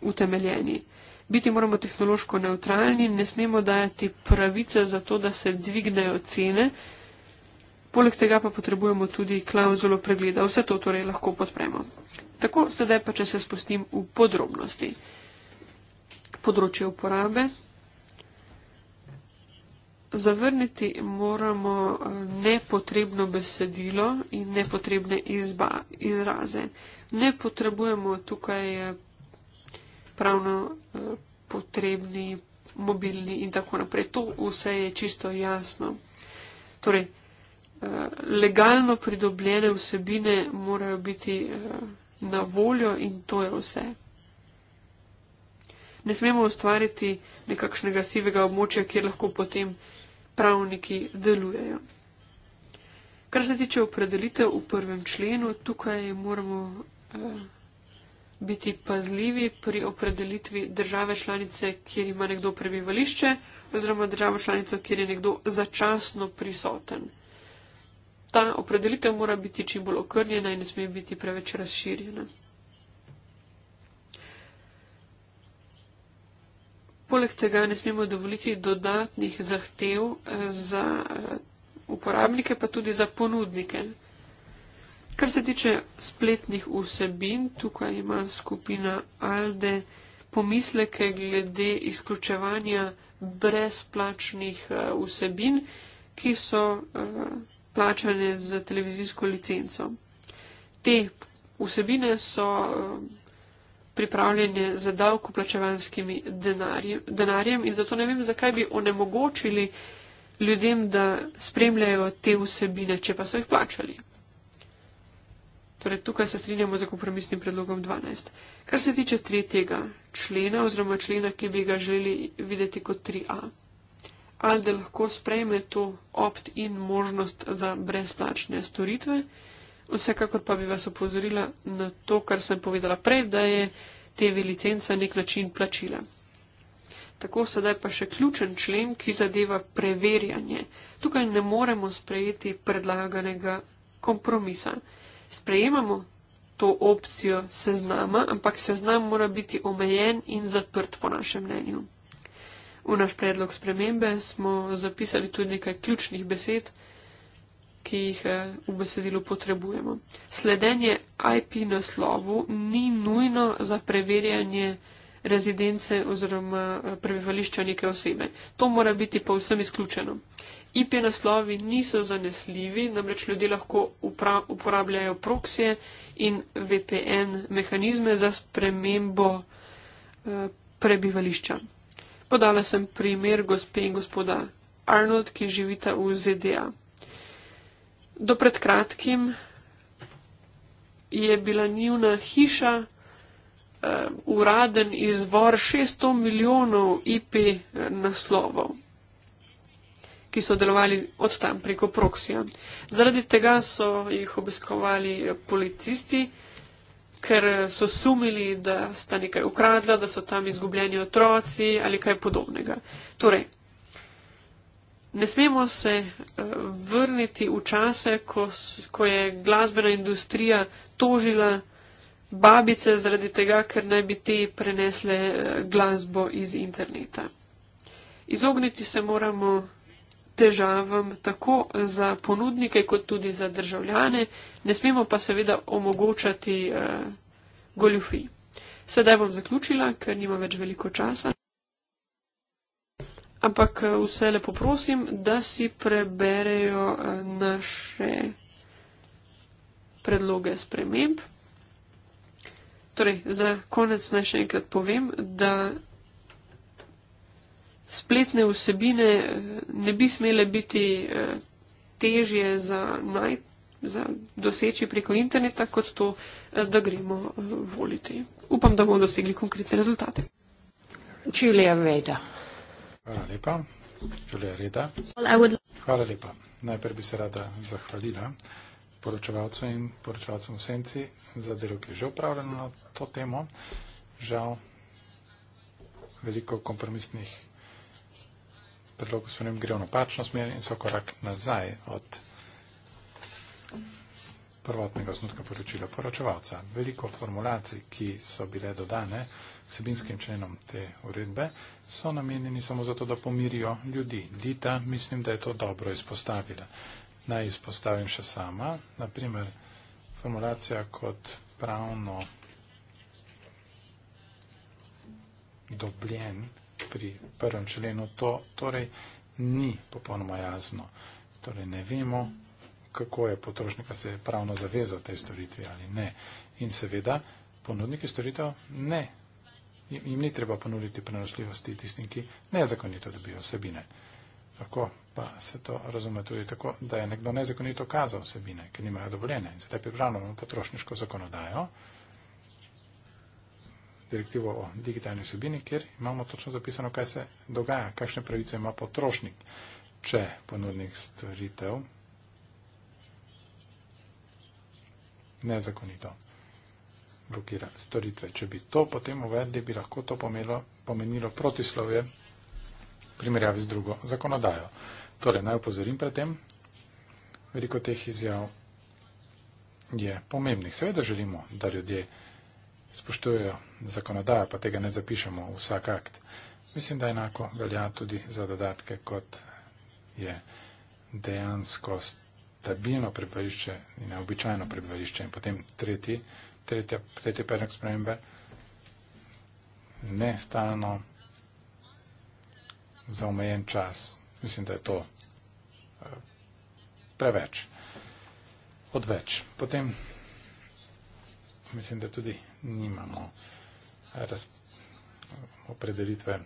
utemeljeni. Biti moramo tehnološko neutralni, ne smemo dajati pravice za to, da se dvignejo cene. Poleg tega pa potrebujemo tudi klauzulo pregleda. Vse to torej lahko podpremo. Tako, sedaj pa, če se spustim v podrobnosti. Področje uporabe. Zavrniti moramo eh, nepotrebno besedilo in nepotrebne izba, izraze. Ne potrebujemo tukaj eh, pravno eh, potrebni, mobilni in tako naprej. To vse je čisto jasno. Torej, eh, legalno pridobljene vsebine morajo biti eh, na voljo in to je vse. Ne smemo ustvariti nekakšnega sivega območja, kjer lahko potem pravniki delujejo. Kar se tiče opredelitev v prvem členu, tukaj moramo. Eh, biti pazljivi pri opredelitvi države članice, kjer ima nekdo prebivališče, oziroma državo članico, kjer je nekdo začasno prisoten. Ta opredelitev mora biti čim bolj okrnjena in ne sme biti preveč razširjena. Poleg tega ne smemo dovoliti dodatnih zahtev za eh, uporabnike, pa tudi za ponudnike. Kar se tiče spletnih vsebin, tukaj ima skupina Alde pomisleke glede izključevanja brezplačnih eh, vsebin, ki so eh, plačane z televizijsko licenco. Te vsebine so eh, pripravljene z davkoplačevanskimi denarjem in zato ne vem, zakaj bi onemogočili ljudem, da spremljajo te vsebine, če pa so jih plačali. Torej, tukaj se strinjamo z kompromisnim predlogom 12. Kar se tiče tretjega člena oziroma člena, ki bi ga želeli videti kot 3a, Alde lahko sprejme to opt-in možnost za brezplačne storitve. Vsekakor pa bi vas opozorila na to, kar sem povedala prej, da je TV licenca nek način plačila. Tako sedaj pa še ključen člen, ki zadeva preverjanje. Tukaj ne moremo sprejeti predlaganega kompromisa sprejemamo to opcijo seznama, ampak seznam mora biti omejen in zaprt po našem mnenju. V naš predlog spremembe smo zapisali tudi nekaj ključnih besed, ki jih eh, v besedilu potrebujemo. Sledenje IP naslovu ni nujno za preverjanje rezidence oziroma eh, prebivališča neke osebe. To mora biti povsem izključeno. IP naslovi niso zanesljivi, namreč ljudje lahko uporabljajo proksije in VPN mehanizme za spremembo eh, prebivališča. Podala sem primer gospe in gospoda Arnold, ki živita v ZDA. Do pred kratkim je bila njuna hiša uh, uraden izvor 600 milijonov IP eh, naslovov ki so delovali od tam preko proksija. Zaradi tega so jih obiskovali policisti, ker so sumili, da sta nekaj ukradla, da so tam izgubljeni otroci ali kaj podobnega. Torej, ne smemo se eh, vrniti v čase, ko, ko je glasbena industrija tožila babice zaradi tega, ker naj bi te prenesle eh, glasbo iz interneta. Izogniti se moramo težavam, tako za ponudnike, kot tudi za državljane, ne smemo pa seveda omogočati uh, eh, goljufi. Sedaj bom zaključila, ker nima več veliko časa. Ampak eh, vse lepo prosim, da si preberejo eh, naše predloge sprememb. Torej, za konec naj še enkrat povem, da spletne vsebine ne bi smele biti eh, težje za, naj, za doseči preko interneta, kot to, eh, da gremo eh, voliti. Upam, da bomo dosegli konkretne rezultate. Julija Veda. Hvala lepa. Julija Reda. Hvala lepa. Najprej bi se rada zahvalila poročevalcem in poročevalcem v senci za delo, ki je že upravljeno na to temo. Žal, veliko kompromisnih predlogu sprememb gre v napačno smer in so korak nazaj od prvotnega osnutka poročila poročevalca. Veliko formulacij, ki so bile dodane vsebinskim členom te uredbe, so namenjeni samo zato, da pomirijo ljudi. Dita mislim, da je to dobro izpostavila. Naj izpostavim še sama, naprimer formulacija kot pravno dobljen pri prvem členu, to torej ni popolnoma jasno. Torej ne vemo, kako je potrošnika se pravno zavezal tej storitvi ali ne. In seveda, ponudniki storitev ne. Jim ni treba ponuditi prenosljivosti tistim, ki nezakonito dobijo vsebine. Lahko pa se to razume tudi tako, da je nekdo nezakonito kazal vsebine, ki nimajo dovoljene. In zdaj pripravljamo potrošniško zakonodajo direktivo o digitalni vsebini, kjer imamo točno zapisano, kaj se dogaja, kakšne pravice ima potrošnik, če ponudnik storitev nezakonito blokira storitve. Če bi to potem uvedli, bi lahko to pomenilo, pomenilo protislovje primerjavi z drugo zakonodajo. Torej, naj upozorim pred tem, veliko teh izjav je pomembnih. Seveda želimo, da ljudje spoštujejo zakonodajo, pa tega ne zapišemo v vsak akt. Mislim, da enako velja tudi za dodatke, kot je dejansko stabilno prebivališče in običajno prebivališče. In potem tretji, tretja, tretji predlog spremembe, ne stalno za omejen čas. Mislim, da je to eh, preveč, odveč. Potem mislim, da tudi nimamo raz, opredelitve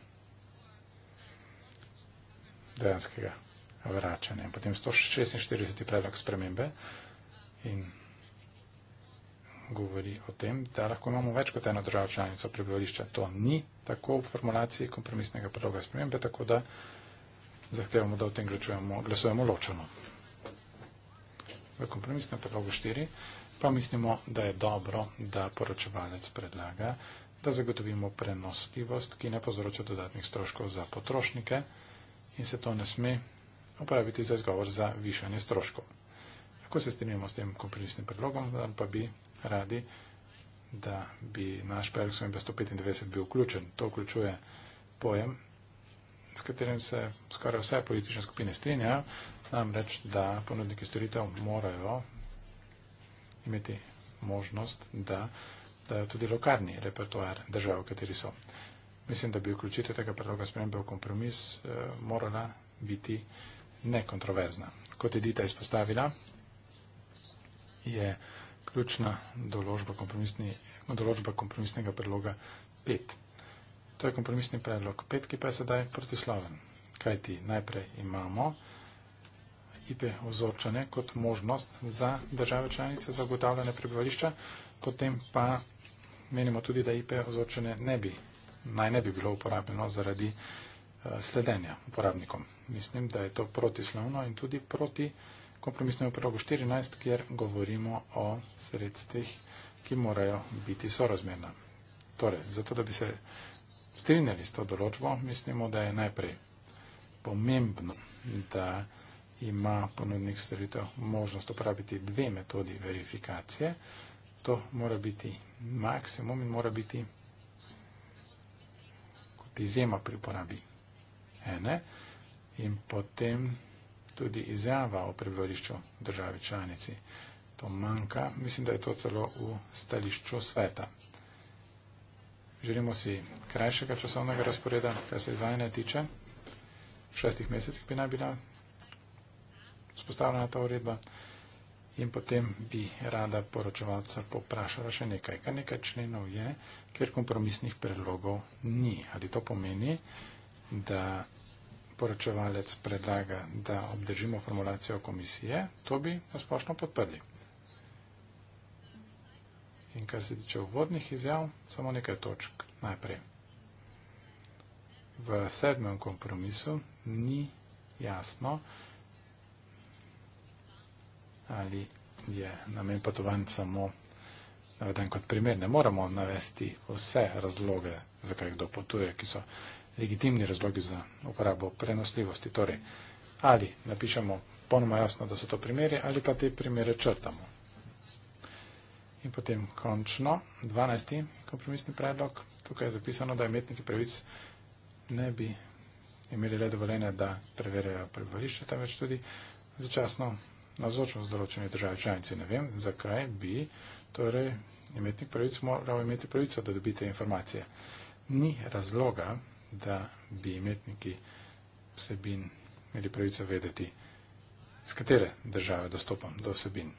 dejanskega vračanja. Potem 146. predlog spremembe in govori o tem, da lahko imamo več kot eno državo članico prebivališča. To ni tako v formulaciji kompromisnega predloga spremembe, tako da zahtevamo, da o tem glasujemo ločeno. V kompromisnem predlogu 4 pa mislimo, da je dobro, da poročevalec predlaga, da zagotovimo prenosljivost, ki ne povzroča dodatnih stroškov za potrošnike in se to ne sme uporabiti za izgovor za višanje stroškov. Ko se strinjamo s tem kompromisnim predlogom, pa bi radi, da bi naš predlog 195 bil vključen. To vključuje pojem, s katerim se skoraj vse politične skupine strinjajo, namreč, da ponudniki storitev morajo imeti možnost, da dajo tudi lokalni repertoar držav, kateri so. Mislim, da bi vključitev tega predloga spremembe v kompromis eh, morala biti nekontroverzna. Kot je Dita izpostavila, je ključna določba, določba kompromisnega predloga 5. To je kompromisni predlog 5, ki pa je sedaj protisloven. Kaj ti najprej imamo? IP ozorčene kot možnost za države članice zagotavljanje prebivališča, potem pa menimo tudi, da IP ozorčene ne bi, naj ne bi bilo uporabljeno zaradi eh, sledenja uporabnikom. Mislim, da je to protislovno in tudi proti kompromisnemu prilogu 14, kjer govorimo o sredstvih, ki morajo biti sorazmerna. Torej, zato da bi se strinjali s to določbo, mislimo, da je najprej pomembno, da je ima ponudnik storitev možnost uporabiti dve metodi verifikacije. To mora biti maksimum in mora biti kot izjema pri uporabi ene in potem tudi izjava o prebivališču državi članici. To manjka, mislim, da je to celo v stališču sveta. Želimo si krajšega časovnega razporeda, kar se izvajanja tiče. V šestih mesecih bi naj bila spostavljena ta uredba. In potem bi rada poročevalca poprašala še nekaj. Kar nekaj členov je, ker kompromisnih predlogov ni. Ali to pomeni, da poročevalec predlaga, da obdržimo formulacijo komisije, to bi nasplošno podprli. In kar se tiče uvodnih izjav, samo nekaj točk najprej. V sedmem kompromisu ni jasno, da je to, ali je namen potovanj samo naveden kot primer. Ne moramo navesti vse razloge, zakaj kdo potuje, ki so legitimni razlogi za uporabo prenosljivosti. Torej, ali napišemo ponoma jasno, da so to primeri, ali pa te primere črtamo. In potem končno, 12. kompromisni predlog. Tukaj je zapisano, da imetniki pravic ne bi imeli le dovoljenja, da preverjajo prebivališče, temveč tudi začasno navzočnost določene države članice. Ne vem, zakaj bi torej imetnik pravic moral imeti pravico, da dobite informacije. Ni razloga, da bi imetniki vsebin imeli pravico vedeti, z katere države dostopam do vsebin.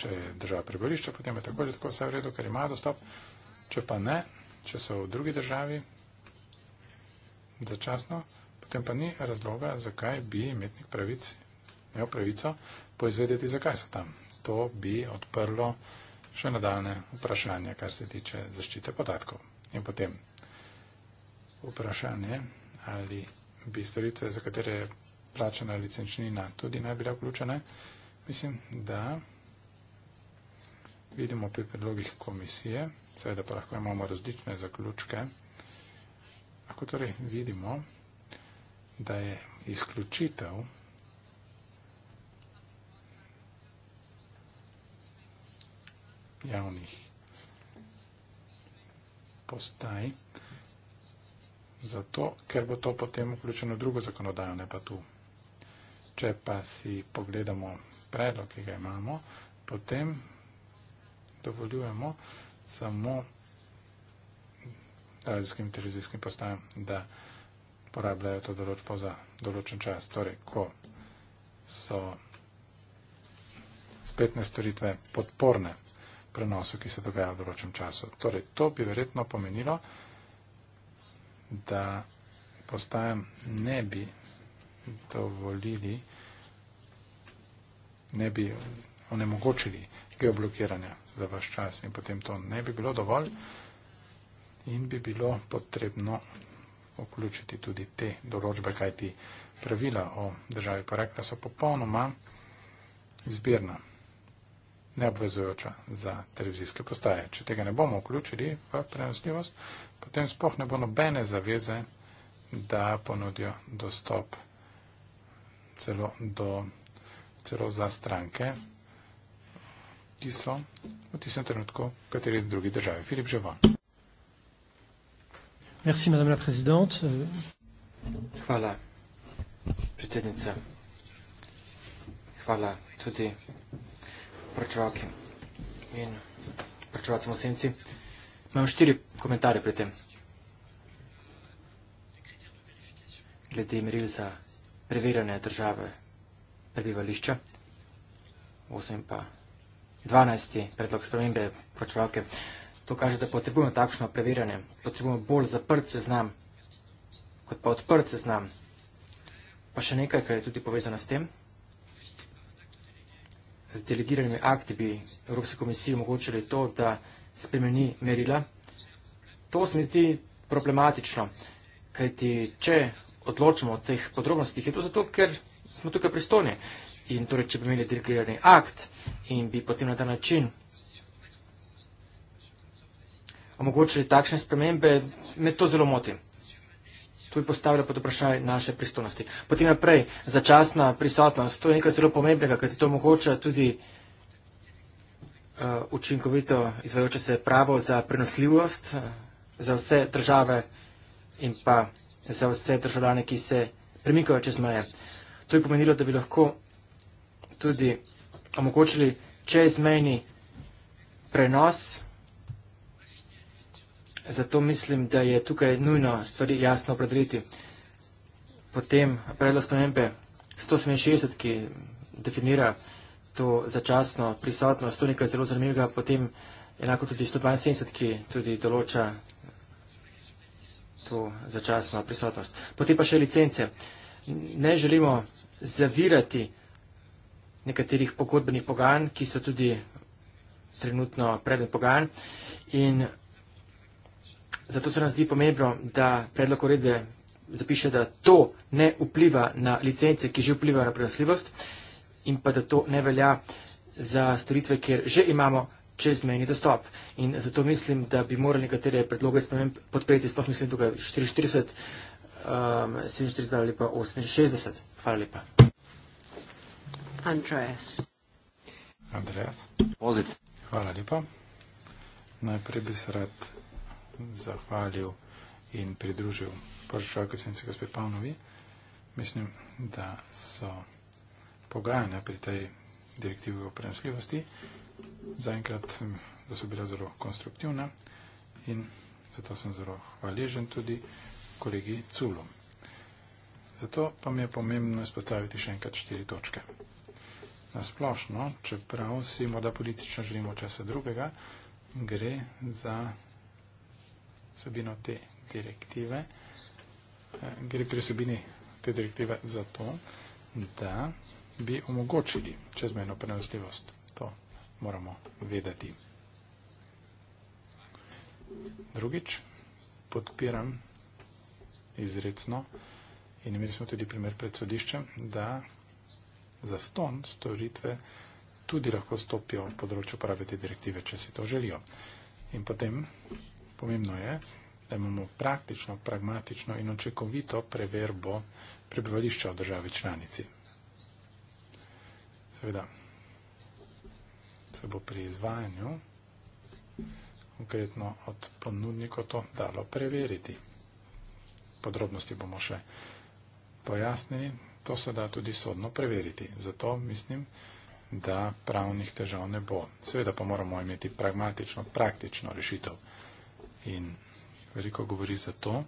Če je država prebolišča, potem je tako že tako vse v redu, ker ima dostop. Če pa ne, če so v drugi državi začasno, tem pa ni razloga, zakaj bi imetnik pravic imel pravico poizvedeti, zakaj so tam. To bi odprlo še nadaljne vprašanja, kar se tiče zaščite podatkov. In potem vprašanje, ali bi storitve, za katere je plačena licenčnina, tudi naj bila vključena. Mislim, da vidimo pri predlogih komisije, seveda pa lahko imamo različne zaključke, lahko torej vidimo, da je izključitev javnih postaj zato, ker bo to potem vključeno v drugo zakonodajo, ne pa tu. Če pa si pogledamo predlog, ki ga imamo, potem dovoljujemo samo radijskim in televizijskim postajam, da vključujemo uporabljajo to določbo za določen čas. Torej, ko so spletne storitve podporne prenosu, ki se dogaja v določen času. Torej, to bi verjetno pomenilo, da postajam ne bi dovolili, ne bi onemogočili geoblokiranja za vaš čas in potem to ne bi bilo dovolj in bi bilo potrebno vključiti tudi te določbe, kajti pravila o državi porekla so popolnoma izbirna, neobvezujoča za televizijske postaje. Če tega ne bomo vključili v prenosljivost, potem spoh ne bo nobene zaveze, da ponudijo dostop celo, do, celo za stranke, ki so v tistem trenutku v kateri drugi državi. Filip Ževan. Merci Madame la Présidente. Hvala, predsednica. Hvala tudi pročevalki in pročevalcem osenci. Imam štiri komentarje pri tem. Glede meril za preverjene države prebivališča. 8 pa 12. predlog spremembe pročevalke. To kaže, da potrebujemo takšno preverjanje. Potrebujemo bolj zaprt seznam, kot pa odprt seznam. Pa še nekaj, kar je tudi povezano s tem. Z delegiranimi akti bi Evropske komisije omogočili to, da spremeni merila. To se mi zdi problematično, kajti če odločimo o teh podrobnostih, je to zato, ker smo tukaj pristojni. In torej, če bi imeli delegirani akt in bi potem na ta način omogočili takšne spremembe, me to zelo moti. To je postavljalo pod vprašanje naše pristojnosti. Potem naprej, začasna prisotnost, to je nekaj zelo pomembnega, kajti to omogoča tudi uh, učinkovito izvajoče se pravo za prenosljivost uh, za vse države in pa za vse državljane, ki se premikajo čez meje. To je pomenilo, da bi lahko tudi omogočili čezmejni prenos. Zato mislim, da je tukaj nujno stvari jasno opredeliti. Potem predlog spremembe 167, ki definira to začasno prisotnost, to nekaj zelo zanimivega, potem enako tudi 172, ki tudi določa to začasno prisotnost. Potem pa še licence. Ne želimo zavirati nekaterih pogodbenih pogajanj, ki so tudi trenutno predmet pogajanj in Zato se nam zdi pomembno, da predlog uredbe zapiše, da to ne vpliva na licence, ki že vplivajo na prenosljivost in pa da to ne velja za storitve, kjer že imamo čezmejni dostop. In zato mislim, da bi morali nekatere predloge sprememb podpreti, sploh mislim tukaj 44, um, 47 ali pa 68. Hvala lepa. Andreas. Andreas. Pozit. Hvala lepa. Najprej bi se rad zahvalil in pridružil požičalke senci gospe Pavnovi. Mislim, da so pogajanja pri tej direktivi o prenosljivosti zaenkrat, mm, da so bila zelo konstruktivna in zato sem zelo hvaležen tudi kolegi Culu. Zato pa mi je pomembno izpostaviti še enkrat štiri točke. Na splošno, čeprav si morda politično želimo česa drugega, gre za sabino te direktive. Eh, gre pri sabini te direktive za to, da bi omogočili čezmejno prenosljivost. To moramo vedeti. Drugič, podpiram izredno in imeli smo tudi primer pred sodiščem, da za ston storitve tudi lahko stopijo v področju uporabiti direktive, če si to želijo. In potem pomembno je, da imamo praktično, pragmatično in očekovito preverbo prebivališča v državi članici. Seveda se bo pri izvajanju konkretno od ponudnika to dalo preveriti. Podrobnosti bomo še pojasnili. To se da tudi sodno preveriti. Zato mislim, da pravnih težav ne bo. Seveda pa moramo imeti pragmatično, praktično rešitev. In veliko govori za to,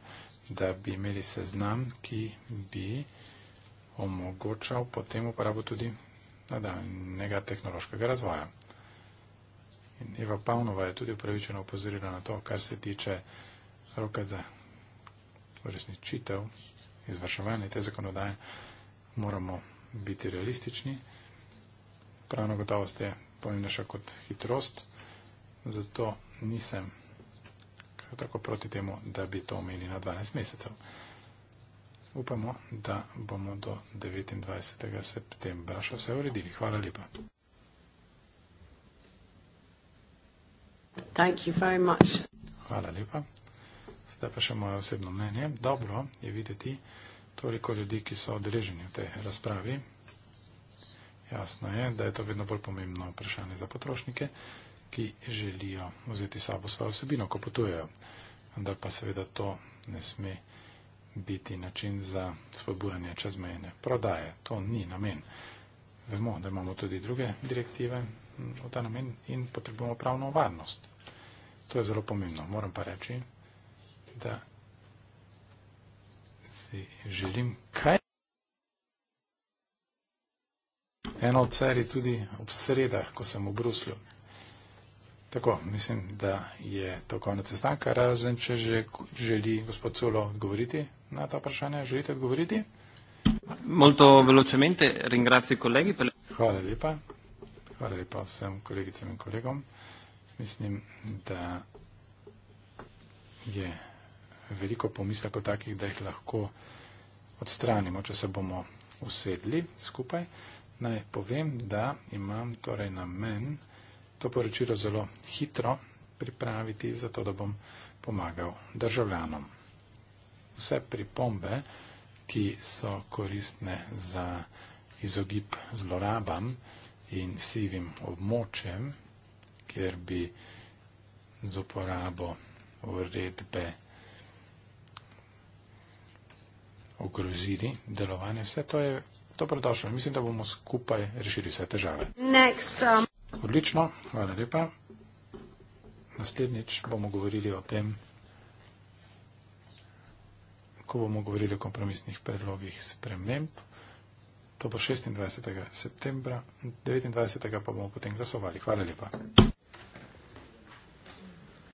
da bi imeli seznam, ki bi omogočal potem uporabo tudi nadaljnega tehnološkega razvoja. In Eva Pavnova je tudi upravičeno upozorila na to, kar se tiče roka za uresničitev izvrševanja te zakonodaje, moramo biti realistični. Pravno gotovost je pomembnejša kot hitrost, zato nisem tako proti temu, da bi to omenili na 12 mesecev. Upamo, da bomo do 29. septembra še vse uredili. Hvala lepa. Hvala lepa. Sedaj pa še moje osebno mnenje. Dobro je videti toliko ljudi, ki so odreženi v tej razpravi. Jasno je, da je to vedno bolj pomembno vprašanje za potrošnike ki želijo vzeti sabo svojo vsebino, ko potujejo. Vendar pa seveda to ne sme biti način za spodbujanje čezmejne prodaje. To ni namen. Vemo, da imamo tudi druge direktive v ta namen in potrebujemo pravno varnost. To je zelo pomembno. Moram pa reči, da si želim kaj. Eno od seri tudi ob sredah, ko sem v Bruslju. Tako, mislim, da je to konec sestanka, razen če že želi gospod Culo odgovoriti na ta vprašanja. Želite odgovoriti? Molto velocemente, ringrazio kolegi. Hvala lepa. Hvala lepa vsem kolegicam in kolegom. Mislim, da je veliko pomislekov takih, da jih lahko odstranimo, če se bomo usedli skupaj. Naj povem, da imam torej namen, to poročilo zelo hitro pripraviti, zato da bom pomagal državljanom. Vse pripombe, ki so koristne za izogib zlorabam in sivim območjem, kjer bi z uporabo uredbe ogrozili delovanje, vse to je dobrodošlo. Mislim, da bomo skupaj rešili vse težave. Next, um... Odlično, hvala lepa. Naslednjič bomo govorili o tem, ko bomo govorili o kompromisnih predlogih sprememb. To bo 26. septembra, 29. pa bomo potem glasovali. Hvala lepa.